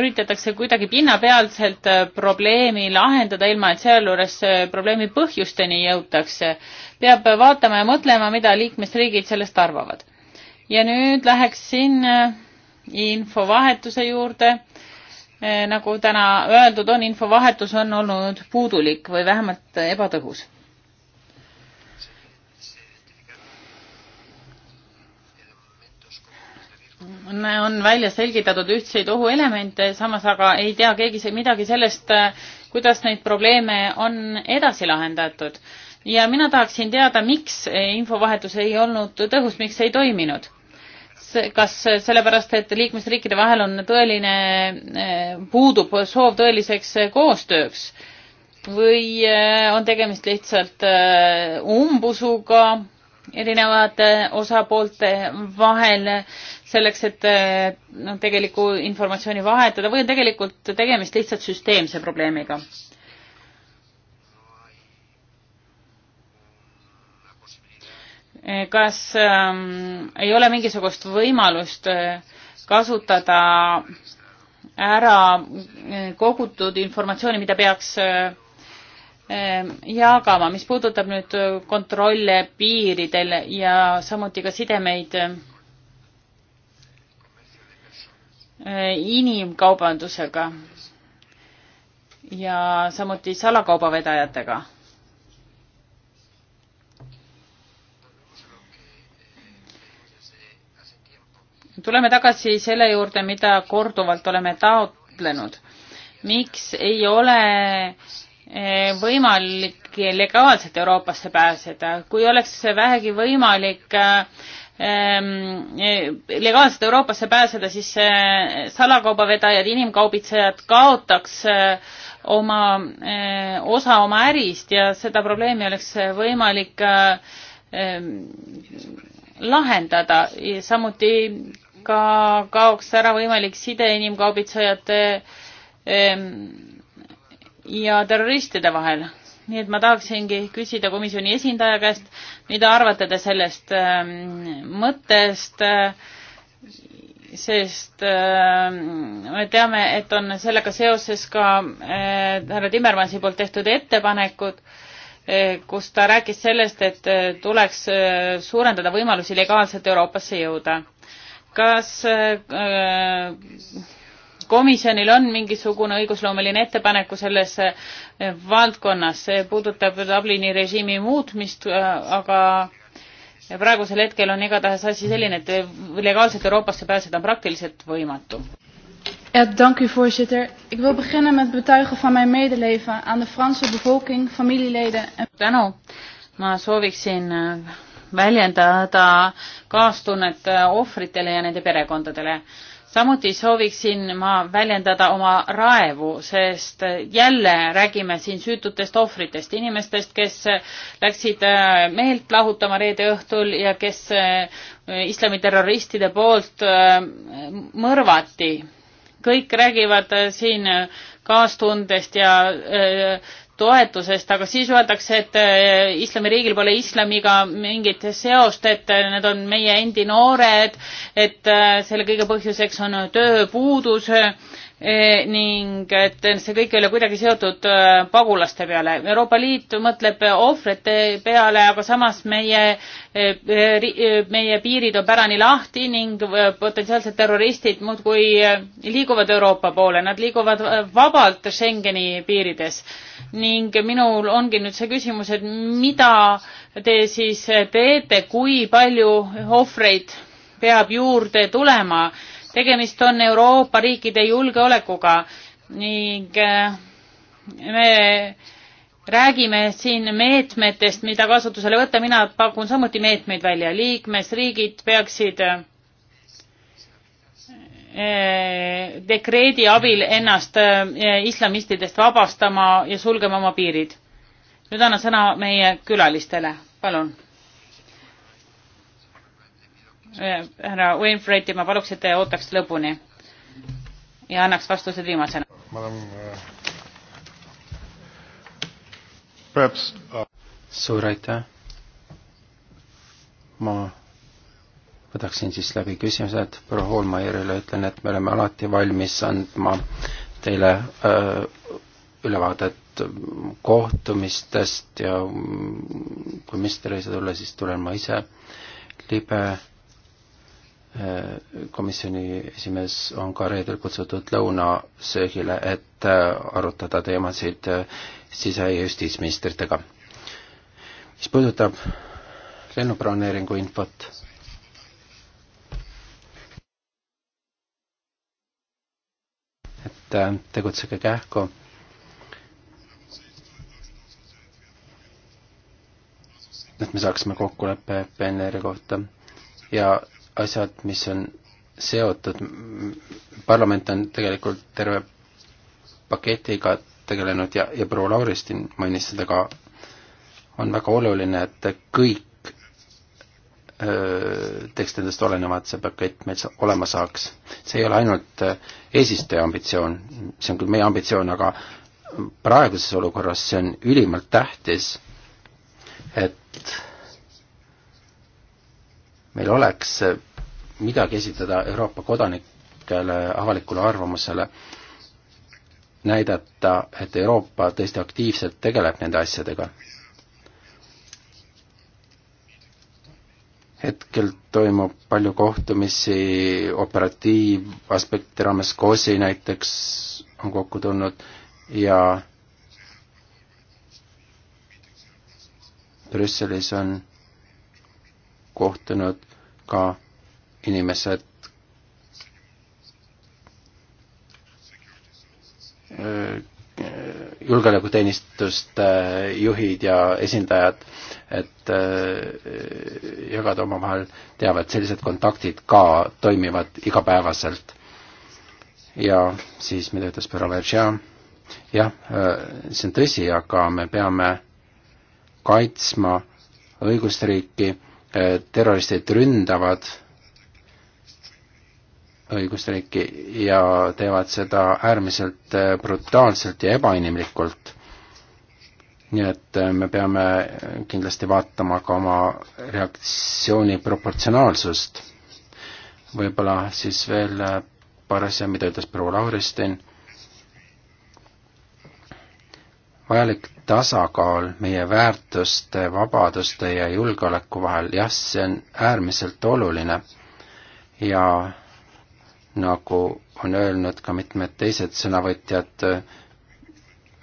üritatakse kuidagi pinnapealselt probleemi lahendada, ilma et sealjuures probleemi põhjusteni jõutakse. peab vaatama ja mõtlema, mida liikmesriigid sellest arvavad. ja nüüd läheksin infovahetuse juurde. Eh, nagu täna öeldud on, infovahetus on olnud puudulik või vähemalt ebatõhus. on välja selgitatud ühtseid ohuelemente, samas aga ei tea keegi midagi sellest, kuidas neid probleeme on edasi lahendatud ja mina tahaksin teada, miks infovahetus ei olnud tõhus, miks ei toiminud kas sellepärast, et liikmesriikide vahel on tõeline, eh, puudub soov tõeliseks koostööks või eh, on tegemist lihtsalt eh, umbusuga erinevate osapoolte vahel selleks, et noh, tegelikku informatsiooni vahetada või on tegelikult tegemist lihtsalt süsteemse probleemiga? kas ähm, ei ole mingisugust võimalust äh, kasutada ära äh, kogutud informatsiooni, mida peaks äh, ähm, jagama, mis puudutab nüüd kontrolle piiridel ja samuti ka sidemeid inimkaubandusega ja samuti salakaubavedajatega tuleme tagasi selle juurde, mida korduvalt oleme taotlenud. miks ei ole eh, võimalik legaalselt Euroopasse pääseda, kui oleks vähegi võimalik ehm, eh, legaalselt Euroopasse pääseda, siis eh, salakaubavedajad, inimkaubitsejad kaotaks oma osa oma ärist ja seda probleemi oleks võimalik ehm, lahendada. samuti ka kaoks ära võimalik side inimkaubitsejate ehm, ja terroristide vahel. nii et ma tahaksingi küsida komisjoni esindaja käest, mida arvate te sellest ehm, mõttest, sest ehm, me teame, et on sellega seoses ka eh, härra Timmermansi poolt tehtud ettepanekud, eh, kus ta rääkis sellest, et eh, tuleks suurendada võimalusi legaalselt Euroopasse jõuda kas äh, komisjonil on mingisugune õigusloomeline ettepaneku selles äh, valdkonnas, see puudutab Dublini režiimi muutmist, äh, aga praegusel hetkel on igatahes asi selline, et legaalselt Euroopasse pääseda on praktiliselt võimatu. Ja, dank u voorzitter. Ik wil beginnen met betuigen van mijn medeleven aan de Franse bevolking, familieleden en... Tänu. Ma sooviksin väljendada kaastunnet ohvritele ja nende perekondadele. samuti sooviksin ma väljendada oma raevu, sest jälle räägime siin süütutest ohvritest, inimestest, kes läksid äh, meelt lahutama reede õhtul ja kes äh, islamiterroristide poolt äh, mõrvati kõik räägivad siin kaastundest ja toetusest, aga siis öeldakse, et eh, islamiriigil pole islamiga mingit seost, et eh, need on meie endi noored, et eh, selle kõige põhjuseks on tööpuudus E, ning et see kõik ei ole kuidagi seotud e, pagulaste peale. Euroopa Liit mõtleb ohvrite peale, aga samas meie, e, meie piirid on pärani lahti ning potentsiaalsed terroristid muudkui liiguvad Euroopa poole, nad liiguvad vabalt Schengeni piirides. ning minul ongi nüüd see küsimus, et mida te siis teete, kui palju ohvreid peab juurde tulema tegemist on Euroopa riikide julgeolekuga ning äh, me räägime siin meetmetest, mida kasutusele võtta, mina pakun samuti meetmeid välja, liikmesriigid peaksid äh, dekreedi abil ennast äh, islamistidest vabastama ja sulgema oma piirid. nüüd annan sõna meie külalistele, palun Eh, härra Wainwrighti ma paluks, et te ootaks lõpuni ja annaks vastused viimasena. Eh, uh, suur aitäh. ma võtaksin siis läbi küsimused. proua Hoolmeierile ütlen, et me oleme alati valmis andma teile öö, eh, ülevaadet kohtumistest ja kui minister ei saa tulla, siis tulen ma ise libe komisjoni esimees on ka reedel kutsutud lõunasöögile, et äh, arutada teemasid äh, sise- ja justiitsministritega. mis puudutab lennuplaneeringu infot, et äh, tegutsege kähku et me saaksime kokkuleppe PNR-i kohta ja asjad, mis on seotud, parlament on tegelikult terve paketiga tegelenud ja, ja proua Lauristin mainis seda ka, on väga oluline, et kõik tekst endast olenevad, see pakett meil olema saaks. see ei ole ainult eesistuja ambitsioon, see on küll meie ambitsioon, aga praeguses olukorras see on ülimalt tähtis, et meil oleks midagi esitada Euroopa kodanikele, avalikule arvamusele, näidata, et Euroopa tõesti aktiivselt tegeleb nende asjadega. hetkel toimub palju kohtumisi operatiivaspekti raames, COSI näiteks on kokku tulnud ja Brüsselis on kohtunud ka inimesed äh, julgeolekuteenistuste juhid ja esindajad, et äh, jagada omavahel teavet, sellised kontaktid ka toimivad igapäevaselt. ja siis, mida ütles Perovetša, jah, äh, see on tõsi, aga me peame kaitsma õigusriiki, terroristid ründavad õigusriiki ja teevad seda äärmiselt äh, brutaalselt ja ebainimlikult. nii et äh, me peame kindlasti vaatama ka oma reaktsiooni proportsionaalsust. võib-olla siis veel äh, paar asja, mida ütles proua Lauristin. vajalik tasakaal meie väärtuste, vabaduste ja julgeoleku vahel, jah, see on äärmiselt oluline ja nagu on öelnud ka mitmed teised sõnavõtjad,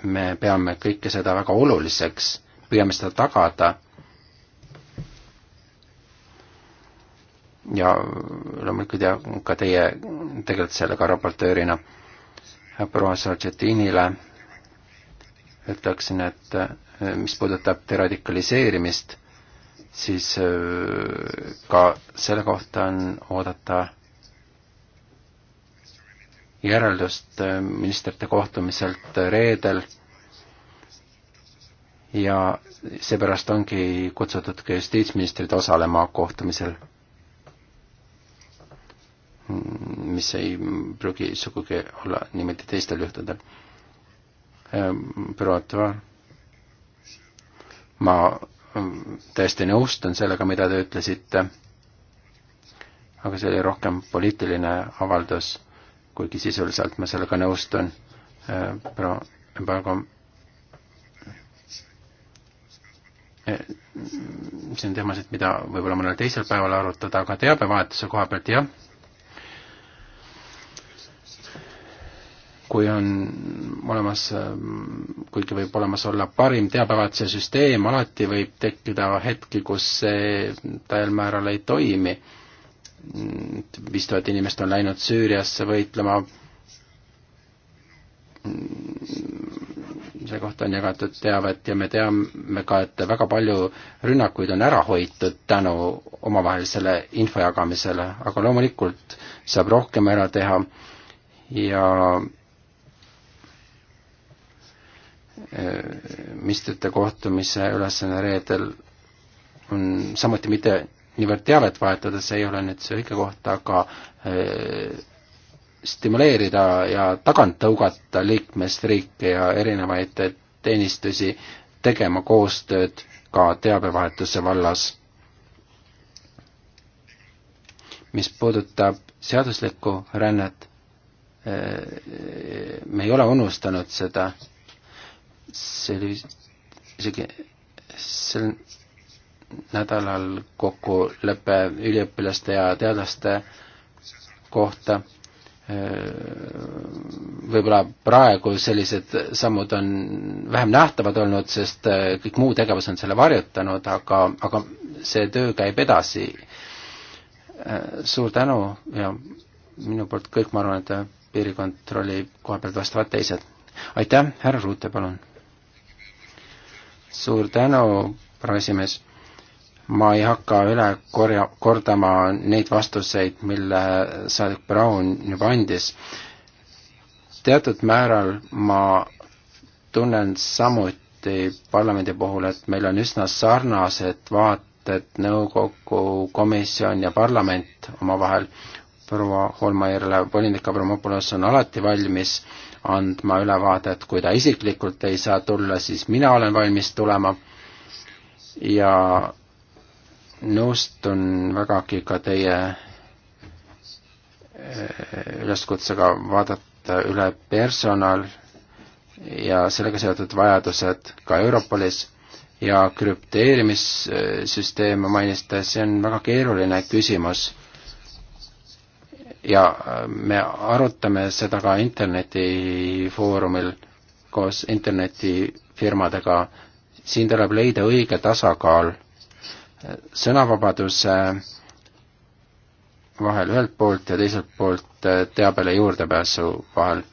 me peame kõike seda väga oluliseks, püüame seda tagada ja loomulikult ja ka teie tegelete sellega raportöörina. proua Sargentinile ütleksin, et eh, mis puudutab deradikaliseerimist, siis eh, ka selle kohta on oodata järeldust äh, ministrite kohtumiselt äh, reedel ja seepärast ongi kutsutud ka justiitsministrid osalema kohtumisel, mm, mis ei pruugi sugugi olla niimoodi teistel juhtudel. Ähm, ma mm, täiesti nõustun sellega, mida te ütlesite, aga see oli rohkem poliitiline avaldus kuigi sisuliselt ma sellega nõustun äh, pro-, embargo äh, see on teemasid, mida võib-olla mõnel teisel päeval arutada, aga teabevahetuse koha pealt jah, kui on olemas, äh, kuigi võib olemas olla parim teabevahetuse süsteem, alati võib tekkida hetki, kus see täiel määral ei toimi viis tuhat inimest on läinud Süüriasse võitlema. selle kohta on jagatud teavet ja me teame ka, et väga palju rünnakuid on ära hoitud tänu omavahelisele info jagamisele, aga loomulikult saab rohkem ära teha ja e, mistõttu kohtumise ülesanne reedel on samuti mitte niivõrd teavet vahetada, see ei ole nüüd see õige koht, aga eh, stimuleerida ja tagant tõugata liikmesriike ja erinevaid teenistusi tegema koostööd ka teabevahetuse vallas. mis puudutab seaduslikku rännet, eh, me ei ole unustanud seda, see oli isegi, see on nädalal kokkulepe üliõpilaste ja teadlaste kohta. võib-olla praegu sellised sammud on vähem nähtavad olnud, sest kõik muu tegevus on selle varjutanud, aga, aga see töö käib edasi. suur tänu ja minu poolt kõik, ma arvan, et piirikontrolli koha pealt vastavad teised. aitäh, härra Ruute, palun! suur tänu, proua esimees ma ei hakka üle korja, kordama neid vastuseid, mille saadik Brown juba andis. teatud määral ma tunnen samuti parlamendi puhul, et meil on üsna sarnased vaated nõukogu, komisjon ja parlament omavahel. proua Holmajärve volinik Abramopolos on alati valmis andma ülevaadet, kui ta isiklikult ei saa tulla, siis mina olen valmis tulema ja nõustun vägagi ka teie äh, üleskutsega vaadata üle personal ja sellega seotud vajadused ka Europolis ja krüpteerimissüsteeme mainisite, see on väga keeruline küsimus. ja äh, me arutame seda ka internetifoorumil koos internetifirmadega. siin tuleb leida õige tasakaal sõnavabaduse vahel ühelt poolt ja teiselt poolt teabele juurdepääsu vahel.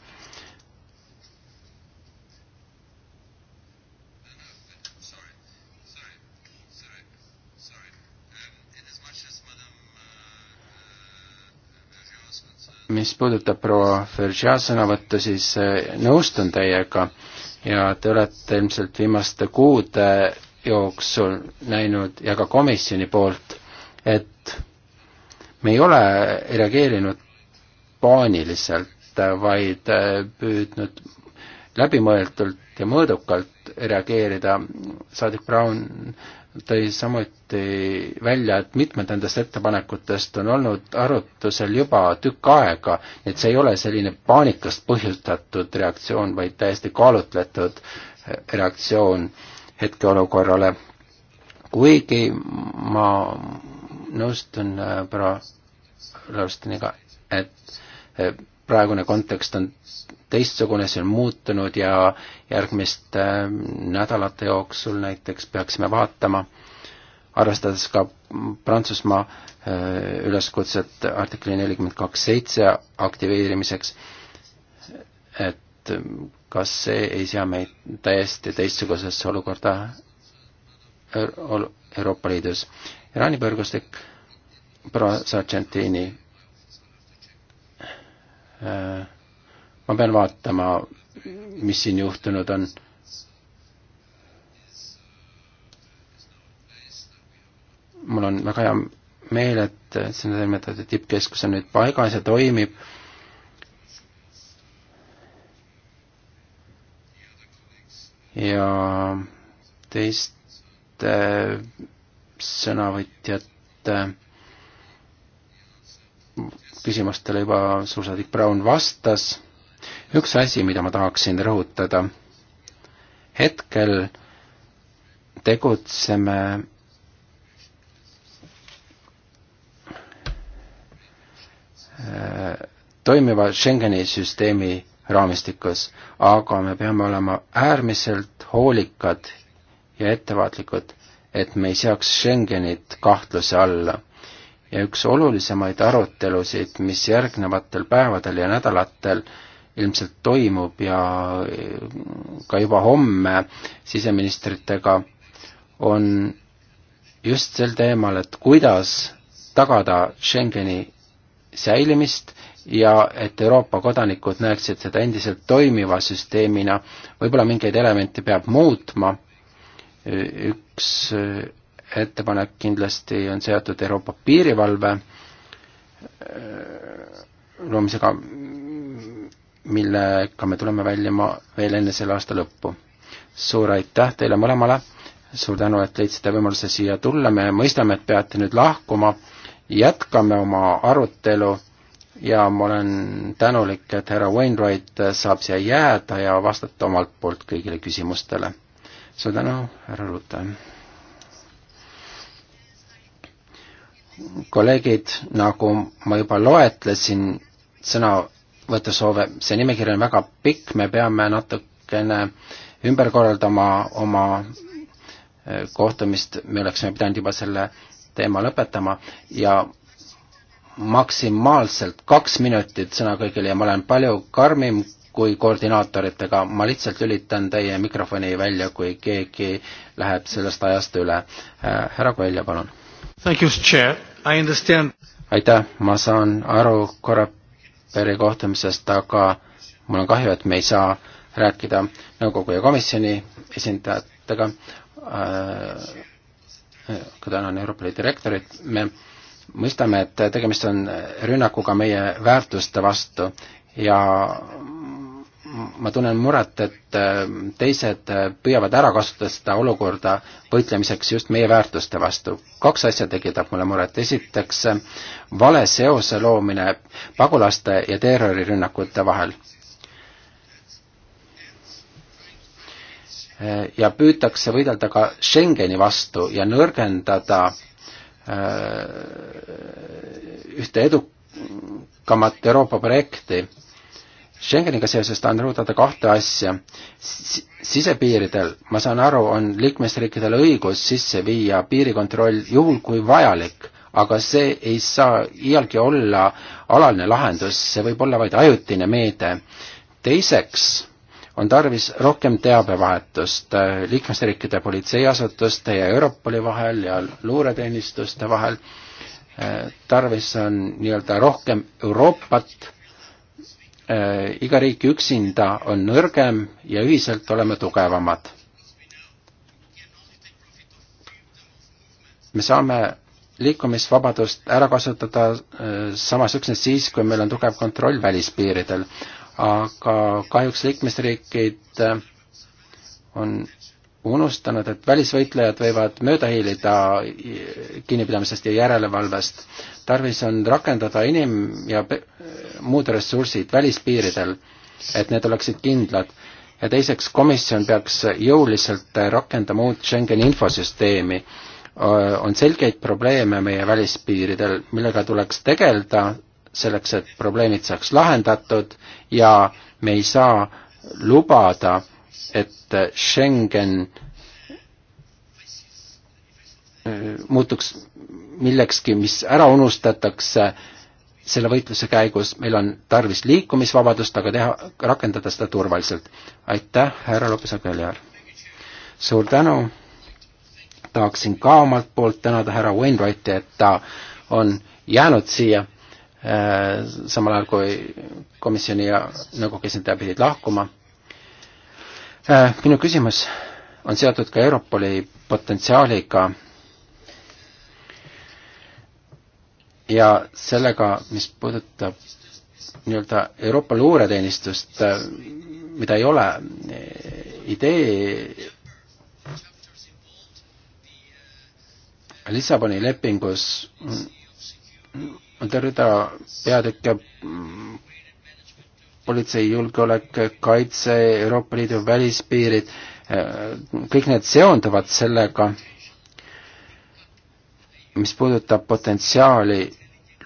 mis puudutab proua Fergia sõnavõttu, siis nõustun teiega ja te olete ilmselt viimaste kuude jooksul näinud ja ka komisjoni poolt, et me ei ole reageerinud paaniliselt, vaid äh, püüdnud läbimõeldult ja mõõdukalt reageerida. saadik Brown tõi samuti välja, et mitmed nendest ettepanekutest on olnud arutusel juba tükk aega, et see ei ole selline paanikast põhjustatud reaktsioon, vaid täiesti kaalutletud reaktsioon hetkeolukorrale. kuigi ma nõustun äh, proua Laustiniga, et äh, praegune kontekst on teistsugune, see on muutunud ja järgmiste äh, nädalate jooksul näiteks peaksime vaatama, arvestades ka Prantsusmaa üleskutset artikli nelikümmend kaks seitse aktiveerimiseks, et kas see ei sea meid täiesti teistsugusesse olukorda Euro Euroopa Liidus? Iraani põrgustik proua Sargentini. Äh, ma pean vaatama, mis siin juhtunud on mul on väga hea meel, et see nõndanimetatud tippkeskus on nüüd paigas ja toimib ja teiste sõnavõtjate küsimustele juba suursaadik Brown vastas. üks asi, mida ma tahaksin rõhutada. hetkel tegutseme toimiva Schengeni süsteemi raamistikus, aga me peame olema äärmiselt hoolikad ja ettevaatlikud, et me ei seaks Schengenit kahtluse alla. ja üks olulisemaid arutelusid, mis järgnevatel päevadel ja nädalatel ilmselt toimub ja mm, ka juba homme siseministritega, on just sel teemal, et kuidas tagada Schengeni säilimist ja et Euroopa kodanikud näeksid seda endiselt toimiva süsteemina, võib-olla mingeid elemente peab muutma, üks ettepanek kindlasti on seotud Euroopa piirivalve äh, loomisega, millega me tuleme välja ma veel enne selle aasta lõppu. suur aitäh teile mõlemale, suur tänu, et leidsite võimaluse siia tulla, me mõistame, et peate nüüd lahkuma, jätkame oma arutelu ja ma olen tänulik, et härra Wainwright saab siia jääda ja vastata omalt poolt kõigile küsimustele. suur tänu, härra Rute. kolleegid, nagu ma juba loetlesin, sõnavõtusoove, see nimekiri on väga pikk, me peame natukene ümber korraldama oma eh, kohtumist, me oleksime pidanud juba selle teema lõpetama ja maksimaalselt kaks minutit sõna kõigile ja ma olen palju karmim kui koordinaatoritega, ma lihtsalt lülitan teie mikrofoni välja, kui keegi läheb sellest ajast üle. Äh, härra Koelja, palun. aitäh, ma saan aru Korrapere kohtumisest, aga mul on kahju, et me ei saa rääkida nõukogu ja komisjoni esindajatega, äh, äh, ka tänan Euroopa Liidu direktorit, me äh, mõistame, et tegemist on rünnakuga meie väärtuste vastu ja ma tunnen muret, et teised püüavad ära kasutada seda olukorda võitlemiseks just meie väärtuste vastu. kaks asja tekitab mulle muret, esiteks vale seose loomine pagulaste ja terrorirünnakute vahel. ja püütakse võidelda ka Schengeni vastu ja nõrgendada äh, Äh, ühte edukamat Euroopa projekti. Schengeniga seoses tahan rõhutada kahte asja. sisepiiridel, ma saan aru, on liikmesriikidel õigus sisse viia piirikontroll juhul, kui vajalik, aga see ei saa iialgi olla alaline lahendus, see võib olla vaid ajutine meede. teiseks on tarvis rohkem teabevahetust äh, liikmesriikide politseiasutuste ja Europoli vahel ja luureteenistuste vahel. Äh, tarvis on nii-öelda rohkem Euroopat. Äh, iga riik üksinda on nõrgem ja ühiselt oleme tugevamad. me saame liikumisvabadust ära kasutada samas üksnes siis, kui meil on tugev kontroll välispiiridel aga kahjuks liikmesriigid äh, on unustanud, et välisvõitlejad võivad mööda hiilida kinnipidamisest ja järelevalvest. tarvis on rakendada inim- ja muud ressursid välispiiridel, et need oleksid kindlad. ja teiseks, komisjon peaks jõuliselt äh, rakendama uut Schengeni infosüsteemi. Äh, on selgeid probleeme meie välispiiridel, millega tuleks tegeleda selleks, et probleemid saaks lahendatud ja me ei saa lubada, et Schengen äh, muutuks millekski, mis ära unustatakse selle võitluse käigus, meil on tarvis liikumisvabadust, aga teha, rakendada seda turvaliselt. aitäh, härra Lopesa-Kõljar! suur tänu! tahaksin ka omalt poolt tänada härra Wainwrighti, et ta on jäänud siia Äh, samal ajal kui komisjoni ja nõukogu esindaja pidid lahkuma. Äh, minu küsimus on seotud ka Europoli potentsiaaliga ja sellega, mis puudutab nii-öelda Euroopa luureteenistust, äh, mida ei ole, idee Lissaboni lepingus on terve rida peatükke mm, politsei, julgeolek, kaitse, Euroopa Liidu välispiirid, äh, kõik need seonduvad sellega, mis puudutab potentsiaali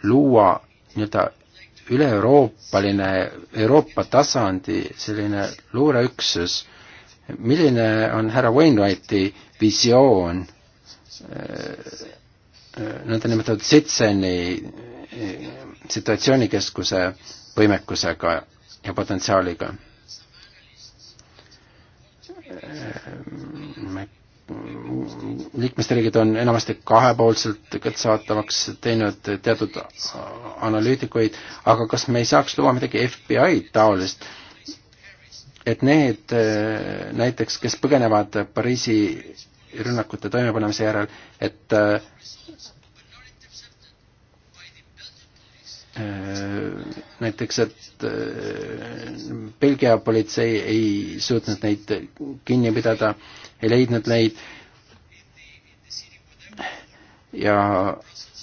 luua nii-öelda üle-euroopaline, Euroopa tasandi selline luureüksus, milline on härra Wainwrighti visioon äh, äh, nõndanimetatud Sitseni situatsioonikeskuse võimekusega ja potentsiaaliga. me, liikmesriigid on enamasti kahepoolselt kättesaatavaks teinud teatud analüütikuid, aga kas me ei saaks luua midagi FBI taolist, et need näiteks, kes põgenevad Pariisi rünnakute toimepanemise järel, et Äh, näiteks, et äh, Belgia politsei ei suutnud neid kinni pidada, ei leidnud neid ja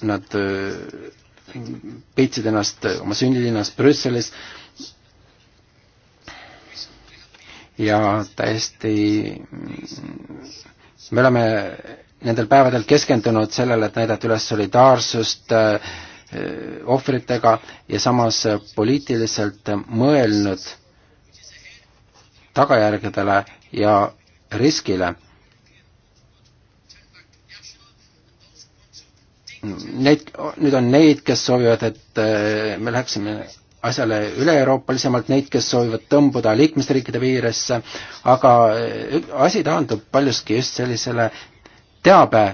nad äh, peitsid ennast oma sünnilinnas Brüsselis ja täiesti mm, me oleme nendel päevadel keskendunud sellele, et näidata üles solidaarsust äh, Eh, ohvritega ja samas poliitiliselt mõelnud tagajärgedele ja riskile. Neid, nüüd on neid, kes soovivad, et eh, me läheksime asjale üle-euroopalisemalt, neid, kes soovivad tõmbuda liikmesriikide piiresse, aga eh, asi taandub paljuski just sellisele teabe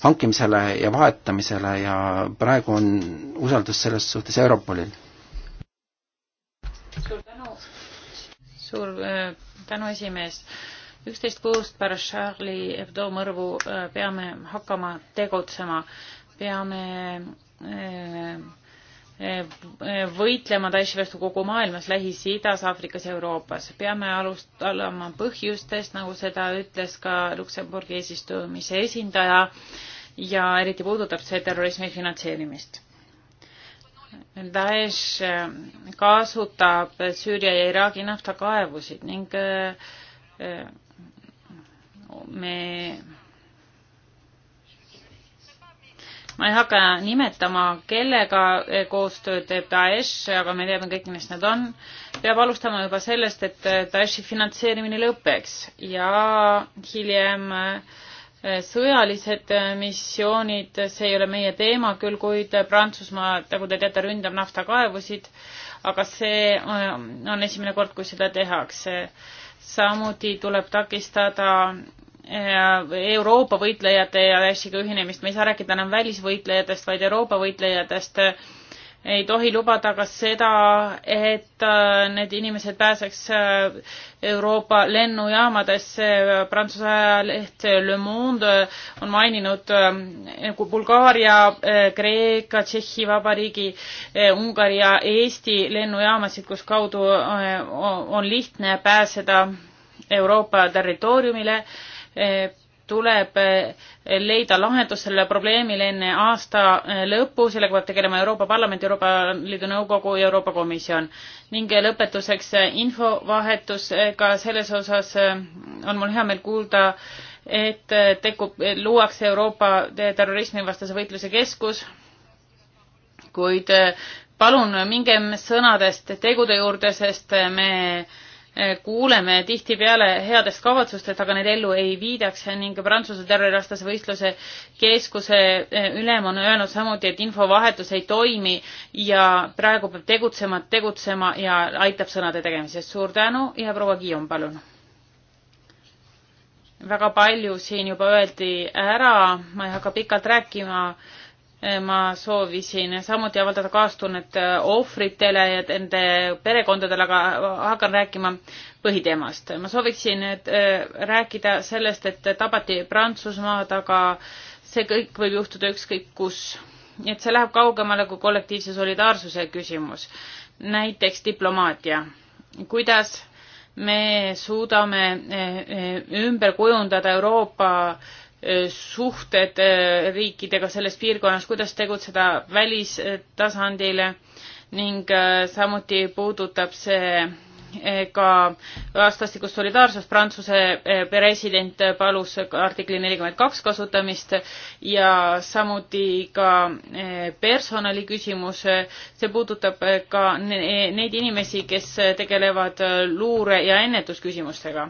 hankimisele ja vahetamisele ja praegu on usaldus selles suhtes Europolil. suur tänu, suur äh, tänu, esimees. üksteist kuust pärast Charlie Hebdo mõrvu äh, peame hakkama tegutsema, peame äh, võitlema Daeshi vastu kogu maailmas, Lähis-Idas, Aafrikas ja Euroopas. peame alustama põhjustest, nagu seda ütles ka Luksemburgi eesistumise esindaja ja eriti puudutab see terrorismi finantseerimist. Daesh äh, kasutab Süüria ja Iraagi naftakaevusid ning äh, äh, me ma ei hakka nimetama, kellega koostööd teeb Daesh, aga me teame kõik, mis need on, peab alustama juba sellest, et Daeshi finantseerimine lõpeks ja hiljem eh, sõjalised eh, missioonid, see ei ole meie teema küll, kuid Prantsusmaa, nagu te teate, ründab naftakaevusid, aga see eh, on esimene kord, kui seda tehakse samuti tuleb takistada Euroopa võitlejate ja Daeshiga ühinemist, me ei saa rääkida enam välisvõitlejatest, vaid Euroopa võitlejatest. ei tohi lubada ka seda, et äh, need inimesed pääseks äh, Euroopa lennujaamadesse. Prantsuse ajaleht Le Monde äh, on maininud nagu Bulgaaria, Kreeka, Tšehhi Vabariigi, Ungari ja Eesti lennujaamasid, kus kaudu on lihtne pääseda Euroopa territooriumile Eh, tuleb eh, leida lahendus sellele probleemile enne aasta eh, lõppu, sellega peab tegelema Euroopa Parlament, Euroopa Liidu Nõukogu ja Euroopa Komisjon. ning lõpetuseks infovahetus, ka selles osas on mul hea meel kuulda, et tekub, luuakse Euroopa terrorismivastase võitluse keskus, kuid palun mingem sõnadest tegude juurde, sest me kuuleme tihtipeale headest kavatsustest, aga need ellu ei viidaks ning Prantsuse terrorirastase võistluse keskuse eh, ülem on öelnud samuti, et infovahetus ei toimi ja praegu peab tegutsema, tegutsema ja aitab sõnade tegemisest. suur tänu ja proua Kiion, palun. väga palju siin juba öeldi ära, ma ei hakka pikalt rääkima ma soovisin samuti avaldada kaastunnet äh, ohvritele ja nende perekondadele, aga hakkan rääkima põhiteemast. ma sooviksin äh, rääkida sellest, et tabati Prantsusmaad, aga see kõik võib juhtuda ükskõik kus. nii et see läheb kaugemale kui kollektiivse solidaarsuse küsimus. näiteks diplomaatia. kuidas me suudame äh, ümber kujundada Euroopa Eh, suhted eh, riikidega selles piirkonnas, kuidas tegutseda välistasandile ning eh, samuti puudutab see ka vastastikust solidaarsust. Prantsuse president palus artikli nelikümmend kaks kasutamist ja samuti ka personali küsimus. see puudutab ka neid inimesi, kes tegelevad luure- ja ennetusküsimustega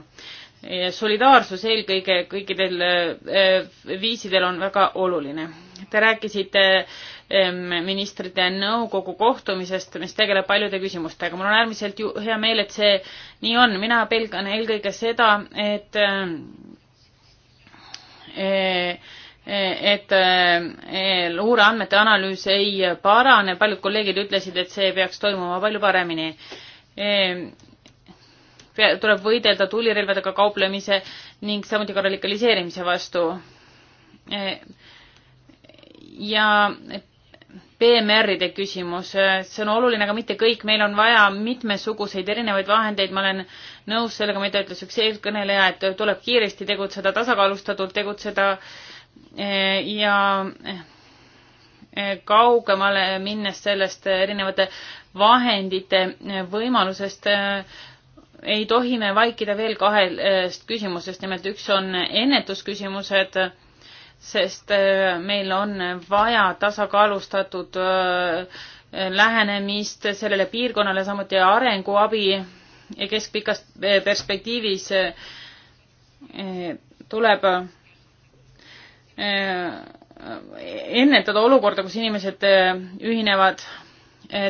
solidaarsus eelkõige kõikidel äh, viisidel on väga oluline. Te rääkisite ähm, ministrite nõukogu kohtumisest, mis tegeleb paljude küsimustega. mul on äärmiselt ju hea meel, et see nii on. mina pelgan eelkõige seda, et äh, äh, et luureandmete analüüs ei parane, paljud kolleegid ütlesid, et see peaks toimuma palju paremini tuleb võidelda tulirelvadega kauplemise ning samuti ka radikaliseerimise vastu. ja PMR-ide küsimus, see on oluline, aga mitte kõik, meil on vaja mitmesuguseid erinevaid vahendeid, ma olen nõus sellega, mida ütles üks eelkõneleja, et tuleb kiiresti tegutseda, tasakaalustatult tegutseda ja kaugemale minnes sellest erinevate vahendite võimalusest ei tohi me vaikida veel kahest küsimusest, nimelt üks on ennetusküsimused, sest äh, meil on vaja tasakaalustatud äh, lähenemist sellele piirkonnale, samuti arenguabi keskpikas äh, perspektiivis tuleb ennetada olukorda, kus inimesed ühinevad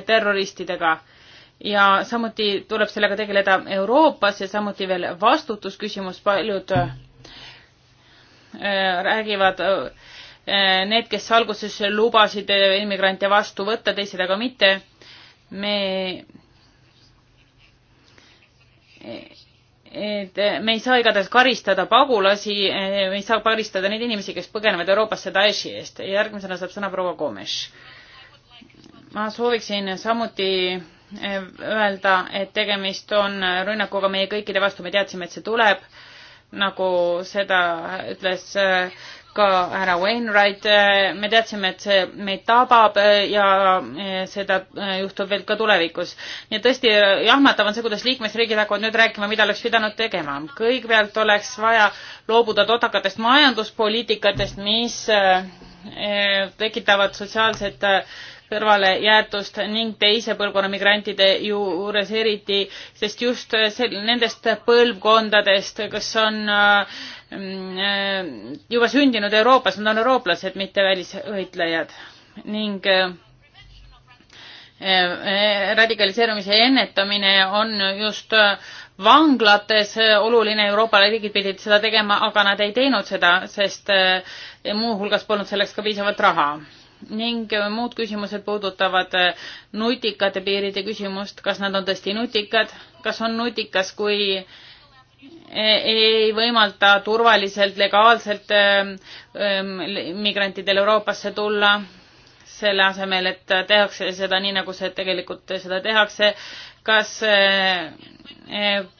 terroristidega ja samuti tuleb sellega tegeleda Euroopas ja samuti veel vastutusküsimus, paljud äh, räägivad äh, need, kes alguses lubasid äh, immigrante vastu võtta, teised aga mitte. me, et me ei saa igatahes karistada pagulasi, me ei saa karistada neid inimesi, kes põgenevad Euroopasse Daeshi eest. järgmisena saab sõna proua Gomes. ma sooviksin samuti öelda, et tegemist on rünnakuga meie kõikide vastu, me teadsime, et see tuleb, nagu seda ütles äh, ka härra Wainwright, me teadsime, et see meid tabab ja äh, seda äh, juhtub veel ka tulevikus. nii et tõesti jahmatav on see, kuidas liikmesriigid hakkavad nüüd rääkima, mida oleks pidanud tegema. kõigepealt oleks vaja loobuda totakatest majanduspoliitikatest, mis tekitavad sotsiaalset kõrvalejäetust ning teise põlvkonna migrantide juures eriti, sest just sel-, nendest põlvkondadest, kes on äh, juba sündinud Euroopas, nad on eurooplased, mitte välisvõitlejad ning äh, äh, radikaliseerumise ennetamine on just vanglates oluline, Euroopa riigid pidid seda tegema, aga nad ei teinud seda, sest muuhulgas polnud selleks ka piisavalt raha ning äh, muud küsimused puudutavad äh, nutikate piiride küsimust, kas nad on tõesti nutikad, kas on nutikas, kui äh, ei võimalda turvaliselt, legaalselt ähm, migrantidel Euroopasse tulla, selle asemel, et tehakse seda nii, nagu see tegelikult seda tehakse. kas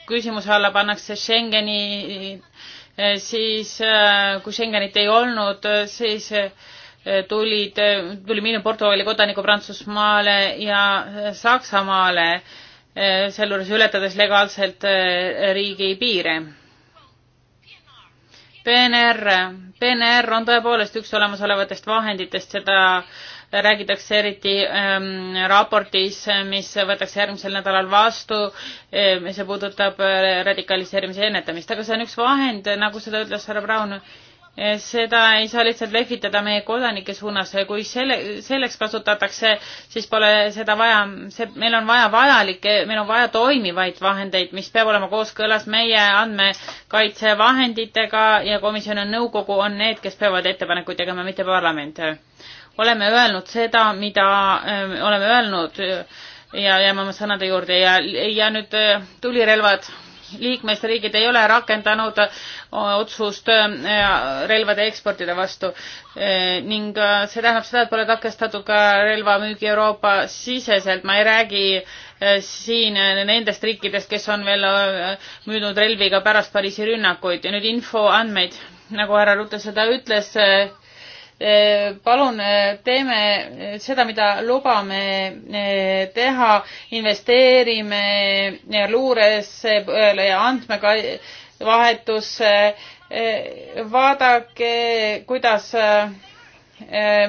küsimuse alla pannakse Schengeni, siis kui Schengenit ei olnud, siis tulid, tuli minu Portugali kodaniku Prantsusmaale ja Saksamaale, eh, sealjuures ületades legaalselt eh, riigi piire. PNR, PNR on tõepoolest üks olemasolevatest vahenditest, seda räägitakse eriti ähm, raportis, mis võetakse järgmisel nädalal vastu äh,, eh, see puudutab radikaliseerimise ennetamist, aga see on üks vahend, nagu seda ütles härra Brown äh,, seda ei saa lihtsalt lehvitada meie kodanike suunas, kui selle, selleks kasutatakse, siis pole seda vaja, see, meil on vaja vajalikke, meil on vaja toimivaid vahendeid, mis peab olema kooskõlas meie andmekaitsevahenditega ja komisjon ja nõukogu on need, kes peavad ettepanekuid tegema, mitte parlament. oleme öelnud seda, mida öö, äh, oleme öelnud äh, ja jääme oma sõnade juurde ja, ja nüüd äh, tulirelvad liikmesriigid ei ole rakendanud äh, otsust äh, relvade eksportide vastu äh, ning see tähendab seda, et pole takestatud ka relvamüügi Euroopa siseselt, ma ei räägi siin nendest riikidest, kes on veel müünud relvi ka pärast Pariisi rünnakuid ja nüüd infoandmeid, nagu härra Rutte seda ütles, Äh, palun äh, teeme äh, seda, mida lubame teha, investeerime luuresse, andmevahetusse, vaadake, kuidas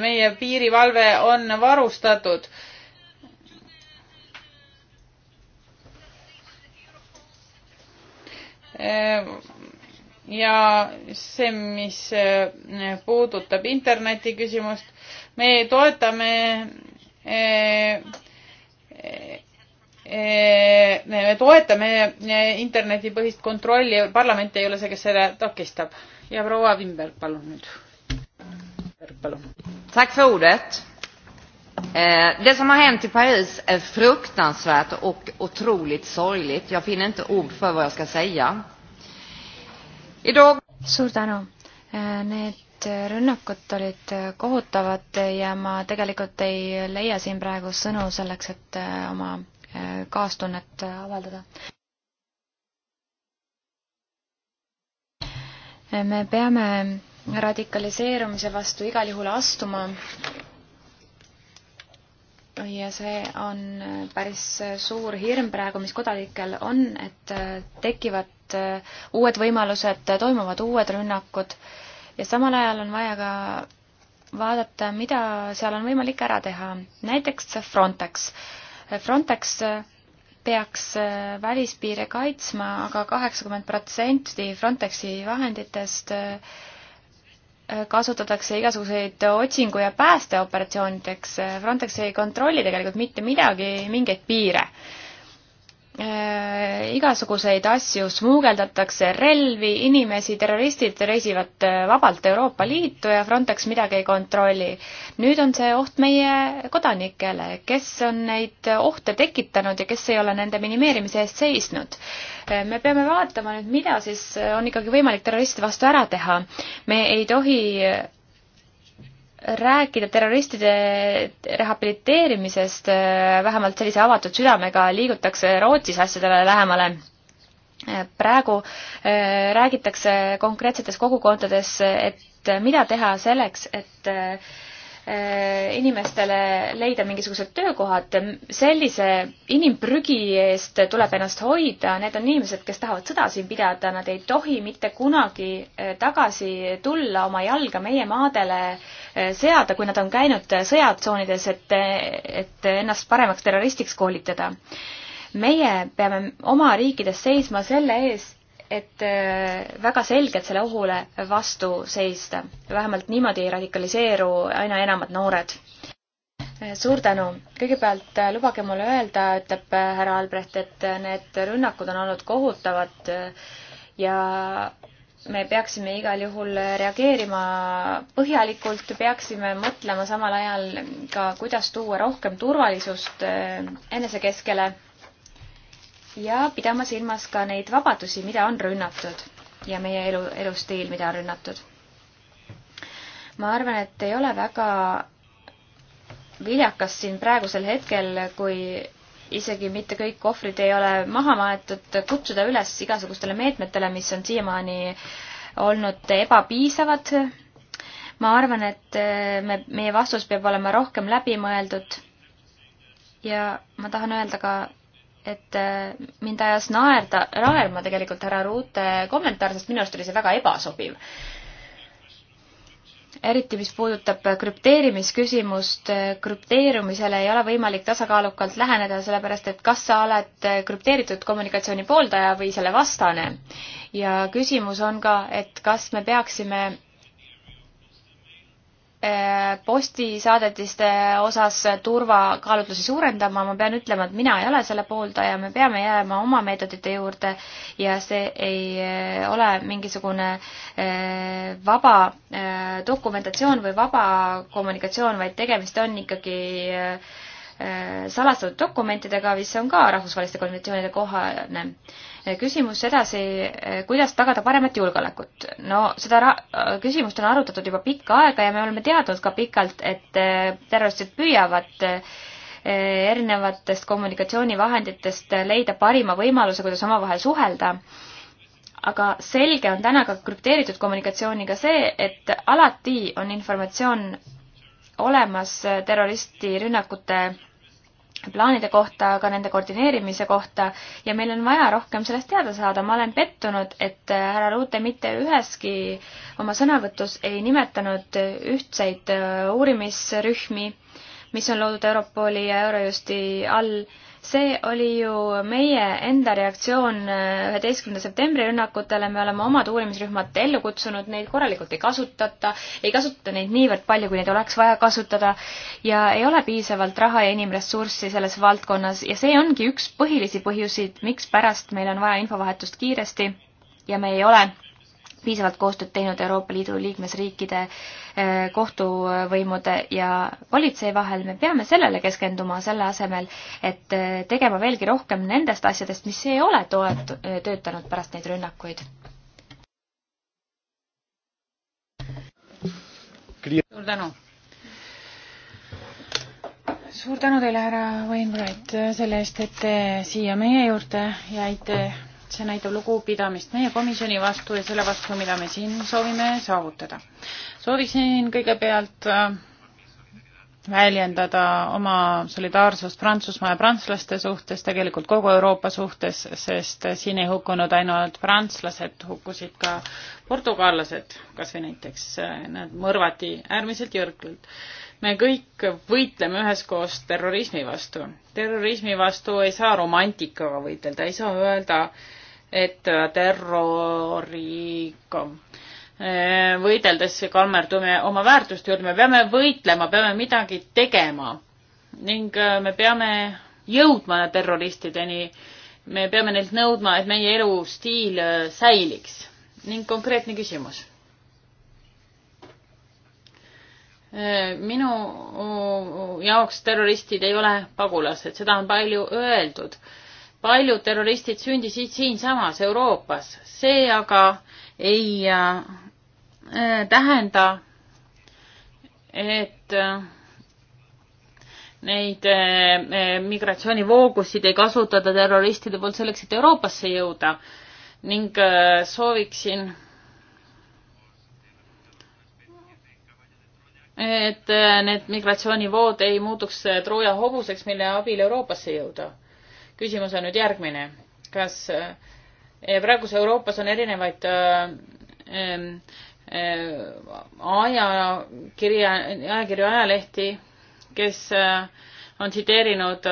meie piirivalve on varustatud ja see, mis eh, puudutab interneti küsimust, me toetame eh, eh, me toetame internetipõhist kontrolli, parlament ei ole see, kes selle takistab. ja proua Wimberg, palun nüüd. palun. Tack för ordet. Eh, det som har hänt i Paris är fruktansvärt och otroligt sorgligt. Jag finner inte ord för vad jag ska säga suur tänu. Äh, need rünnakud olid kohutavad ja ma tegelikult ei leia siin praegu sõnu selleks, et äh, oma äh, kaastunnet avaldada. me peame radikaliseerumise vastu igal juhul astuma. ja see on päris suur hirm praegu, mis kodanikel on, et tekivad uued, äh, uued võimalused, äh, toimuvad uued rünnakud ja samal ajal on vaja ka vaadata, mida seal on võimalik ära teha. näiteks Frontex. Äh, Frontex peaks välispiire kaitsma aga, aga kaheksakümmend protsenti Frontexi vahenditest kasutatakse igasuguseid otsingu- ja päästeoperatsioonideks. Frontex ei kontrolli tegelikult mitte midagi, mingeid piire Äh, igasuguseid asju smuugeldatakse, relvi, inimesi, terroristid reisivad äh, vabalt Euroopa Liitu ja Frontex midagi ei kontrolli. nüüd on see oht meie kodanikele, kes on neid ohte tekitanud ja kes ei ole nende minimeerimise eest seisnud. Äh, me peame vaatama nüüd, mida siis on ikkagi võimalik terroristide vastu ära teha. me ei tohi rääkida terroristide rehabiliteerimisest, äh, vähemalt sellise avatud südamega liigutakse Rootsis asjadele lähemale. Äh, praegu äh, räägitakse konkreetsetes kogukondades, et mida teha selleks, et Äh, inimestele leida mingisugused töökohad. sellise inimprügi eest tuleb ennast hoida, need on inimesed, kes tahavad sõda siin pidada, nad ei tohi mitte kunagi äh, tagasi tulla oma jalga meie maadele äh, seada, kui nad on käinud sõjatsoonides, et, et ennast paremaks terroristiks koolitada meie peame oma riikides seisma selle eest, et äh, väga selgelt selle ohule vastu seista. vähemalt niimoodi ei radikaliseeru aina enamad noored. Äh, suur tänu. kõigepealt äh, lubage mulle öelda, ütleb härra Albrecht, et need rünnakud on olnud kohutavad ja me peaksime igal juhul reageerima põhjalikult, peaksime mõtlema samal ajal ka, kuidas tuua rohkem turvalisust enese keskele ja pidama silmas ka neid vabadusi, mida on rünnatud ja meie elu, elustiil, mida on rünnatud. ma arvan, et ei ole väga viljakas siin praegusel hetkel, kui isegi mitte kõik ohvrid ei ole maha maetud, kutsuda üles igasugustele meetmetele, mis on siiamaani olnud ebapiisavad. ma arvan, et eh, me, meie vastus peab olema rohkem läbimõeldud. ja ma tahan öelda ka et äh, mind ajas naerda, naerma tegelikult härra Ruute kommentaar, sest minu arust oli see väga ebasobiv. eriti, mis puudutab krüpteerimisküsimust, äh, krüpteerumisele ei ole võimalik tasakaalukalt läheneda, sellepärast et kas sa oled äh, krüpteeritud kommunikatsiooni pooldaja või selle vastane. ja küsimus on ka, et kas me peaksime Äh, postisaadetiste osas turvakaalutlusi suurendama, ma pean ütlema, et mina ei ole selle pooldaja, me peame jääma oma meetodite juurde ja see ei äh, ole mingisugune äh, vaba dokumentatsioon või vaba kommunikatsioon, vaid tegemist on ikkagi äh, Äh, salastatud dokumentidega, mis on ka rahvusvaheliste konventsioonide kohane. Äh, küsimus edasi, äh, kuidas tagada paremat julgeolekut? no seda küsimust on arutatud juba pikka aega ja me oleme teadnud ka pikalt, et terroristid püüavad erinevatest kommunikatsioonivahenditest leida parima võimaluse, kuidas omavahel suhelda aga selge on täna ka krüpteeritud kommunikatsiooniga see, et alati on informatsioon olemas terroristirünnakute plaanide kohta, ka nende koordineerimise kohta ja meil on vaja rohkem sellest teada saada. ma olen pettunud, et härra Ruute mitte üheski oma sõnavõtus ei nimetanud ühtseid äh, uurimisrühmi, mis on loodud Europoli ja Eurojusti all see oli ju meie enda reaktsioon äh, üheteistkümnenda septembri rünnakutele, me oleme omad uurimisrühmad ellu kutsunud, neid korralikult ei kasutata, ei kasutata neid niivõrd palju, kui neid oleks vaja kasutada ja ei ole piisavalt raha ja inimressurssi selles valdkonnas ja see ongi üks põhilisi põhjuseid, mikspärast meil on vaja infovahetust kiiresti ja me ei ole piisavalt koostööd teinud Euroopa Liidu liikmesriikide eh, kohtuvõimude ja politsei vahel, me peame sellele keskenduma, selle asemel, et eh, tegema veelgi rohkem nendest asjadest, mis ei ole toet-, töötanud pärast neid rünnakuid. suur tänu! suur tänu teile, härra Wainwright, selle eest, et te siia meie juurde jäite see näitab lugupidamist meie komisjoni vastu ja selle vastu, mida me siin soovime saavutada. sooviksin kõigepealt äh, väljendada oma solidaarsust Prantsusmaa ja prantslaste suhtes, tegelikult kogu Euroopa suhtes, sest siin ei hukkunud ainult prantslased, hukkusid ka portugallased, kas või näiteks äh, nad mõrvati äärmiselt jõrgult me kõik võitleme üheskoos terrorismi vastu. terrorismi vastu ei saa romantikaga võidelda, ei saa öelda, et äh, terroriga äh, võideldes kalmerdume oma väärtuste juurde, me peame võitlema, peame midagi tegema ning äh, me peame jõudma terroristideni, me peame neilt nõudma, et meie elustiil säiliks ning konkreetne küsimus. minu jaoks terroristid ei ole pagulased, seda on palju öeldud paljud terroristid sündisid siinsamas Euroopas, see aga ei äh, tähenda, et äh, neid äh, äh migratsioonivoogusid ei kasutada terroristide poolt selleks, et Euroopasse jõuda ning äh, sooviksin, et äh, need migratsioonivood ei muutuks äh, Trooja hobuseks, mille abil Euroopasse jõuda küsimus on nüüd järgmine. kas äh, praeguse Euroopas on erinevaid äh, ähm, äh, ajakirja, ajakirju, ajalehti, kes on tsiteerinud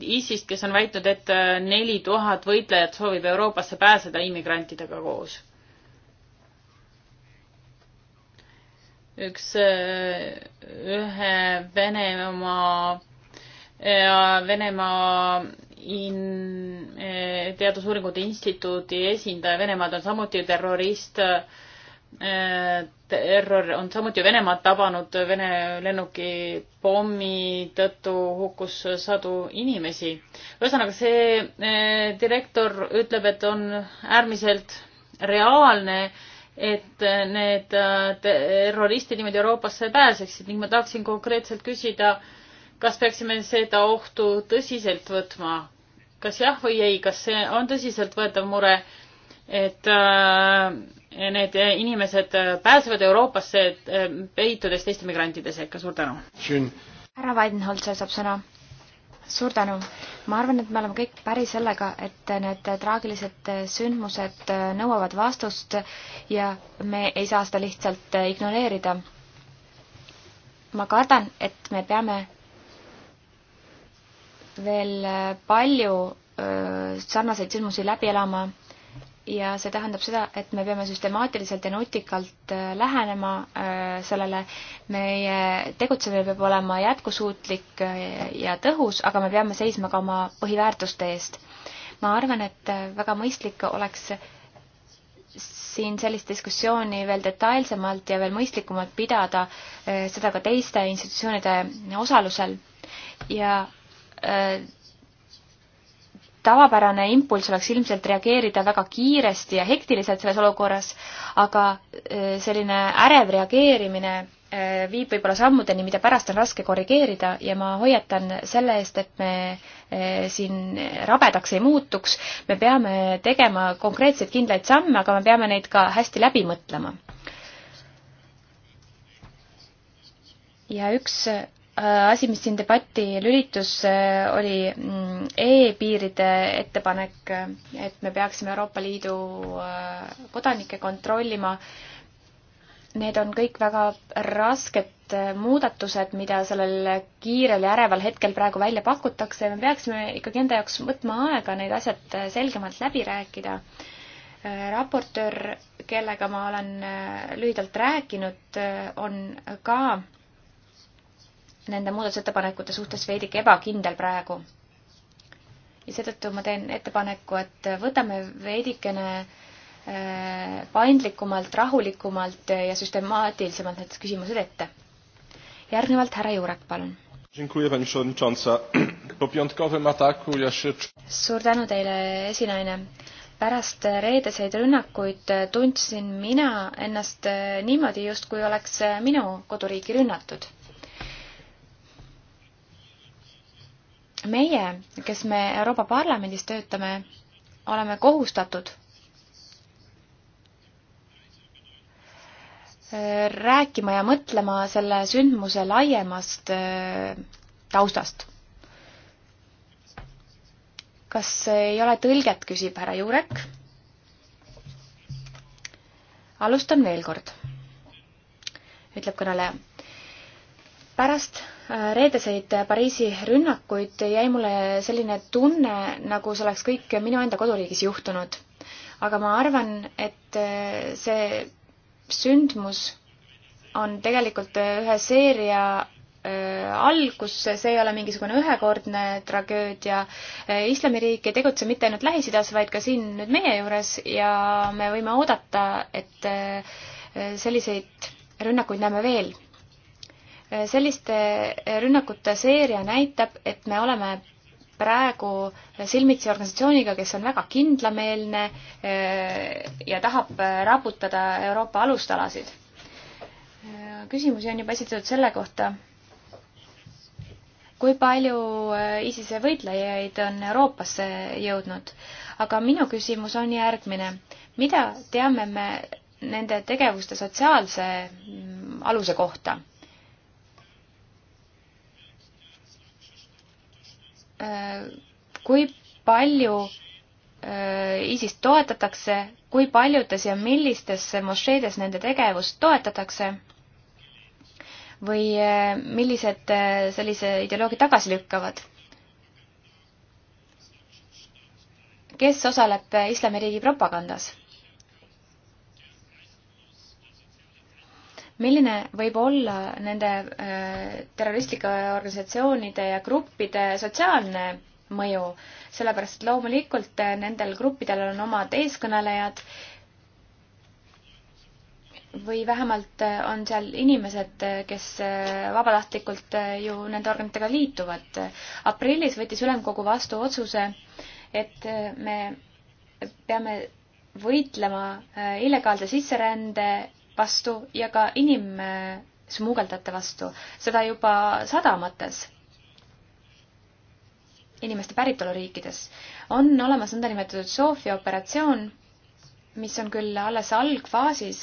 ISIS-t, kes on väitnud, et neli tuhat võitlejat soovib Euroopasse pääseda immigrantidega koos. üks, ühe Venemaa ja Venemaa in-, eh, Teadusuuringute Instituudi esindaja Venemaad on samuti terrorist. Eh, terror on samuti Venemaad tabanud Vene lennuki pommi tõttu hukkus sadu inimesi. ühesõnaga, see eh, direktor ütleb, et on äärmiselt reaalne, et need terroristid niimoodi Euroopasse pääseksid ning ma tahaksin konkreetselt küsida äh, kas peaksime seda ohtu tõsiselt võtma? kas jah või ei, kas see on tõsiseltvõetav mure, et äh, need inimesed äh, pääsevad Euroopasse äh, peitudes teiste migrantide sekka, suur tänu! härra Weidenholzer saab sõna. suur tänu! ma arvan, et me oleme kõik päri sellega, et need traagilised sündmused nõuavad vastust ja me ei saa seda lihtsalt ignoreerida. ma kardan, et me peame veel äh, palju äh, sarnaseid sündmusi läbi elama ja see tähendab seda, et me peame süstemaatiliselt ja nutikalt äh, lähenema sellele. meie tegutsemine peab olema jätkusuutlik ja tõhus, aga me peame seisma ka oma põhiväärtuste eest. ma arvan, et väga mõistlik oleks siin sellist diskussiooni veel detailsemalt ja veel mõistlikumalt pidada, seda ka teiste institutsioonide osalusel ja tavapärane impulss oleks ilmselt reageerida väga kiiresti ja hektiliselt selles olukorras, aga e, selline ärev reageerimine e, viib võib-olla sammudeni, mida pärast on raske korrigeerida ja ma hoiatan selle eest, et me e, siin rabedaks ei muutuks. me peame tegema konkreetseid kindlaid samme, aga me peame neid ka hästi läbi mõtlema. ja üks Äh, asi, mis siin debatti lülitus, äh, oli mm, e-piiride ettepanek, äh, et me peaksime Euroopa Liidu kodanikke kontrollima. Need on kõik väga rasked muudatused, mida sellel kiirel ja äreval hetkel praegu välja pakutakse ja me peaksime ikkagi enda jaoks võtma aega need asjad selgemalt läbi rääkida. raportöör, kellega ma olen lühidalt rääkinud, on ka nende muudatusettepanekute suhtes veidike ebakindel praegu. ja seetõttu ma teen ettepaneku, et võtame veidikene äh, paindlikumalt, rahulikumalt ja süstemaatilisemalt need küsimused ette. järgnevalt härra Juurek, palun. suur tänu teile, esinaine pärast reedeseid rünnakuid tundsin mina ennast niimoodi, justkui oleks minu koduriiki rünnatud. meie, kes me Euroopa Parlamendis töötame, oleme kohustatud rääkima ja mõtlema selle sündmuse laiemast äh, taustast. kas ei ole tõlget, küsib härra Juurek. alustan veel kord, ütleb kõneleja. pärast reedeseid Pariisi rünnakuid jäi mulle selline tunne, nagu see oleks kõik minu enda koduriigis juhtunud. aga ma arvan, et äh, see sündmus on tegelikult äh, ühe seeria äh, algus, see ei ole mingisugune ühekordne tragöödia. islamiriik ei tegutse mitte ainult Lähis-Idas, vaid ka siin nüüd meie juures ja me võime oodata, et selliseid rünnakuid näeme veel selliste rünnakute seeria näitab, et me oleme praegu silmitsi organisatsiooniga, kes on väga kindlameelne eh, ja tahab raputada Euroopa alustalasid. küsimusi on juba esitatud selle kohta, kui palju eh, ISISe võitlejaid on Euroopasse jõudnud. aga minu küsimus on järgmine. mida teame me nende tegevuste sotsiaalse mm, aluse kohta? kui palju äh, ISIS toetatakse, kui paljudes ja millistes mošeedes nende tegevust toetatakse või äh, millised äh, sellise ideoloogia tagasi lükkavad? kes osaleb Islamiriigi propagandas? milline võib olla nende äh, terroristlike organisatsioonide ja gruppide sotsiaalne mõju, sellepärast et loomulikult äh, nendel gruppidel on omad eeskõnelejad või vähemalt äh, on seal inimesed, kes vabatahtlikult ju nende organitega liituvad. aprillis võttis ülemkogu vastu otsuse, et me peame võitlema illegaalse sisserände vastu ja ka inimsmuugeldajate vastu, seda juba sadamates, inimeste päritoluriikides. on olemas nõndanimetatud Sofia operatsioon, mis on küll alles algfaasis,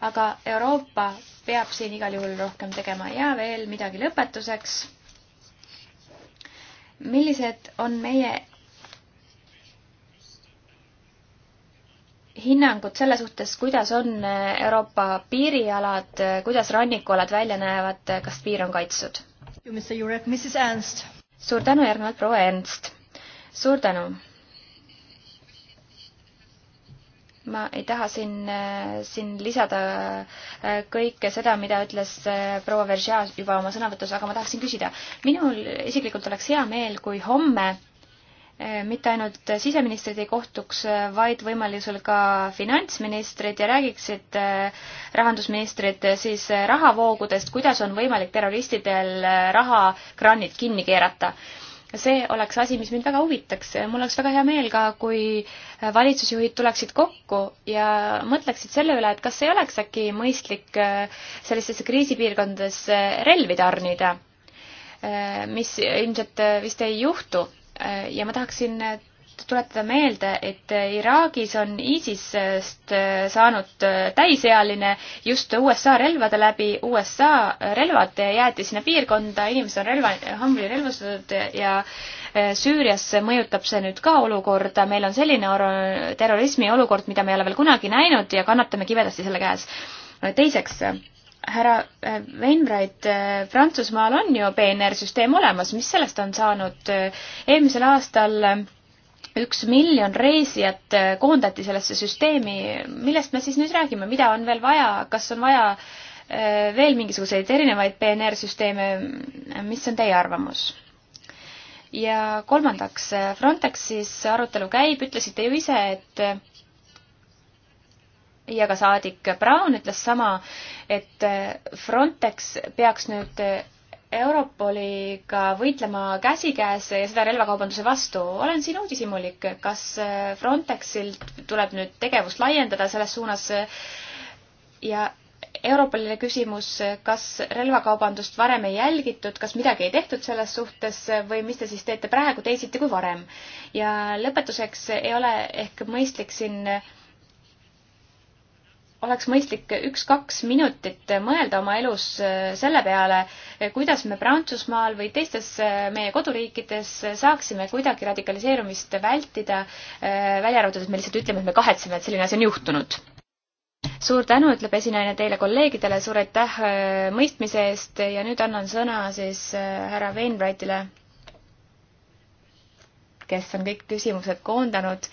aga Euroopa peab siin igal juhul rohkem tegema ja veel midagi lõpetuseks. millised on meie hinnangut selle suhtes, kuidas on Euroopa piirialad, kuidas rannikualad välja näevad, kas piir on kaitstud? suur tänu, järgnevalt proua Ernst. suur tänu. ma ei taha siin, siin lisada äh, kõike seda, mida ütles äh, proua Veržea juba oma sõnavõtus, aga ma tahaksin küsida. minul isiklikult oleks hea meel, kui homme Eh, mitte ainult siseministrid ei kohtuks, eh, vaid võimalusel ka finantsministrid ja räägiksid eh, rahandusministrid siis rahavoogudest, kuidas on võimalik terroristidel rahakraanid kinni keerata. see oleks asi, mis mind väga huvitaks. mul oleks väga hea meel ka, kui valitsusjuhid tuleksid kokku ja mõtleksid selle üle, et kas ei oleks äkki mõistlik sellistesse kriisipiirkondadesse relvi tarnida, mis ilmselt vist ei juhtu Äh, ja ma tahaksin äh, tuletada meelde, et äh, Iraagis on ISISest saanud täisealine just USA relvade läbi. USA relvad jäeti sinna piirkonda, inimesed on relva, hambuni relvastatud ja Süürias mõjutab see nüüd ka olukorda, meil on selline terrorismi olukord, mida me ei ole veel kunagi näinud ja kannatame kibedasti selle käes. teiseks härra äh, Wainwright, äh, Prantsusmaal on ju PNR-süsteem olemas, mis sellest on saanud? eelmisel aastal äh, üks miljon reisijat koondati sellesse süsteemi, millest me siis nüüd räägime, mida on veel vaja, kas on vaja veel mingisuguseid erinevaid PNR-süsteeme, mis on teie arvamus? ja kolmandaks, Frontexis arutelu käib, ütlesite ju ise, et ja ka saadik Brown ütles sama, et äh, Frontex peaks nüüd äh, Europoliga võitlema käsikäes ja seda relvakaubanduse vastu. olen siin uudishimulik, kas äh, Frontexil tuleb nüüd tegevust laiendada selles suunas ja Europolile küsimus, kas relvakaubandust varem ei jälgitud, kas midagi ei tehtud selles suhtes või mis te siis teete praegu teisiti kui varem? ja lõpetuseks ei ole ehk mõistlik siin äh, oleks mõistlik üks-kaks minutit mõelda oma elus äh, selle peale, äh, kuidas me Prantsusmaal või teistes äh, meie koduriikides saaksime kuidagi radikaliseerumist vältida, välja arvatud, et me lihtsalt ütleme, et me kahetseme, et selline asi on juhtunud. suur tänu, ütleb esinaine teile kolleegidele, suur aitäh mõistmise eest ja nüüd annan sõna siis härra Wainwrightile, kes on kõik küsimused koondanud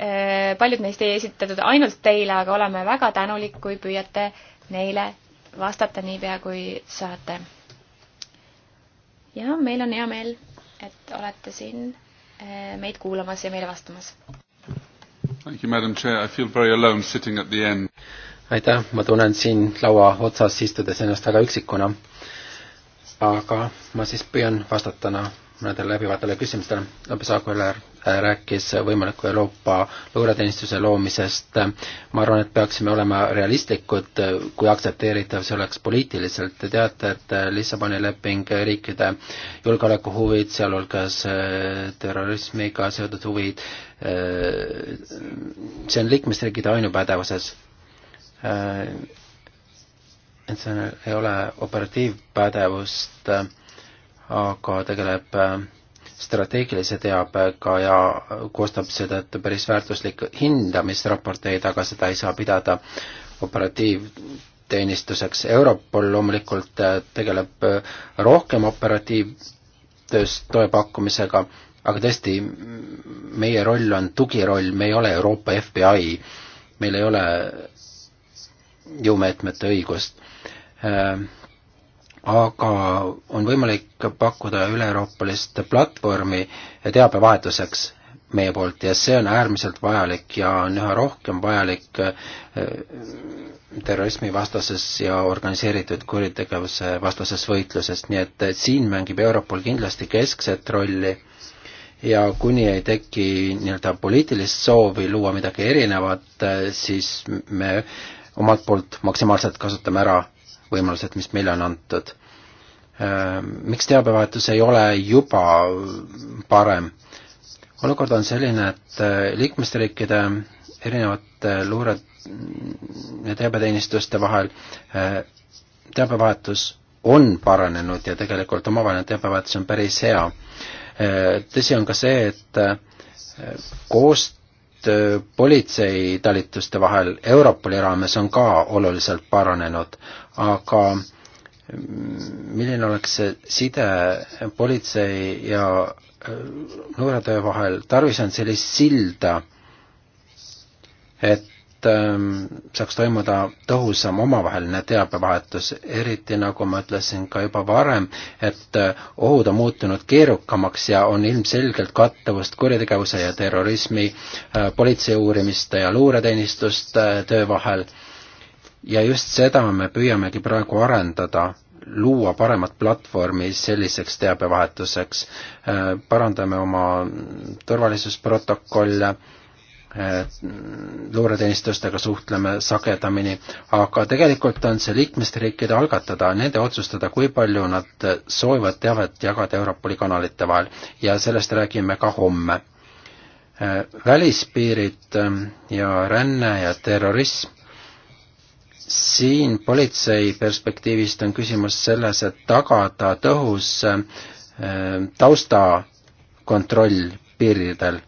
Äh, paljud neist ei esitatud ainult teile, aga oleme väga tänulik, kui püüate neile vastata niipea, kui saate. ja meil on hea meel, et olete siin äh, meid kuulamas ja meile vastamas. aitäh, ma tunnen siin laua otsas istudes ennast väga üksikuna. aga ma siis püüan vastatana mõnedele läbivatele küsimustele. Lopes Aguilar äh, rääkis võimaliku Euroopa luureteenistuse loomisest. ma arvan, et peaksime olema realistlikud, kui aktsepteeritav see oleks poliitiliselt. Te teate, et Lissaboni leping riikide julgeolekuhuvid, sealhulgas äh, terrorismiga seotud huvid, äh, see on liikmesriikide ainupädevuses et seal ei ole operatiivpädevust äh, aga tegeleb äh, strateegilise teabega ja koostab seetõttu päris väärtuslikke hindamisraporteid, aga seda ei saa pidada operatiivteenistuseks. Europol loomulikult äh, tegeleb äh, rohkem operatiivtööst toe pakkumisega, aga tõesti, meie roll on tugiroll, me ei ole Euroopa FBI, meil ei ole jõumeetmete õigust äh, aga on võimalik pakkuda üle-euroopalist platvormi teabevahetuseks meie poolt ja see on äärmiselt vajalik ja on üha rohkem vajalik äh, terrorismivastases ja organiseeritud kuritegevuse vastases võitluses, nii et siin mängib Europol kindlasti keskset rolli ja kuni ei teki nii-öelda poliitilist soovi luua midagi erinevat, äh, siis me omalt poolt maksimaalselt kasutame ära võimalused, mis meile on antud. Äh, miks teabevahetus ei ole juba parem? olukord on selline, et äh, liikmesriikide erinevate luure- ja teabeteenistuste vahel äh, teabevahetus on paranenud ja tegelikult omavaheline teabevahetus on päris hea. tõsi on ka see, et koostöö koostöö äh, politseitalituste vahel Europoli raames on ka oluliselt paranenud, aga mm, milline oleks see side politsei ja luuretöö äh, vahel, tarvis on sellist silda, et Ähm, saaks toimuda tõhusam omavaheline teabevahetus, eriti nagu ma ütlesin ka juba varem, et äh, ohud on muutunud keerukamaks ja on ilmselgelt kattuvust kuritegevuse ja terrorismi, äh, politsei uurimiste ja luureteenistuste äh, töö vahel. ja just seda me püüamegi praegu arendada luua paremat platvormi selliseks teabevahetuseks, parandame oma turvalisusprotokolle Mm, luureteenistustega suhtleme sagedamini, aga tegelikult on see liikmesriikide algatada, nende otsustada, kui palju nad soovivad teavet jagada Europoli kanalite vahel ja sellest räägime ka homme. Äh, välispiirid ähm, ja ränne ja terrorism, siin politsei perspektiivist on küsimus selles, et tagada tõhus äh, taustakontroll piiridel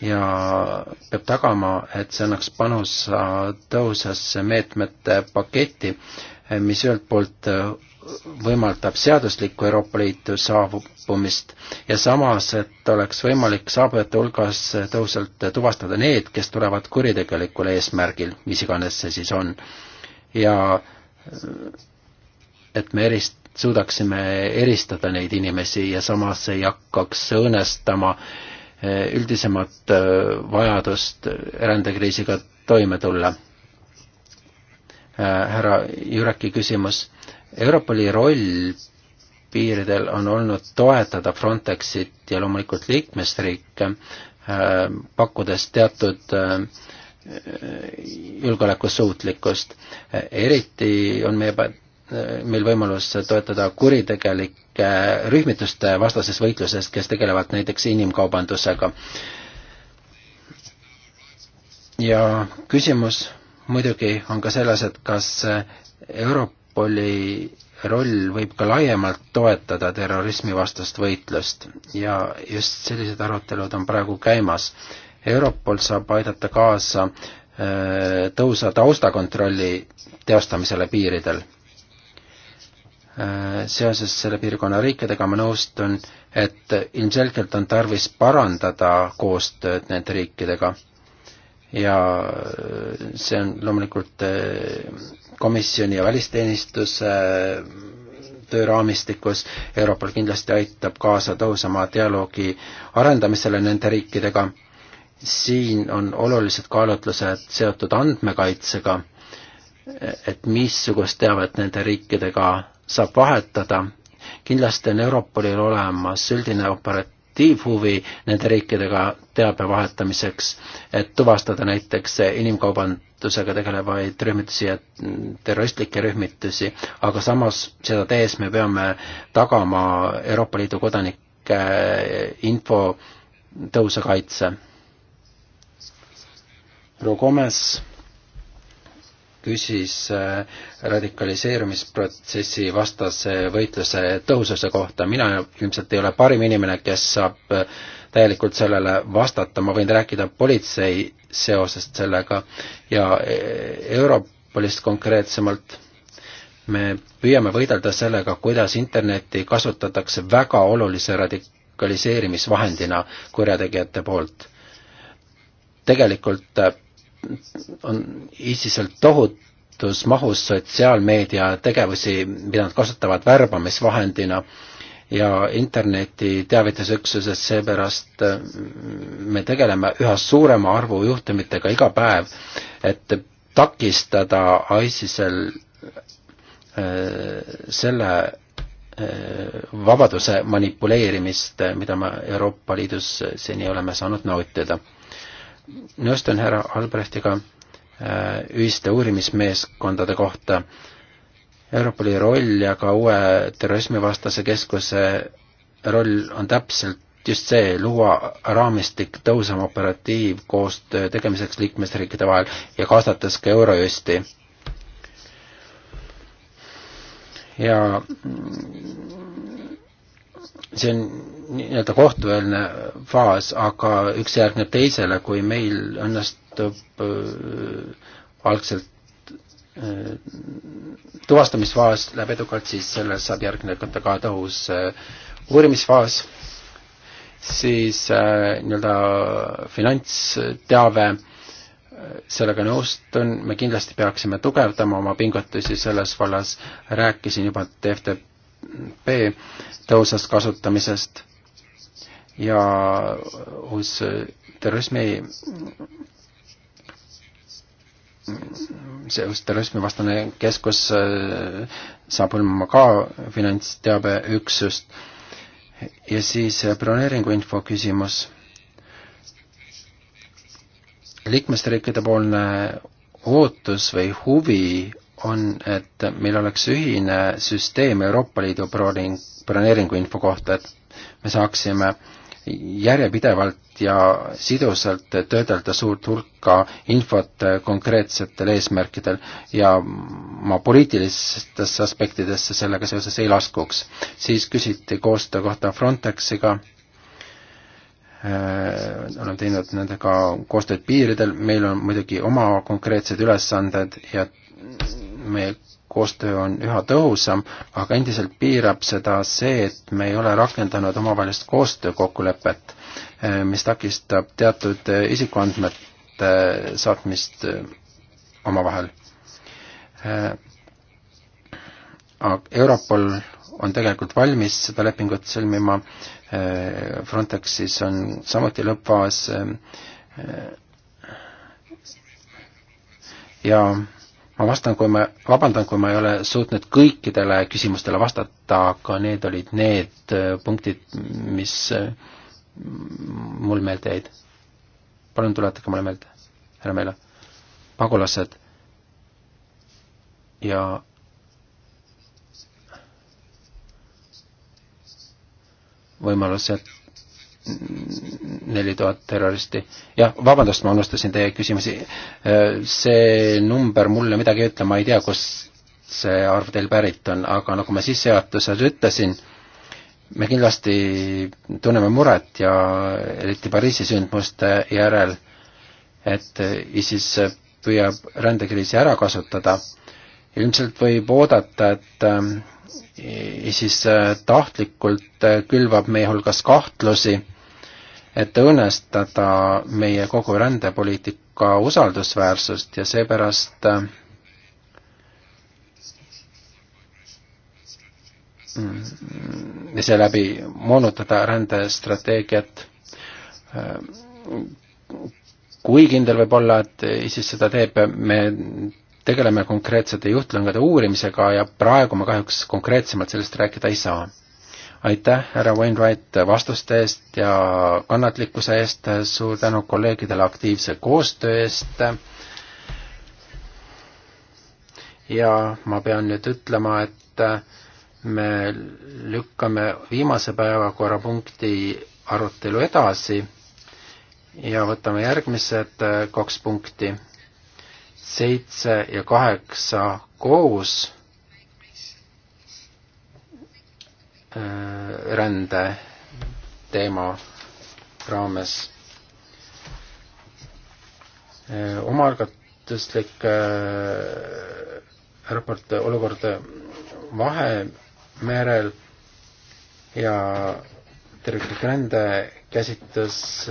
ja peab tagama, et see annaks panusa tõhusasse meetmete paketti, mis ühelt poolt äh, võimaldab seaduslikku Euroopa Liitu saabumist ja samas, et oleks võimalik saabujate hulgas tõhusalt tuvastada need, kes tulevad kuritegelikul eesmärgil, mis iganes see siis on. ja äh, et me erist-, suudaksime eristada neid inimesi ja samas ei hakkaks õõnestama äh, Eh, üldisemat eh, vajadust rändekriisiga toime tulla. Eh, härra Jureki küsimus. Europoli roll piiridel on olnud toetada Frontexit ja loomulikult liikmesriike, pakkudes teatud julgeolekusuutlikkust. eriti on meie, meil võimalus toetada kuritegelik rühmituste vastases võitluses, kes tegelevad näiteks inimkaubandusega. ja küsimus muidugi on ka selles, et kas Europoli roll võib ka laiemalt toetada terrorismivastast võitlust ja just sellised arutelud on praegu käimas. Europol saab aidata kaasa äh, tõusa taustakontrolli teostamisele piiridel Äh, seoses selle piirkonna riikidega ma nõustun, et ilmselgelt on tarvis parandada koostööd nende riikidega. ja äh, see on loomulikult äh, komisjoni ja välisteenistuse tööraamistikus, Euroopal kindlasti aitab kaasa tõhusama dialoogi arendamisele nende riikidega, siin on olulised kaalutlused seotud andmekaitsega, et missugust teavet nende riikidega saab vahetada. kindlasti on Europolil olemas üldine operatiivhuvi nende riikidega teabe vahetamiseks, et tuvastada näiteks inimkaubandusega tegelevaid rühmitusi ja terroristlikke rühmitusi, aga samas seda tehes me peame tagama Euroopa Liidu kodanike info tõhusa kaitse. Rogomes küsis äh, radikaliseerumisprotsessi vastase võitluse tõhususe kohta. mina ilmselt ei ole parim inimene, kes saab äh, täielikult sellele vastata, ma võin rääkida politsei seosest sellega ja äh, Europolist konkreetsemalt me püüame võidelda sellega, kuidas internetti kasutatakse väga olulise radikaliseerimisvahendina kurjategijate poolt. tegelikult on ISISel tohutus mahus sotsiaalmeedia tegevusi, mida nad kasutavad värbamisvahendina ja interneti teavitusüksuses, seepärast äh, me tegeleme üha suurema arvu juhtumitega iga päev, et takistada ISISel äh, selle äh, vabaduse manipuleerimist, mida me Euroopa Liidus seni oleme saanud nautida nõustun härra Albrechtiga äh, ühiste uurimismeeskondade kohta. Europoli roll ja ka uue terrorismivastase keskuse roll on täpselt just see, luua raamistik tõhusama operatiivkoostöö tegemiseks liikmesriikide vahel ja kaasates ka Eurojusti. ja see on nii-öelda kohtueelne faas, aga üks järgneb teisele, kui meil õnnestub äh, algselt äh, tuvastamisfaas läheb edukalt, siis sellest saab järgneda ka tõhus äh, uurimisfaas, siis äh, nii-öelda finantsteave äh, sellega nõustun, me kindlasti peaksime tugevdama oma pingutusi selles vallas, rääkisin juba TFTP SKP tõhusast kasutamisest ja uus terrorismi see uus terrorismivastane keskus äh, saab hõlmama ka finantsteabeüksust ja siis äh, broneeringuinfo küsimus. liikmesriikide poolne ootus või huvi on, et meil oleks ühine süsteem Euroopa Liidu broning, broneeringuinfo kohta, et me saaksime järjepidevalt ja sidusalt töödelda suurt hulka infot konkreetsetel eesmärkidel ja ma poliitilistesse aspektidesse sellega seoses ei laskuks. siis küsiti koostöö kohta Frontexiga äh, oleme teinud nendega koostööd piiridel, meil on muidugi oma konkreetsed ülesanded ja meie koostöö on üha tõhusam, aga endiselt piirab seda see, et me ei ole rakendanud omavahelist koostöökokkulepet, eh, mis takistab teatud eh, isikuandmete eh, saatmist omavahel. Europol on tegelikult valmis seda lepingut sõlmima, Frontexis on samuti lõppfaas ja ma vastan, kui ma, vabandan, kui ma ei ole suutnud kõikidele küsimustele vastata, aga need olid need äh, punktid, mis äh, mul meelde jäid. palun tuletage mulle meelde, härra Meelo. pagulased ja võimalused neli tuhat terroristi. jah, vabandust, ma unustasin teie küsimusi. Äh, see number mulle midagi ei ütle, ma ei tea, kust see arv teil pärit on, aga nagu ma sissejuhatuses ütlesin, me kindlasti tunneme muret ja eriti Pariisi sündmuste järel, et ISIS püüab rändekriisi ära kasutada. ilmselt võib oodata, et äh, ISIS tahtlikult külvab meie hulgas kahtlusi et õõnestada meie kogu rändepoliitika usaldusväärsust ja seepärast mm, ja seeläbi moonutada rändestrateegiat. kui kindel võib olla, et ISIS seda teeb, me tegeleme konkreetsete juhtlõngade uurimisega ja praegu ma kahjuks konkreetsemalt sellest rääkida ei saa aitäh, härra Wainwright, vastuste eest ja kannatlikkuse eest, suur tänu kolleegidele aktiivse koostöö eest. ja ma pean nüüd ütlema, et me lükkame viimase päevakorrapunkti arutelu edasi ja võtame järgmised kaks punkti, seitse ja kaheksa koos Äh, rände teema raames. Äh, omaalgatuslik äh, raport olukord Vahemerel ja terviklik rände käsitlus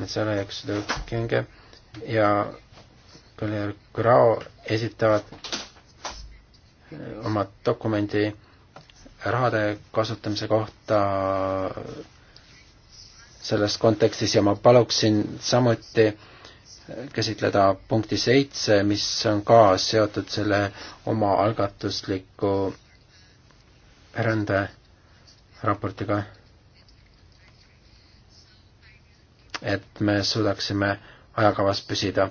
Metsala ja Kenge ja Kaljar Grao esitavad oma dokumendi rahade kasutamise kohta selles kontekstis ja ma paluksin samuti käsitleda punkti seitse, mis on ka seotud selle omaalgatusliku ränderaportiga. et me suudaksime ajakavas püsida.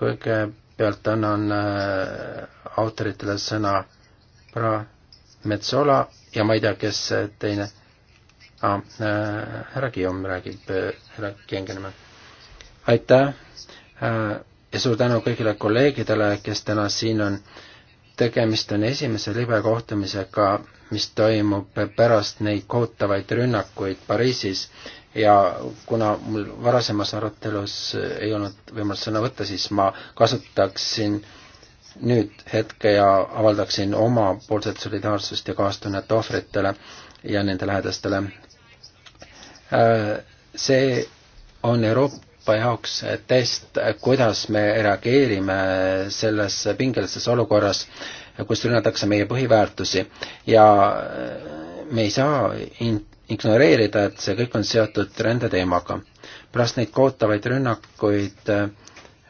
kõigepealt annan äh, autoritele sõna Pra Metsola ja ma ei tea, kes teine ah,. Äh, härra Guillaume räägib, äh, härra Kengenema. aitäh äh, ja suur tänu kõigile kolleegidele, kes täna siin on. tegemist on esimese libekohtumisega, mis toimub pärast neid kohutavaid rünnakuid Pariisis ja kuna mul varasemas arutelus ei olnud võimalust sõna võtta, siis ma kasutaksin äh, nüüd hetke ja avaldaksin omapoolset solidaarsust ja kaastunnet ohvritele ja nende lähedastele. Äh, see on Euroopa jaoks test, kuidas me reageerime selles pingelises olukorras, kus rünnatakse meie põhiväärtusi ja äh, me ei saa ignoreerida, et see kõik on seotud rändeteemaga. pärast neid kohutavaid rünnakuid äh,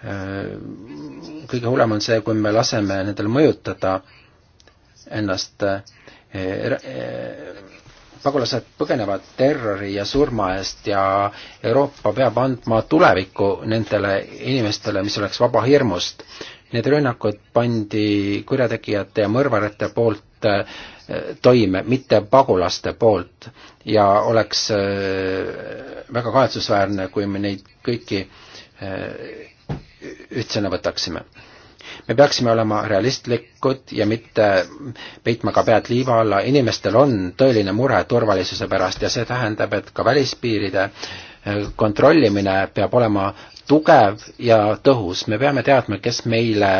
kõige hullem on see, kui me laseme nendel mõjutada ennast eh, er-, eh, pagulased põgenevad terrori ja surma eest ja Euroopa peab andma tulevikku nendele inimestele, mis oleks vaba hirmust. Need rünnakud pandi kurjategijate ja mõrvarite poolt eh, toime, mitte pagulaste poolt ja oleks väga kahetsusväärne, kui me neid kõiki ühtsena võtaksime. me peaksime olema realistlikud ja mitte peitma ka pead liiva alla, inimestel on tõeline mure turvalisuse pärast ja see tähendab, et ka välispiiride eh, kontrollimine peab olema tugev ja tõhus, me peame teadma, kes meile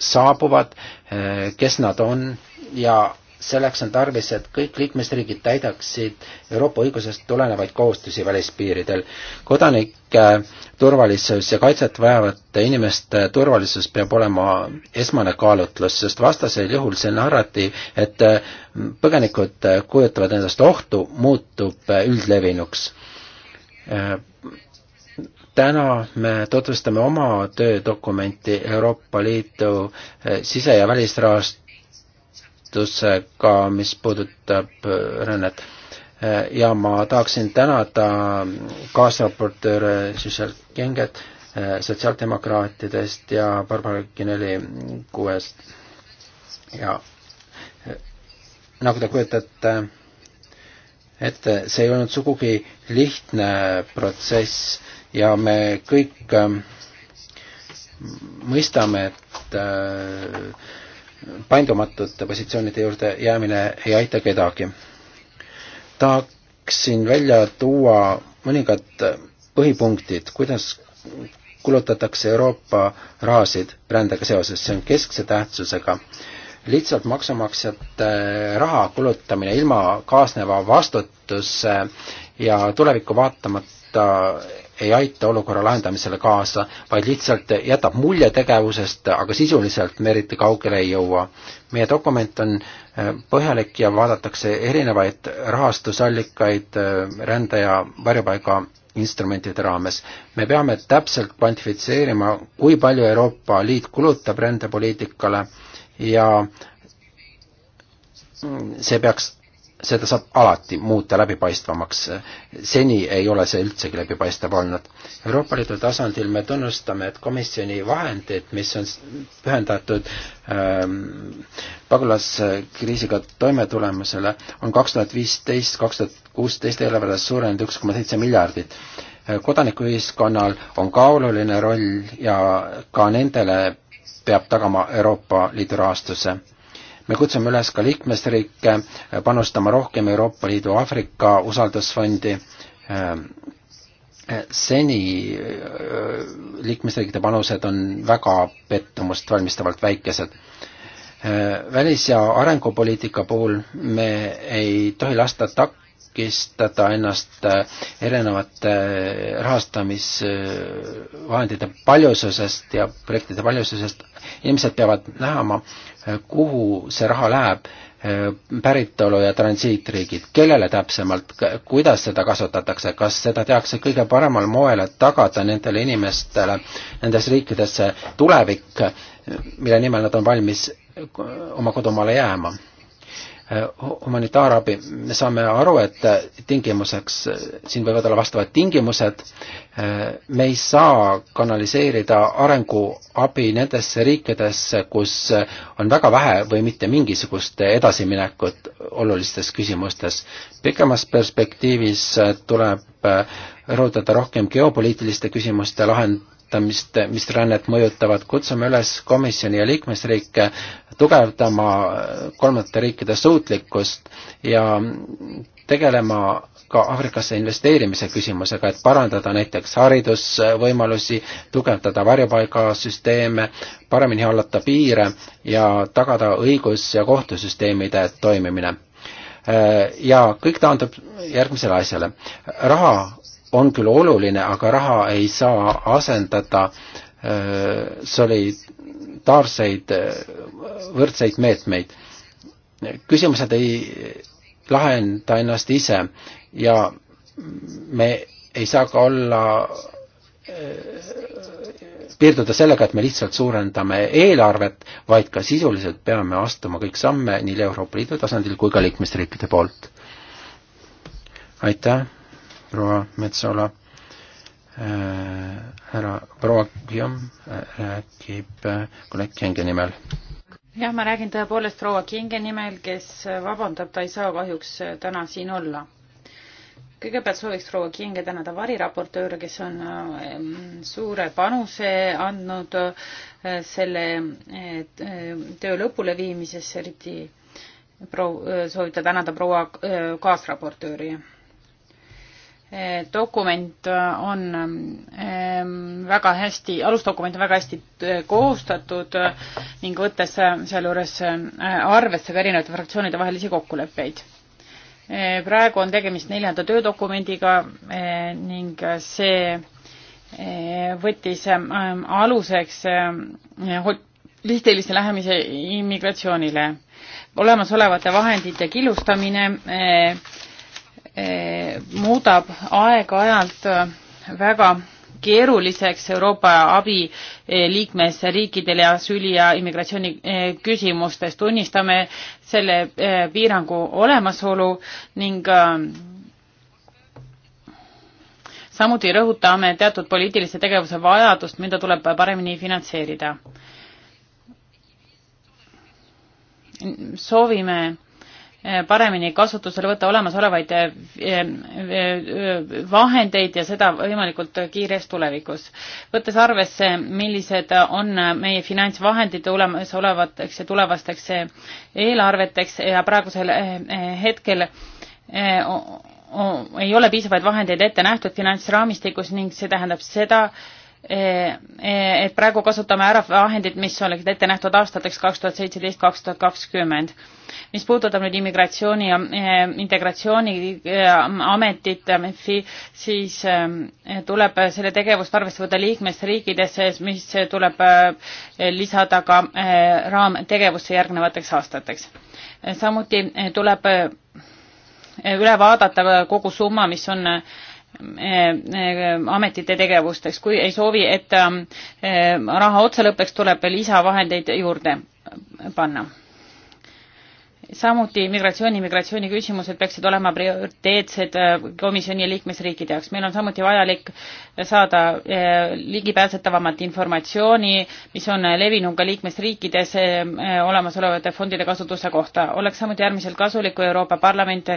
saabuvad, eh, kes nad on ja selleks on tarvis, et kõik liikmesriigid täidaksid Euroopa õigusest tulenevaid kohustusi välispiiridel. kodanike turvalisus ja kaitset vajavate inimeste turvalisus peab olema esmane kaalutlus, sest vastasel juhul see narratiiv, et põgenikud kujutavad endast ohtu, muutub üldlevinuks. täna me tutvustame oma töödokumenti Euroopa Liidu sise- ja välisrahast algatusega, mis puudutab äh, rännet. Äh, ja ma tahaksin tänada kaasraportöör Süsel Kenget äh, sotsiaaldemokraatidest ja Barbara Kineli kuuest. ja nagu te kujutate ette, see ei olnud sugugi lihtne protsess ja me kõik mõistame, et äh, paindumatute positsioonide juurde jäämine ei aita kedagi. tahaksin välja tuua mõningad põhipunktid, kuidas kulutatakse Euroopa rahasid rändega seoses, see on keskse tähtsusega. lihtsalt maksumaksjate raha kulutamine ilma kaasneva vastutuse ja tulevikku vaatamata ei aita olukorra lahendamisele kaasa, vaid lihtsalt jätab mulje tegevusest, aga sisuliselt me eriti kaugele ei jõua. meie dokument on äh, põhjalik ja vaadatakse erinevaid rahastusallikaid äh, rände ja varjupaiga instrumentide raames. me peame täpselt kvantifitseerima, kui palju Euroopa Liit kulutab rändepoliitikale ja mm, see peaks seda saab alati muuta läbipaistvamaks. seni ei ole see üldsegi läbipaistev olnud. Euroopa Liidu tasandil me tunnustame, et komisjoni vahendid, mis on pühendatud ähm, pagulaskriisiga toimetulemusele, on kaks tuhat viisteist, kaks tuhat kuusteist eelarves suurenenud üks koma seitse miljardit. kodanikuühiskonnal on ka oluline roll ja ka nendele peab tagama Euroopa Liidu rahastuse me kutsume üles ka liikmesriike äh, panustama rohkem Euroopa Liidu Aafrika usaldusfondi. Ähm, äh, seni äh, liikmesriikide panused on väga pettumust valmistavalt väikesed välis- ja arengupoliitika puhul me ei tohi lasta tak-, mitmekestada ennast äh, erinevate äh, rahastamisvahendite paljususest ja projektide paljususest. inimesed peavad näema, äh, kuhu see raha läheb, päritolu- ja transiitriigid, kellele täpsemalt, kuidas seda kasutatakse, kas seda tehakse kõige paremal moel, et tagada nendele inimestele nendes riikides see tulevik, mille nimel nad on valmis oma kodumaale jääma Eh, humanitaarabi, me saame aru, et eh, tingimuseks, eh, siin võivad olla vastavad tingimused, me ei saa kanaliseerida arenguabi nendesse riikidesse, kus on väga vähe või mitte mingisugust edasiminekut olulistes küsimustes. pikemas perspektiivis tuleb rõhutada rohkem geopoliitiliste küsimuste lahend-, toetamist, mis rännet mõjutavad, kutsume üles komisjoni ja liikmesriike tugevdama kolmandate riikide suutlikkust ja tegelema ka Aafrikasse investeerimise küsimusega, et parandada näiteks haridusvõimalusi, tugevdada varjupaigasüsteeme, paremini hallata piire ja tagada õigus- ja kohtusüsteemide toimimine ja kõik taandub järgmisele asjale. raha on küll oluline, aga raha ei saa asendada äh, solidaarseid äh, võrdseid meetmeid. küsimused ei lahenda ennast ise ja me ei saa ka olla äh, piirduda sellega, et me lihtsalt suurendame eelarvet, vaid ka sisuliselt peame astuma kõik samme nii Euroopa Liidu tasandil kui ka liikmesriikide poolt. aitäh! proua Metsola äh, härra proua Guillaume äh, räägib äh, kolleeg Kinge nimel. jah, ma räägin tõepoolest proua Kinge nimel, kes vabandab, ta ei saa kahjuks täna siin olla. kõigepealt sooviks proua Kinge tänada variraportööre, kes on suure panuse andnud selle töö lõpuleviimisesse, eriti proov-, soovib ta tänada proua kaasraportööri Eh, dokument eh, on eh, väga hästi, alusdokument on väga hästi koostatud ning võttes sealjuures arvesse ka erinevate fraktsioonide vahelisi kokkuleppeid. praegu on tegemist neljanda töödokumendiga ning see võttis aluseks listilise lähemise immigratsioonile. olemasolevate vahendite killustamine Eh, muudab aeg-ajalt eh, väga keeruliseks Euroopa abi eh, liikmesriikidele ja asüüli ja immigratsiooni küsimustes. tunnistame selle piirangu olemasolu ning samuti rõhutame teatud poliitilise tegevuse vajadust, mida tuleb paremini finantseerida. soovime paremini kasutusele võtta olemasolevaid eh, eh, eh, vahendeid ja seda võimalikult kiires tulevikus. võttes arvesse, millised on meie finantsvahendid olemasolevateks ja tulevasteks eelarveteks ja praegusel hetkel ei ole piisavaid vahendeid ette nähtud finantsraamistikus ning see tähendab seda, Eh, eh, et praegu kasutame ära vahendid, mis olid ette nähtud aastateks kaks tuhat seitseteist, kaks tuhat kakskümmend. mis puudutab nüüd immigratsiooni ja eh, integratsiooniametit, MEF-i, siis tuleb selle tegevust arvesse võtta liikmesriikidesse, mis tuleb lisada ka raamtegevusse järgnevateks aastateks. samuti tuleb üle vaadata kogu summa, mis on Eh, eh, ametite tegevusteks, kui ei soovi, et eh, raha otsa lõpeks, tuleb lisavahendeid juurde panna. samuti migratsiooni, migratsiooni küsimused peaksid olema prioriteetsed komisjoni liikmesriikide jaoks. meil on samuti vajalik saada ligipääsetavamat informatsiooni, mis on levinud ka liikmesriikides olemasolevate fondide kasutuse kohta. oleks samuti äärmiselt kasulik, kui Euroopa Parlament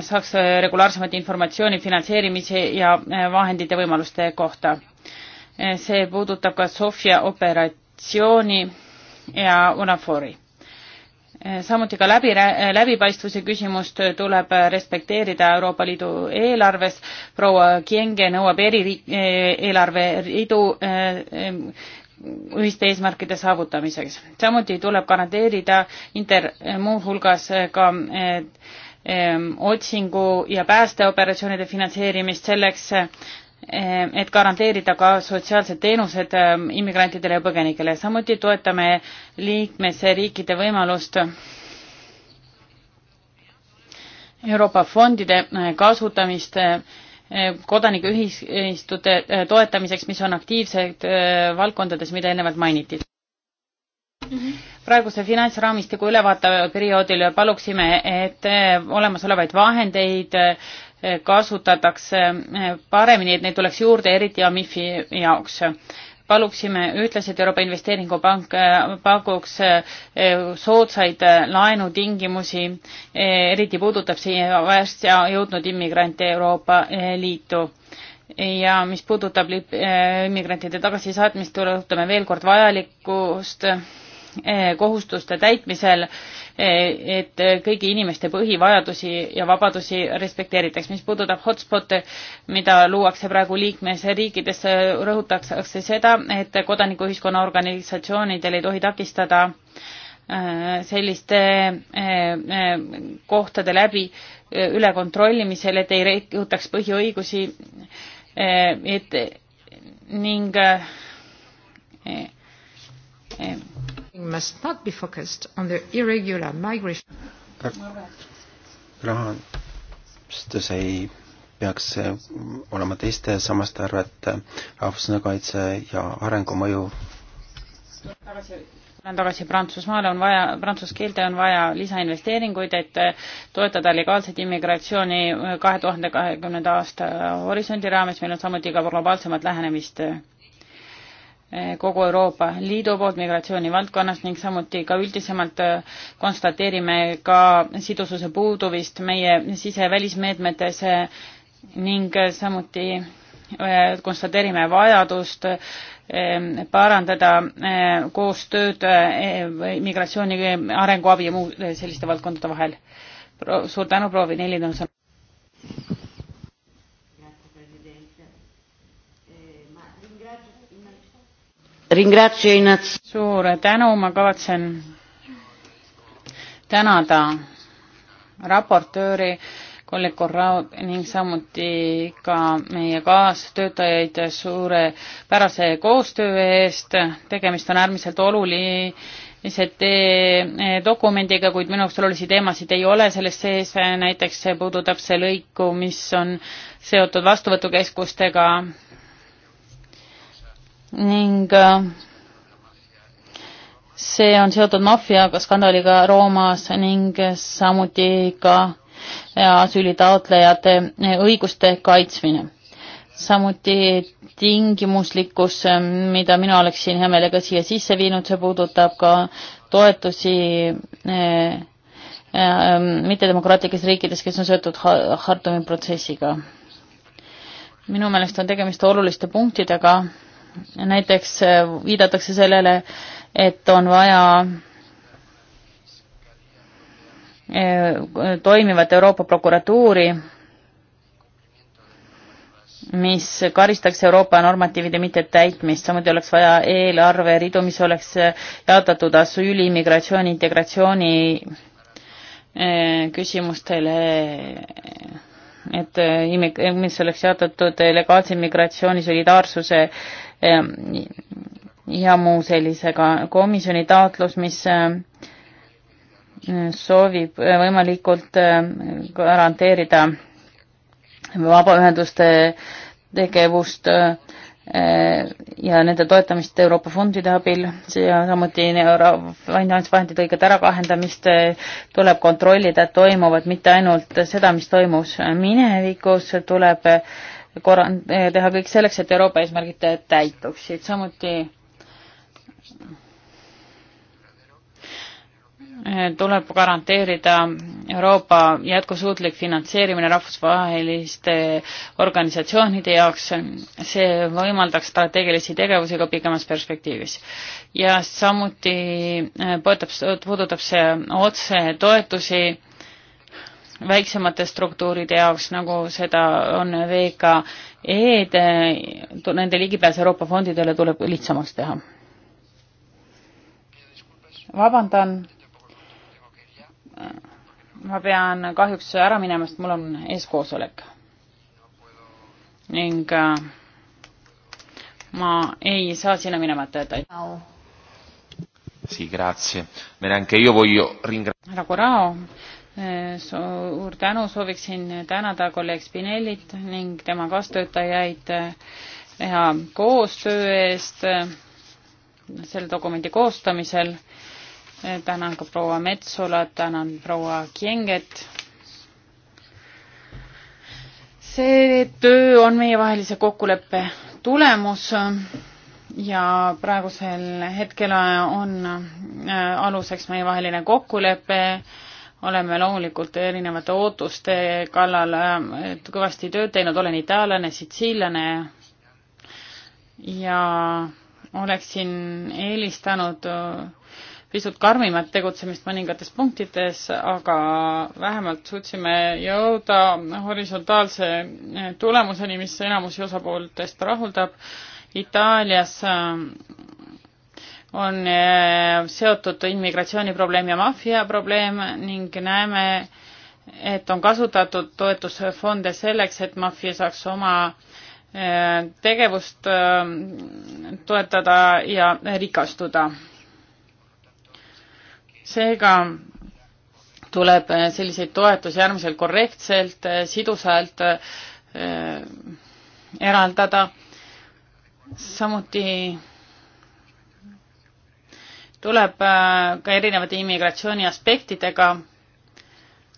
saaks regulaarsemat informatsiooni finantseerimise ja eh, vahendite võimaluste kohta. Eh, see puudutab ka Sofia operatsiooni ja UNAFOR-i. Eh, samuti ka läbi, läbipaistvuse küsimust tuleb respekteerida Euroopa Liidu eelarves. proua Kienge nõuab eri eelarveridu ühiste eesmärkide saavutamiseks. samuti tuleb garanteerida inter, muuhulgas ka et, Ehm, otsingu ja päästeoperatsioonide finantseerimist selleks, ehm, et garanteerida ka sotsiaalsed teenused ehm, immigrantidele ja põgenikele. samuti toetame liikmesriikide võimalust Euroopa fondide eh, kasutamist eh, kodanikuühistute eh, toetamiseks, mis on aktiivsed valdkondades, mida eelnevalt mainiti mm. -hmm praeguse finantsraamistiku ülevaateperioodil paluksime, et eh, olemasolevaid vahendeid eh, kasutatakse eh, paremini, et neid tuleks juurde, eriti AMIF-i jaoks paluksime ühtlasi, et Euroopa Investeeringupank pakuks soodsaid laenutingimusi, eriti puudutab siia äsja jõudnud immigrante Euroopa Liitu. ja mis puudutab immigrantide tagasisaatmist, rõhutame veel kord vajalikkust Eh, kohustuste täitmisel, eh, et kõigi inimeste põhivajadusi ja vabadusi respekteeritaks. mis puudutab hotspot'e, mida luuakse praegu liikmesriikides, rõhutatakse seda, et kodanikuühiskonna organisatsioonidel ei tohi takistada eh, selliste kohtade läbi ülekontrollimisel, et ei rikutaks põhiõigusi, et ning must not be focused on the irregular migration rahastus ei peaks olema teiste sammaste arvete rahvusnakaitse ja arengumõju. tulen tagasi Prantsusmaale, on vaja, prantsuse keelde on vaja lisainvesteeringuid, et toetada legaalset immigratsiooni kahe tuhande kahekümnenda aasta horisondi raames, meil on samuti ka globaalsemat lähenemist Eh, kogu Euroopa Liidu poolt migratsiooni valdkonnas ning samuti ka üldisemalt eh, konstateerime ka sidususe puuduvist meie sise- ja välismeetmetes eh, ning samuti konstateerime vajadust parandada koostööd migratsiooni arenguabi ja muu selliste valdkondade vahel. suur tänu, proovin neli nõu saada suur tänu, ma kavatsen tänada raportööri kolleeg Korraud ning samuti ka meie kaastöötajaid suurepärase koostöö eest. tegemist on äärmiselt olulise dokumendiga, kuid minu jaoks olulisi teemasid ei ole selles sees. näiteks puudutab see lõiku, mis on seotud vastuvõtukeskustega ning äh, see on seotud maffiaga skandaaliga Roomas ning samuti ka äh, asüülitaotlejate äh, õiguste kaitsmine. samuti tingimuslikkus, mida mina oleksin hea meelega siia sisse viinud, see puudutab ka toetusi mittedemokraatlikes riikides, kes on seotud Hartumi protsessiga. minu meelest on tegemist oluliste punktidega näiteks äh, viidatakse sellele, et on vaja äh, toimivat Euroopa prokuratuuri, mis karistaks Euroopa normatiivide mittetäitmist, samuti oleks vaja eelarveridu, mis oleks äh, jaotatud asüüli, immigratsiooni, integratsiooni küsimustele, et mis oleks jaotatud legaalse immigratsiooni solidaarsuse ja muu sellisega. komisjoni taotlus, mis soovib eh, võimalikult garanteerida vabaühenduste tegevust eh, ja nende toetamist Euroopa fondide abil ja samuti finantsvahendite õiget ärakahendamist eh, tuleb kontrollida, et toimuvad mitte ainult seda, mis toimus minevikus, tuleb korra-, eh, teha kõik selleks, et Euroopa eesmärgid täituksid, samuti eh, tuleb garanteerida Euroopa jätkusuutlik finantseerimine rahvusvaheliste organisatsioonide jaoks, see võimaldaks strateegilisi tegevusi ka pikemas perspektiivis. ja samuti eh, põetab, puudutab see otse toetusi väiksemate struktuuride jaoks, nagu seda on VKE-d, nende ligipääs Euroopa fondidele tuleb lihtsamaks teha. vabandan, ma pean kahjuks ära minema, sest mul on eeskoosolek. ning ma ei saa sinna minemata jätta no.. Sì, grazie. Bene, anche io voglio ringraziare. Eh, suur tänu, sooviksin tänada kolleeg Spinellit ning tema kaastöötajaid eh, hea koostöö eest eh, selle dokumendi koostamisel. tänan ka proua Metsola, tänan proua Kienget. see töö on meievahelise kokkuleppe tulemus ja praegusel hetkel on aluseks meievaheline kokkulepe oleme loomulikult erinevate ootuste kallal kõvasti tööd teinud, olen itaallane, sitsiillane ja oleksin eelistanud pisut karmimat tegutsemist mõningates punktides, aga vähemalt suutsime jõuda horisontaalse tulemuseni, mis enamusi osapooltest rahuldab. Itaalias on äh, seotud immigratsiooniprobleem ja maffiaprobleem ning näeme, et on kasutatud toetusfonde selleks, et maffia saaks oma äh, tegevust äh, toetada ja rikastuda. seega tuleb selliseid toetusi äärmiselt korrektselt, sidusalt eraldada. samuti tuleb äh, ka erinevate immigratsiooni aspektidega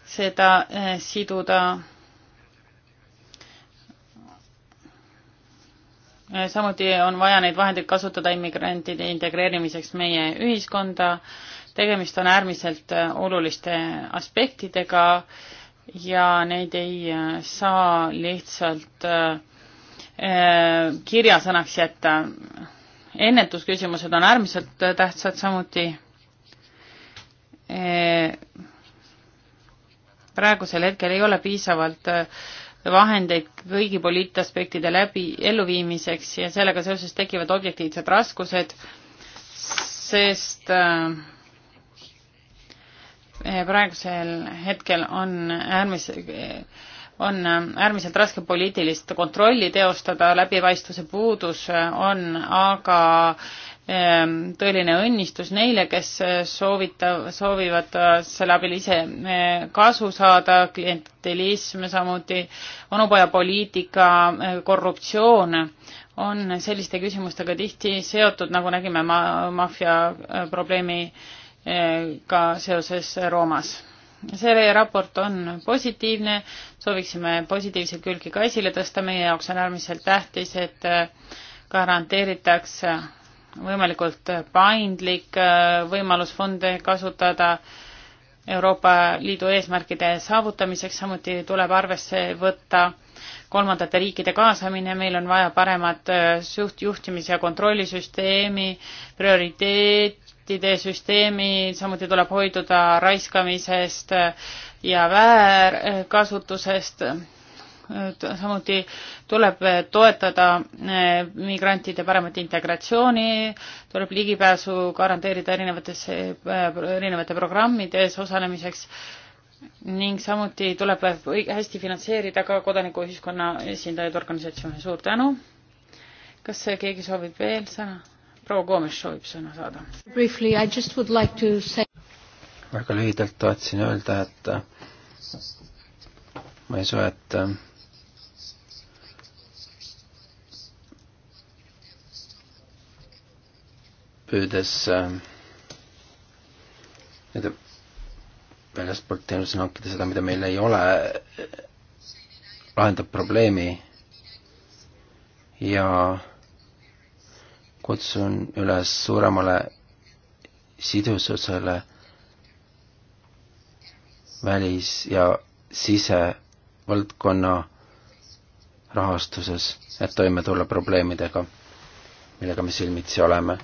seda äh, siduda. Äh, samuti on vaja neid vahendeid kasutada immigrantide integreerimiseks meie ühiskonda. tegemist on äärmiselt oluliste aspektidega ja neid ei saa lihtsalt kirjasõnaks jätta ennetusküsimused on äärmiselt tähtsad samuti. praegusel hetkel ei ole piisavalt vahendeid kõigi poliitaspektide läbi, elluviimiseks ja sellega seoses tekivad objektiivsed raskused, sest eh, praegusel hetkel on äärmis-, on äärmiselt raske poliitilist kontrolli teostada, läbipaistvuse puudus on aga ehm, tõeline õnnistus neile, kes soovita-, soovivad selle abil ise ehm, kasu saada, klientelism samuti, onupojapoliitika, ehm, korruptsioon on selliste küsimustega tihti seotud, nagu nägime ma-, maffia probleemi ka seoses Roomas see raport on positiivne, sooviksime positiivseid külgi ka esile tõsta, meie jaoks on äärmiselt tähtis, et äh, garanteeritakse võimalikult paindlik äh, võimalus fonde kasutada Euroopa Liidu eesmärkide saavutamiseks, samuti tuleb arvesse võtta kolmandate riikide kaasamine, meil on vaja paremat juht, äh, juhtimis- ja kontrollisüsteemi, prioriteet, patentide süsteemi, samuti tuleb hoiduda raiskamisest ja väärkasutusest. samuti tuleb toetada eh, migrantide paremat integratsiooni, tuleb ligipääsu garanteerida erinevates, eh, erinevate programmides osalemiseks ning samuti tuleb hästi finantseerida ka kodanikuühiskonna esindajaid organisatsioone. suur tänu. kas keegi soovib veel sõna? proua Koomes soovib sõna saada. Like say... väga lühidalt tahtsin öelda, et äh, ma ei usu, et äh, püüdes nii-öelda äh, väljastpoolt teenuse hankida seda, mida meil ei ole, äh, lahendab probleemi ja kutsun üles suuremale sidususele välis- ja sisevaldkonna rahastuses, et toime tulla probleemidega, millega me silmitsi oleme.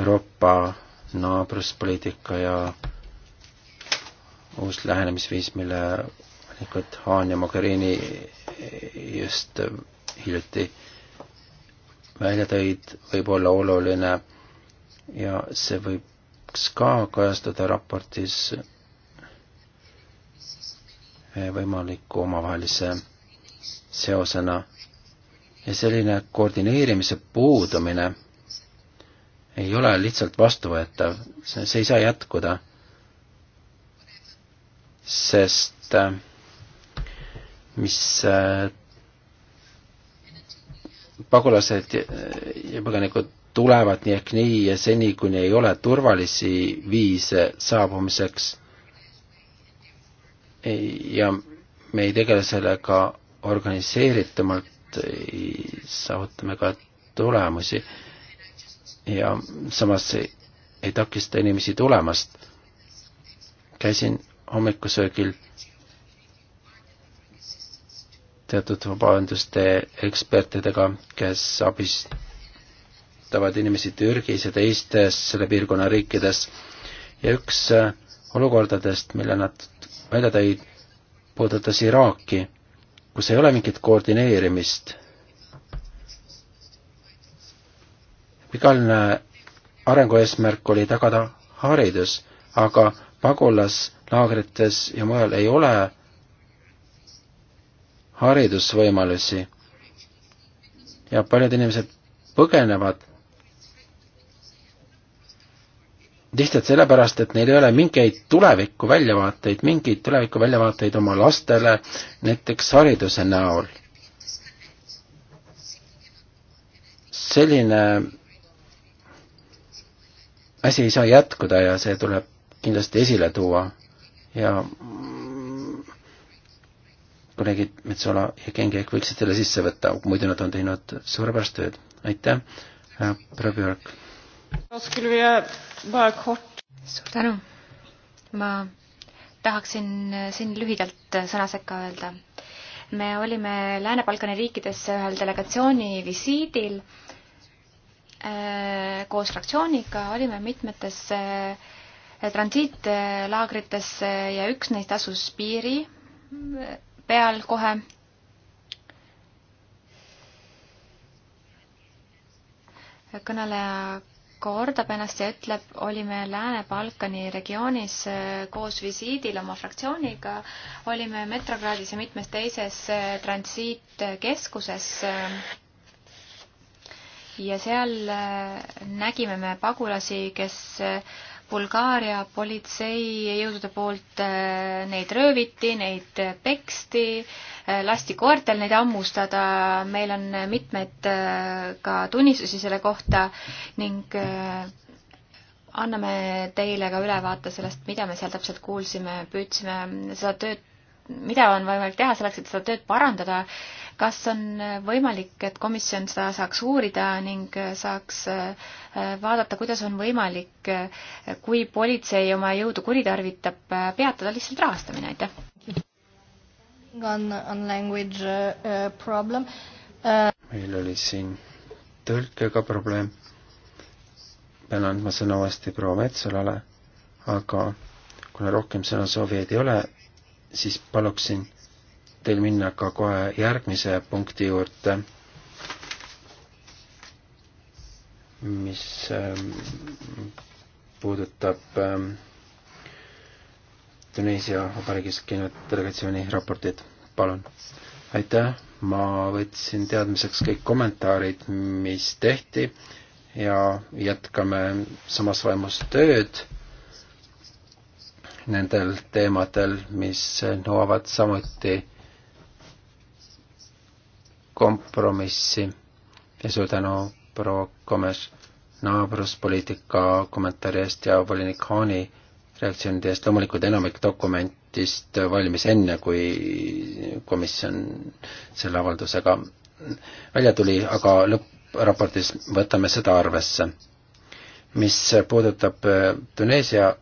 Euroopa naabruspoliitika ja uus lähenemisviis, mille valikud Haan ja Mogherini just hiljuti välja tõid, võib olla oluline ja see võiks ka kajastuda raportis võimaliku omavahelise seosena. ja selline koordineerimise puudumine ei ole lihtsalt vastuvõetav, see ei saa jätkuda, sest äh, mis äh, pagulased ja põgenikud tulevad nii ehk nii ja seni, kuni ei ole turvalisi viise saabumiseks ja me ei tegele sellega organiseeritumalt, saavutame ka tulemusi ja samas ei, ei takista inimesi tulemast. käisin hommikusöögil teatud vabaühenduste ekspertidega, kes abistavad inimesi Türgis ja teistes selle piirkonna riikides. ja üks äh, olukordadest, mille nad välja tõid, puudutas Iraaki, kus ei ole mingit koordineerimist. pikaajaline arengueesmärk oli tagada haridus, aga pagulaslaagrites ja mujal ei ole haridusvõimalusi. ja paljud inimesed põgenevad lihtsalt sellepärast, et neil ei ole mingeid tuleviku väljavaateid, mingeid tuleviku väljavaateid oma lastele, näiteks hariduse näol. selline asi ei saa jätkuda ja see tuleb kindlasti esile tuua ja kolleegid Metsola ja Kengek võiksid selle sisse võtta, muidu nad on teinud suurepärast tööd. aitäh, proua Björk! suur tänu! ma tahaksin eh, siin lühidalt eh, sõna sekka öelda. me olime Lääne-Balkani riikidesse ühel delegatsiooni visiidil eh, koos fraktsiooniga, olime mitmetes transiitlaagrites ja üks neist asus piiri peal kohe. kõneleja kordab ennast ja ütleb, olime Lääne-Balkani regioonis eh, koos visiidil oma fraktsiooniga, olime Metrogradis ja mitmes teises eh, transiitkeskuses. Eh, ja seal nägime me pagulasi, kes Bulgaaria politseijõudude poolt äh, neid rööviti, neid peksti, äh, lasti koertel neid hammustada, meil on mitmeid äh, ka tunnistusi selle kohta ning anname teile ka ülevaate sellest, mida me seal täpselt kuulsime, püüdsime seda tööd mida on võimalik teha selleks, et seda tööd parandada, kas on võimalik, et komisjon seda saaks uurida ning saaks äh, vaadata, kuidas on võimalik, äh, kui politsei oma jõudu kuritarvitab, äh, peatada lihtsalt rahastamine, aitäh! On, on language uh, problem uh.... meil oli siin tõlkega probleem. pean andma sõna uuesti proua Metsalale, aga kuna rohkem sõnasoovijaid ei ole, siis paluksin teil minna ka kohe järgmise punkti juurde, mis ähm, puudutab ähm, Tuneesia Vabariigis käinud delegatsiooni raportit. palun. aitäh, ma võtsin teadmiseks kõik kommentaarid, mis tehti ja jätkame samas vaimus tööd nendel teemadel, mis nõuavad samuti kompromissi ja suur tänu, proua Komes, naabruspoliitika kommentaari eest ja volinik Haani reaktsioonide eest, loomulikult enamik dokumentist valmis enne, kui komisjon selle avaldusega välja tuli, aga lõppraportis võtame seda arvesse. mis puudutab Tuneesia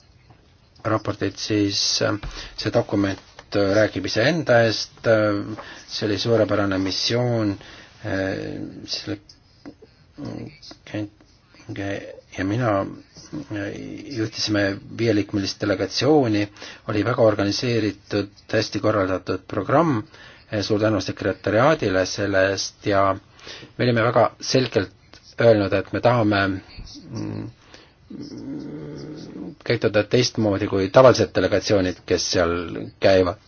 raportit, siis äh, see dokument äh, räägib iseenda eest, äh, see oli suurepärane missioon, selle ja mina juhtisime viieliikmelist delegatsiooni, oli väga organiseeritud, hästi korraldatud programm, suur tänu sekretäriaadile selle eest ja me olime väga selgelt öelnud, et me tahame mm, käituda teistmoodi kui tavalised delegatsioonid, kes seal käivad,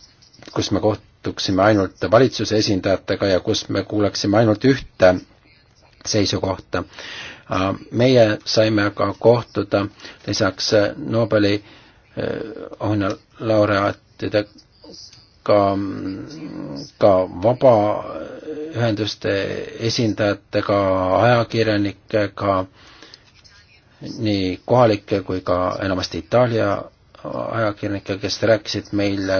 kus me kohtuksime ainult valitsuse esindajatega ja kus me kuulaksime ainult ühte seisukohta. Äh, meie saime aga kohtuda lisaks äh, Nobeli auhinnalaureaatidega äh, ka, ka vabaühenduste esindajatega, ajakirjanikega äh,, nii kohalikke kui ka enamasti Itaalia ajakirjanikke, kes rääkisid meile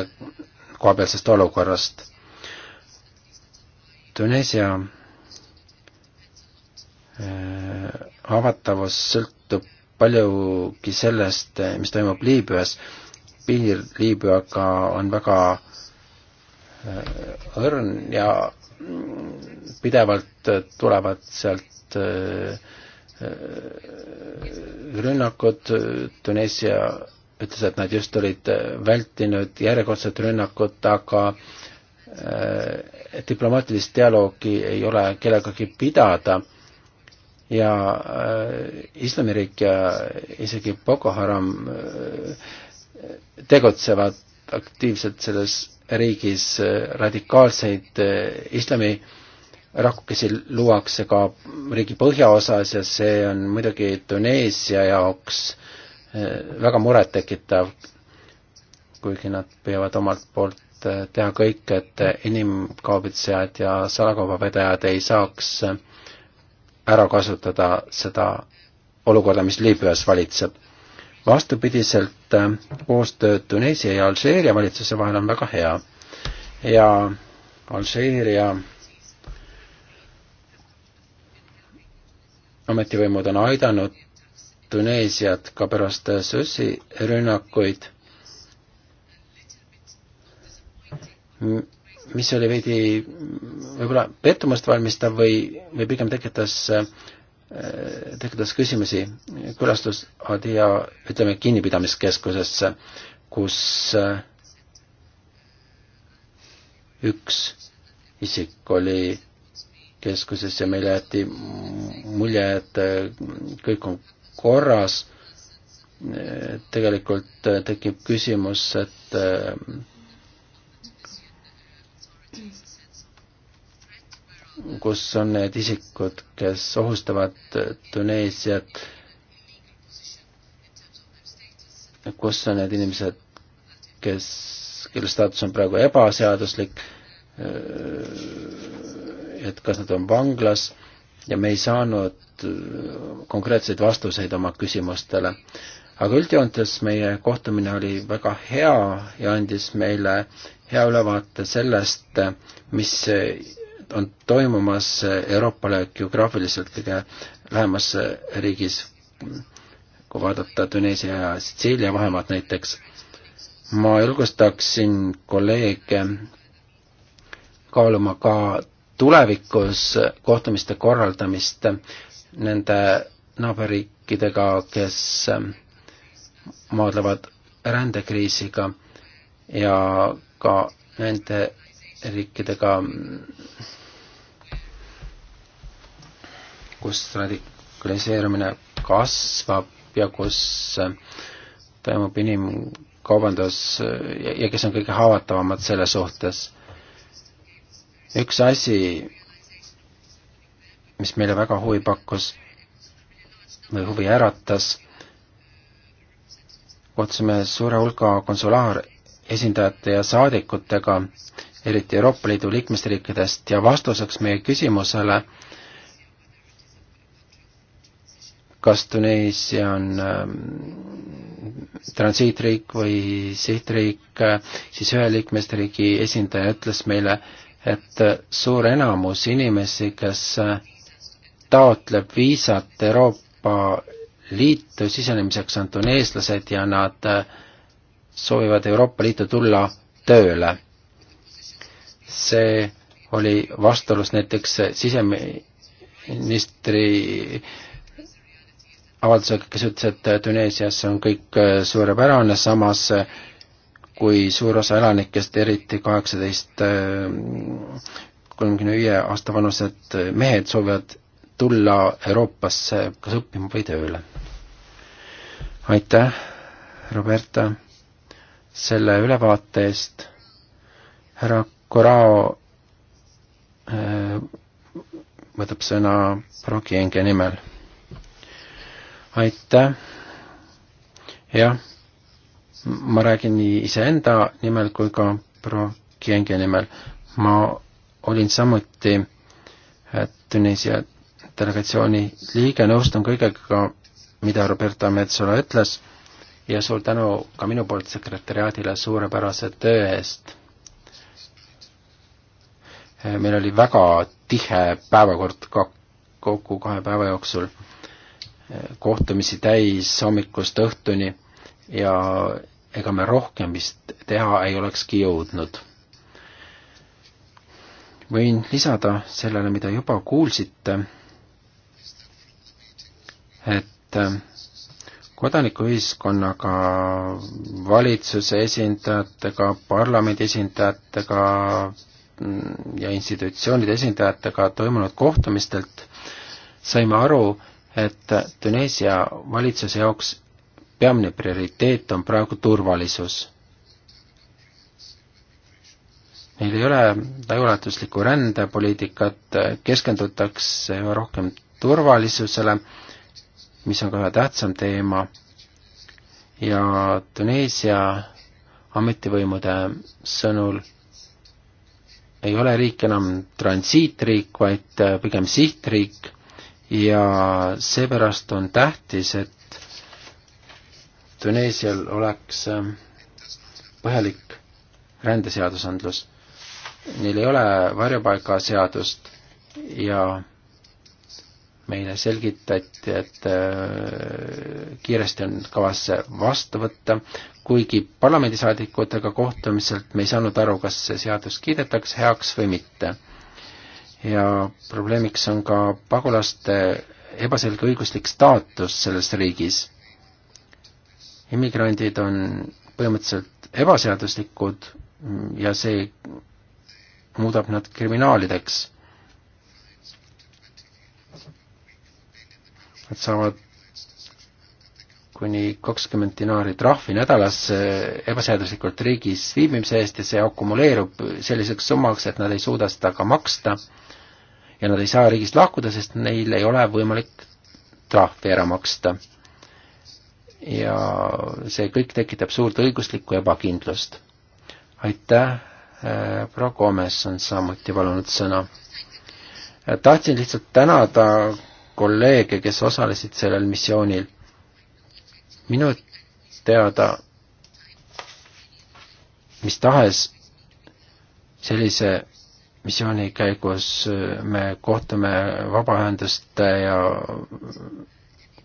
kohapealsest olukorrast. Tuneesia äh, haavatavus sõltub paljugi sellest, äh, mis toimub Liibüas. piir Liibüaga on väga äh, õrn ja mm, pidevalt tulevad sealt äh, Äh, rünnakut, äh, Tuneesia ütles, et nad just olid äh, vältinud järjekordset rünnakut, aga diplomaatilist dialoogi ei ole kellegagi pidada ja Islamiriik ja isegi Boko Haram tegutsevad aktiivselt selles riigis radikaalseid islami äh, rakkesi luuakse ka riigi põhjaosas ja see on muidugi Tuneesia jaoks eh, väga murettekitav, kuigi nad püüavad omalt poolt eh, teha kõik, et inimkaubitsejad ja salakaubavedajad ei saaks eh, ära kasutada seda olukorda, mis Liibüas valitseb. vastupidiselt, koostöö Tuneesia ja Alžeeria valitsuse vahel on väga hea ja Alžeeria ametivõimud on aidanud Tuneesiat ka pärast Süssi rünnakuid, mis oli veidi võib-olla pettumust valmistav või, või pigem tekitas, tekitas küsimusi külastus Adia, ütleme, kinnipidamiskeskusesse, kus üks isik oli keskuses ja meile jäeti mulje, et äh, kõik on korras. tegelikult äh, tekib küsimus, et äh, kus on need isikud, kes ohustavad Tuneesiat, kus on need inimesed, kes, kelle staatus on praegu ebaseaduslik, et kas nad on vanglas ja me ei saanud äh, konkreetseid vastuseid oma küsimustele. aga üldjoontes meie kohtumine oli väga hea ja andis meile hea ülevaate sellest, mis on toimumas Euroopale geograafiliselt kõige lähemas riigis, kui vaadata Tuneesia ja Sitsiilia vahemaad näiteks. ma julgustaksin kolleege kaaluma ka tulevikus kohtumiste korraldamist nende naaberriikidega, kes maadlevad rändekriisiga ja ka nende riikidega, kus radikaliseerumine kasvab ja kus toimub inimkaubandus ja kes on kõige haavatavamad selle suhtes üks asi, mis meile väga huvi pakkus või huvi äratas, kohtusime suure hulga konsulaaresindajate ja saadikutega, eriti Euroopa Liidu liikmesriikidest ja vastuseks meie küsimusele, kas Tuneesia on ähm, transiitriik või sihtriik, äh, siis ühe liikmesriigi esindaja ütles meile, et suur enamus inimesi, kes taotleb viisat Euroopa Liitu sisenemiseks, on tuneeslased ja nad soovivad Euroopa Liitu tulla tööle. see oli vastuolus näiteks siseministri avaldusega, kes ütles, et Tuneesias on kõik suurepärane, samas kui suur osa elanikest, eriti kaheksateist kolmekümne viie aasta vanused mehed soovivad tulla Euroopasse kas õppima või tööle. aitäh, Roberta, selle ülevaate eest. härra Corao äh, võtab sõna Prokienge nimel. aitäh, jah ma räägin nii iseenda nimel kui ka proua Kienge nimel. ma olin samuti äh, Tunisia delegatsiooni liige, nõustun kõigega, mida Roberta Metsola ütles ja suur tänu ka minu poolt sekretäriaadile suurepärase töö eest. Äh, meil oli väga tihe päevakord ka kokku kahe päeva jooksul, äh, kohtumisi täis hommikust õhtuni ja ega me rohkem vist teha ei olekski jõudnud. võin lisada sellele, mida juba kuulsite, et äh, kodanikuühiskonnaga, valitsuse esindajatega, parlamendi esindajatega mm, ja institutsioonide esindajatega toimunud kohtumistelt saime aru, et Tuneesia valitsuse jaoks peamine prioriteet on praegu turvalisus. meil ei ole laiaulatuslikku rändepoliitikat, keskendutakse rohkem turvalisusele, mis on ka ühe tähtsam teema, ja Tuneesia ametivõimude sõnul ei ole riik enam transiitriik, vaid pigem sihtriik ja seepärast on tähtis, et Tuneesial oleks ähm, põhjalik rändeseadusandlus. Neil ei ole varjupaigaseadust ja meile selgitati, et äh, kiiresti on kavas see vastu võtta, kuigi parlamendisaadikutega kohtumiselt me ei saanud aru, kas see seadus kiidetakse heaks või mitte. ja probleemiks on ka pagulaste ebaselge õiguslik staatus selles riigis immigrandid on põhimõtteliselt ebaseaduslikud ja see muudab nad kriminaalideks. Nad saavad kuni kakskümmend dinaari trahvi nädalas ebaseaduslikult riigis viibimise eest ja see akumuleerub selliseks summaks, et nad ei suuda seda ka maksta ja nad ei saa riigist lahkuda, sest neil ei ole võimalik trahvi ära maksta ja see kõik tekitab suurt õiguslikku ebakindlust. aitäh, äh, proua Gomes on samuti palunud sõna. Äh, tahtsin lihtsalt tänada kolleege, kes osalesid sellel missioonil. minu teada mis tahes sellise missiooni käigus äh, me kohtume vabaühenduste ja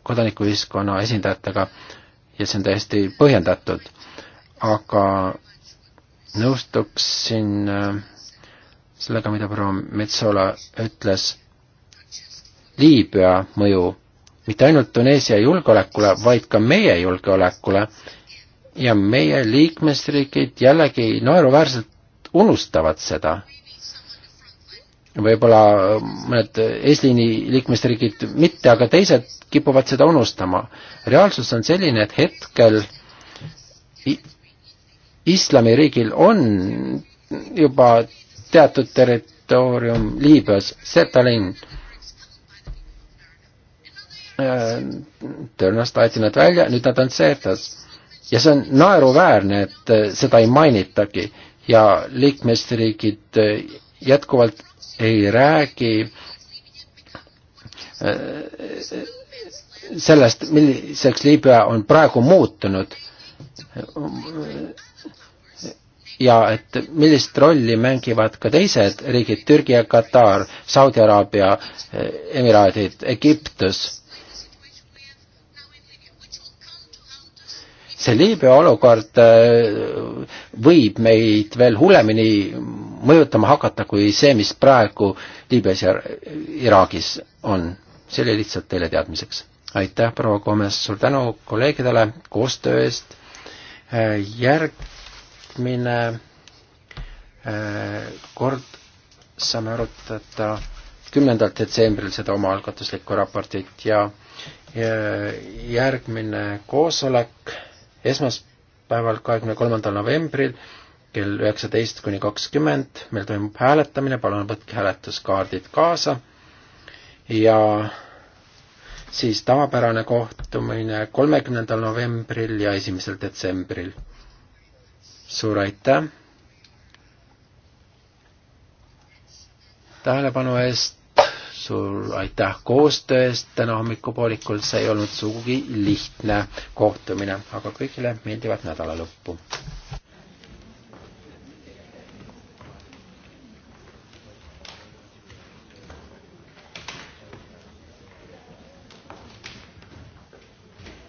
kodanikuühiskonna esindajatega ja see on täiesti põhjendatud, aga nõustuksin äh, sellega, mida proua Metsola ütles, Liibüa mõju mitte ainult Tuneesia julgeolekule, vaid ka meie julgeolekule ja meie liikmesriigid jällegi naeruväärselt unustavad seda võib-olla mõned eesliini liikmesriigid mitte, aga teised kipuvad seda unustama. reaalsus on selline, et hetkel islamiriigil on juba teatud territoorium Liibüas, Setalin. Tõrnast aeti nad välja, nüüd nad on Seetas. ja see on naeruväärne, et seda ei mainitagi ja liikmesriigid jätkuvalt ei räägi äh, sellest, milliseks Liibüa on praegu muutunud ja et millist rolli mängivad ka teised riigid, Türgi ja Katar, Saudi Araabia, Emiraadid, Egiptus see Liibüa olukord äh, võib meid veel hullemini mõjutama hakata kui see, mis praegu Liibüas ja Iraagis on. see oli lihtsalt teile teadmiseks. aitäh, proua Komes, suur tänu kolleegidele koostöö eest. Äh, järgmine äh, kord saame arutada kümnendal detsembril seda omaalgatuslikku raportit ja järgmine koosolek esmaspäeval, kahekümne kolmandal novembril kell üheksateist kuni kakskümmend meil toimub hääletamine, palun võtke hääletuskaardid kaasa ja siis tavapärane kohtumine kolmekümnendal novembril ja esimesel detsembril. suur aitäh tähelepanu eest suur aitäh koostöö eest täna hommikupoolikul, see ei olnud sugugi lihtne kohtumine, aga kõigile meeldivat nädalalõppu!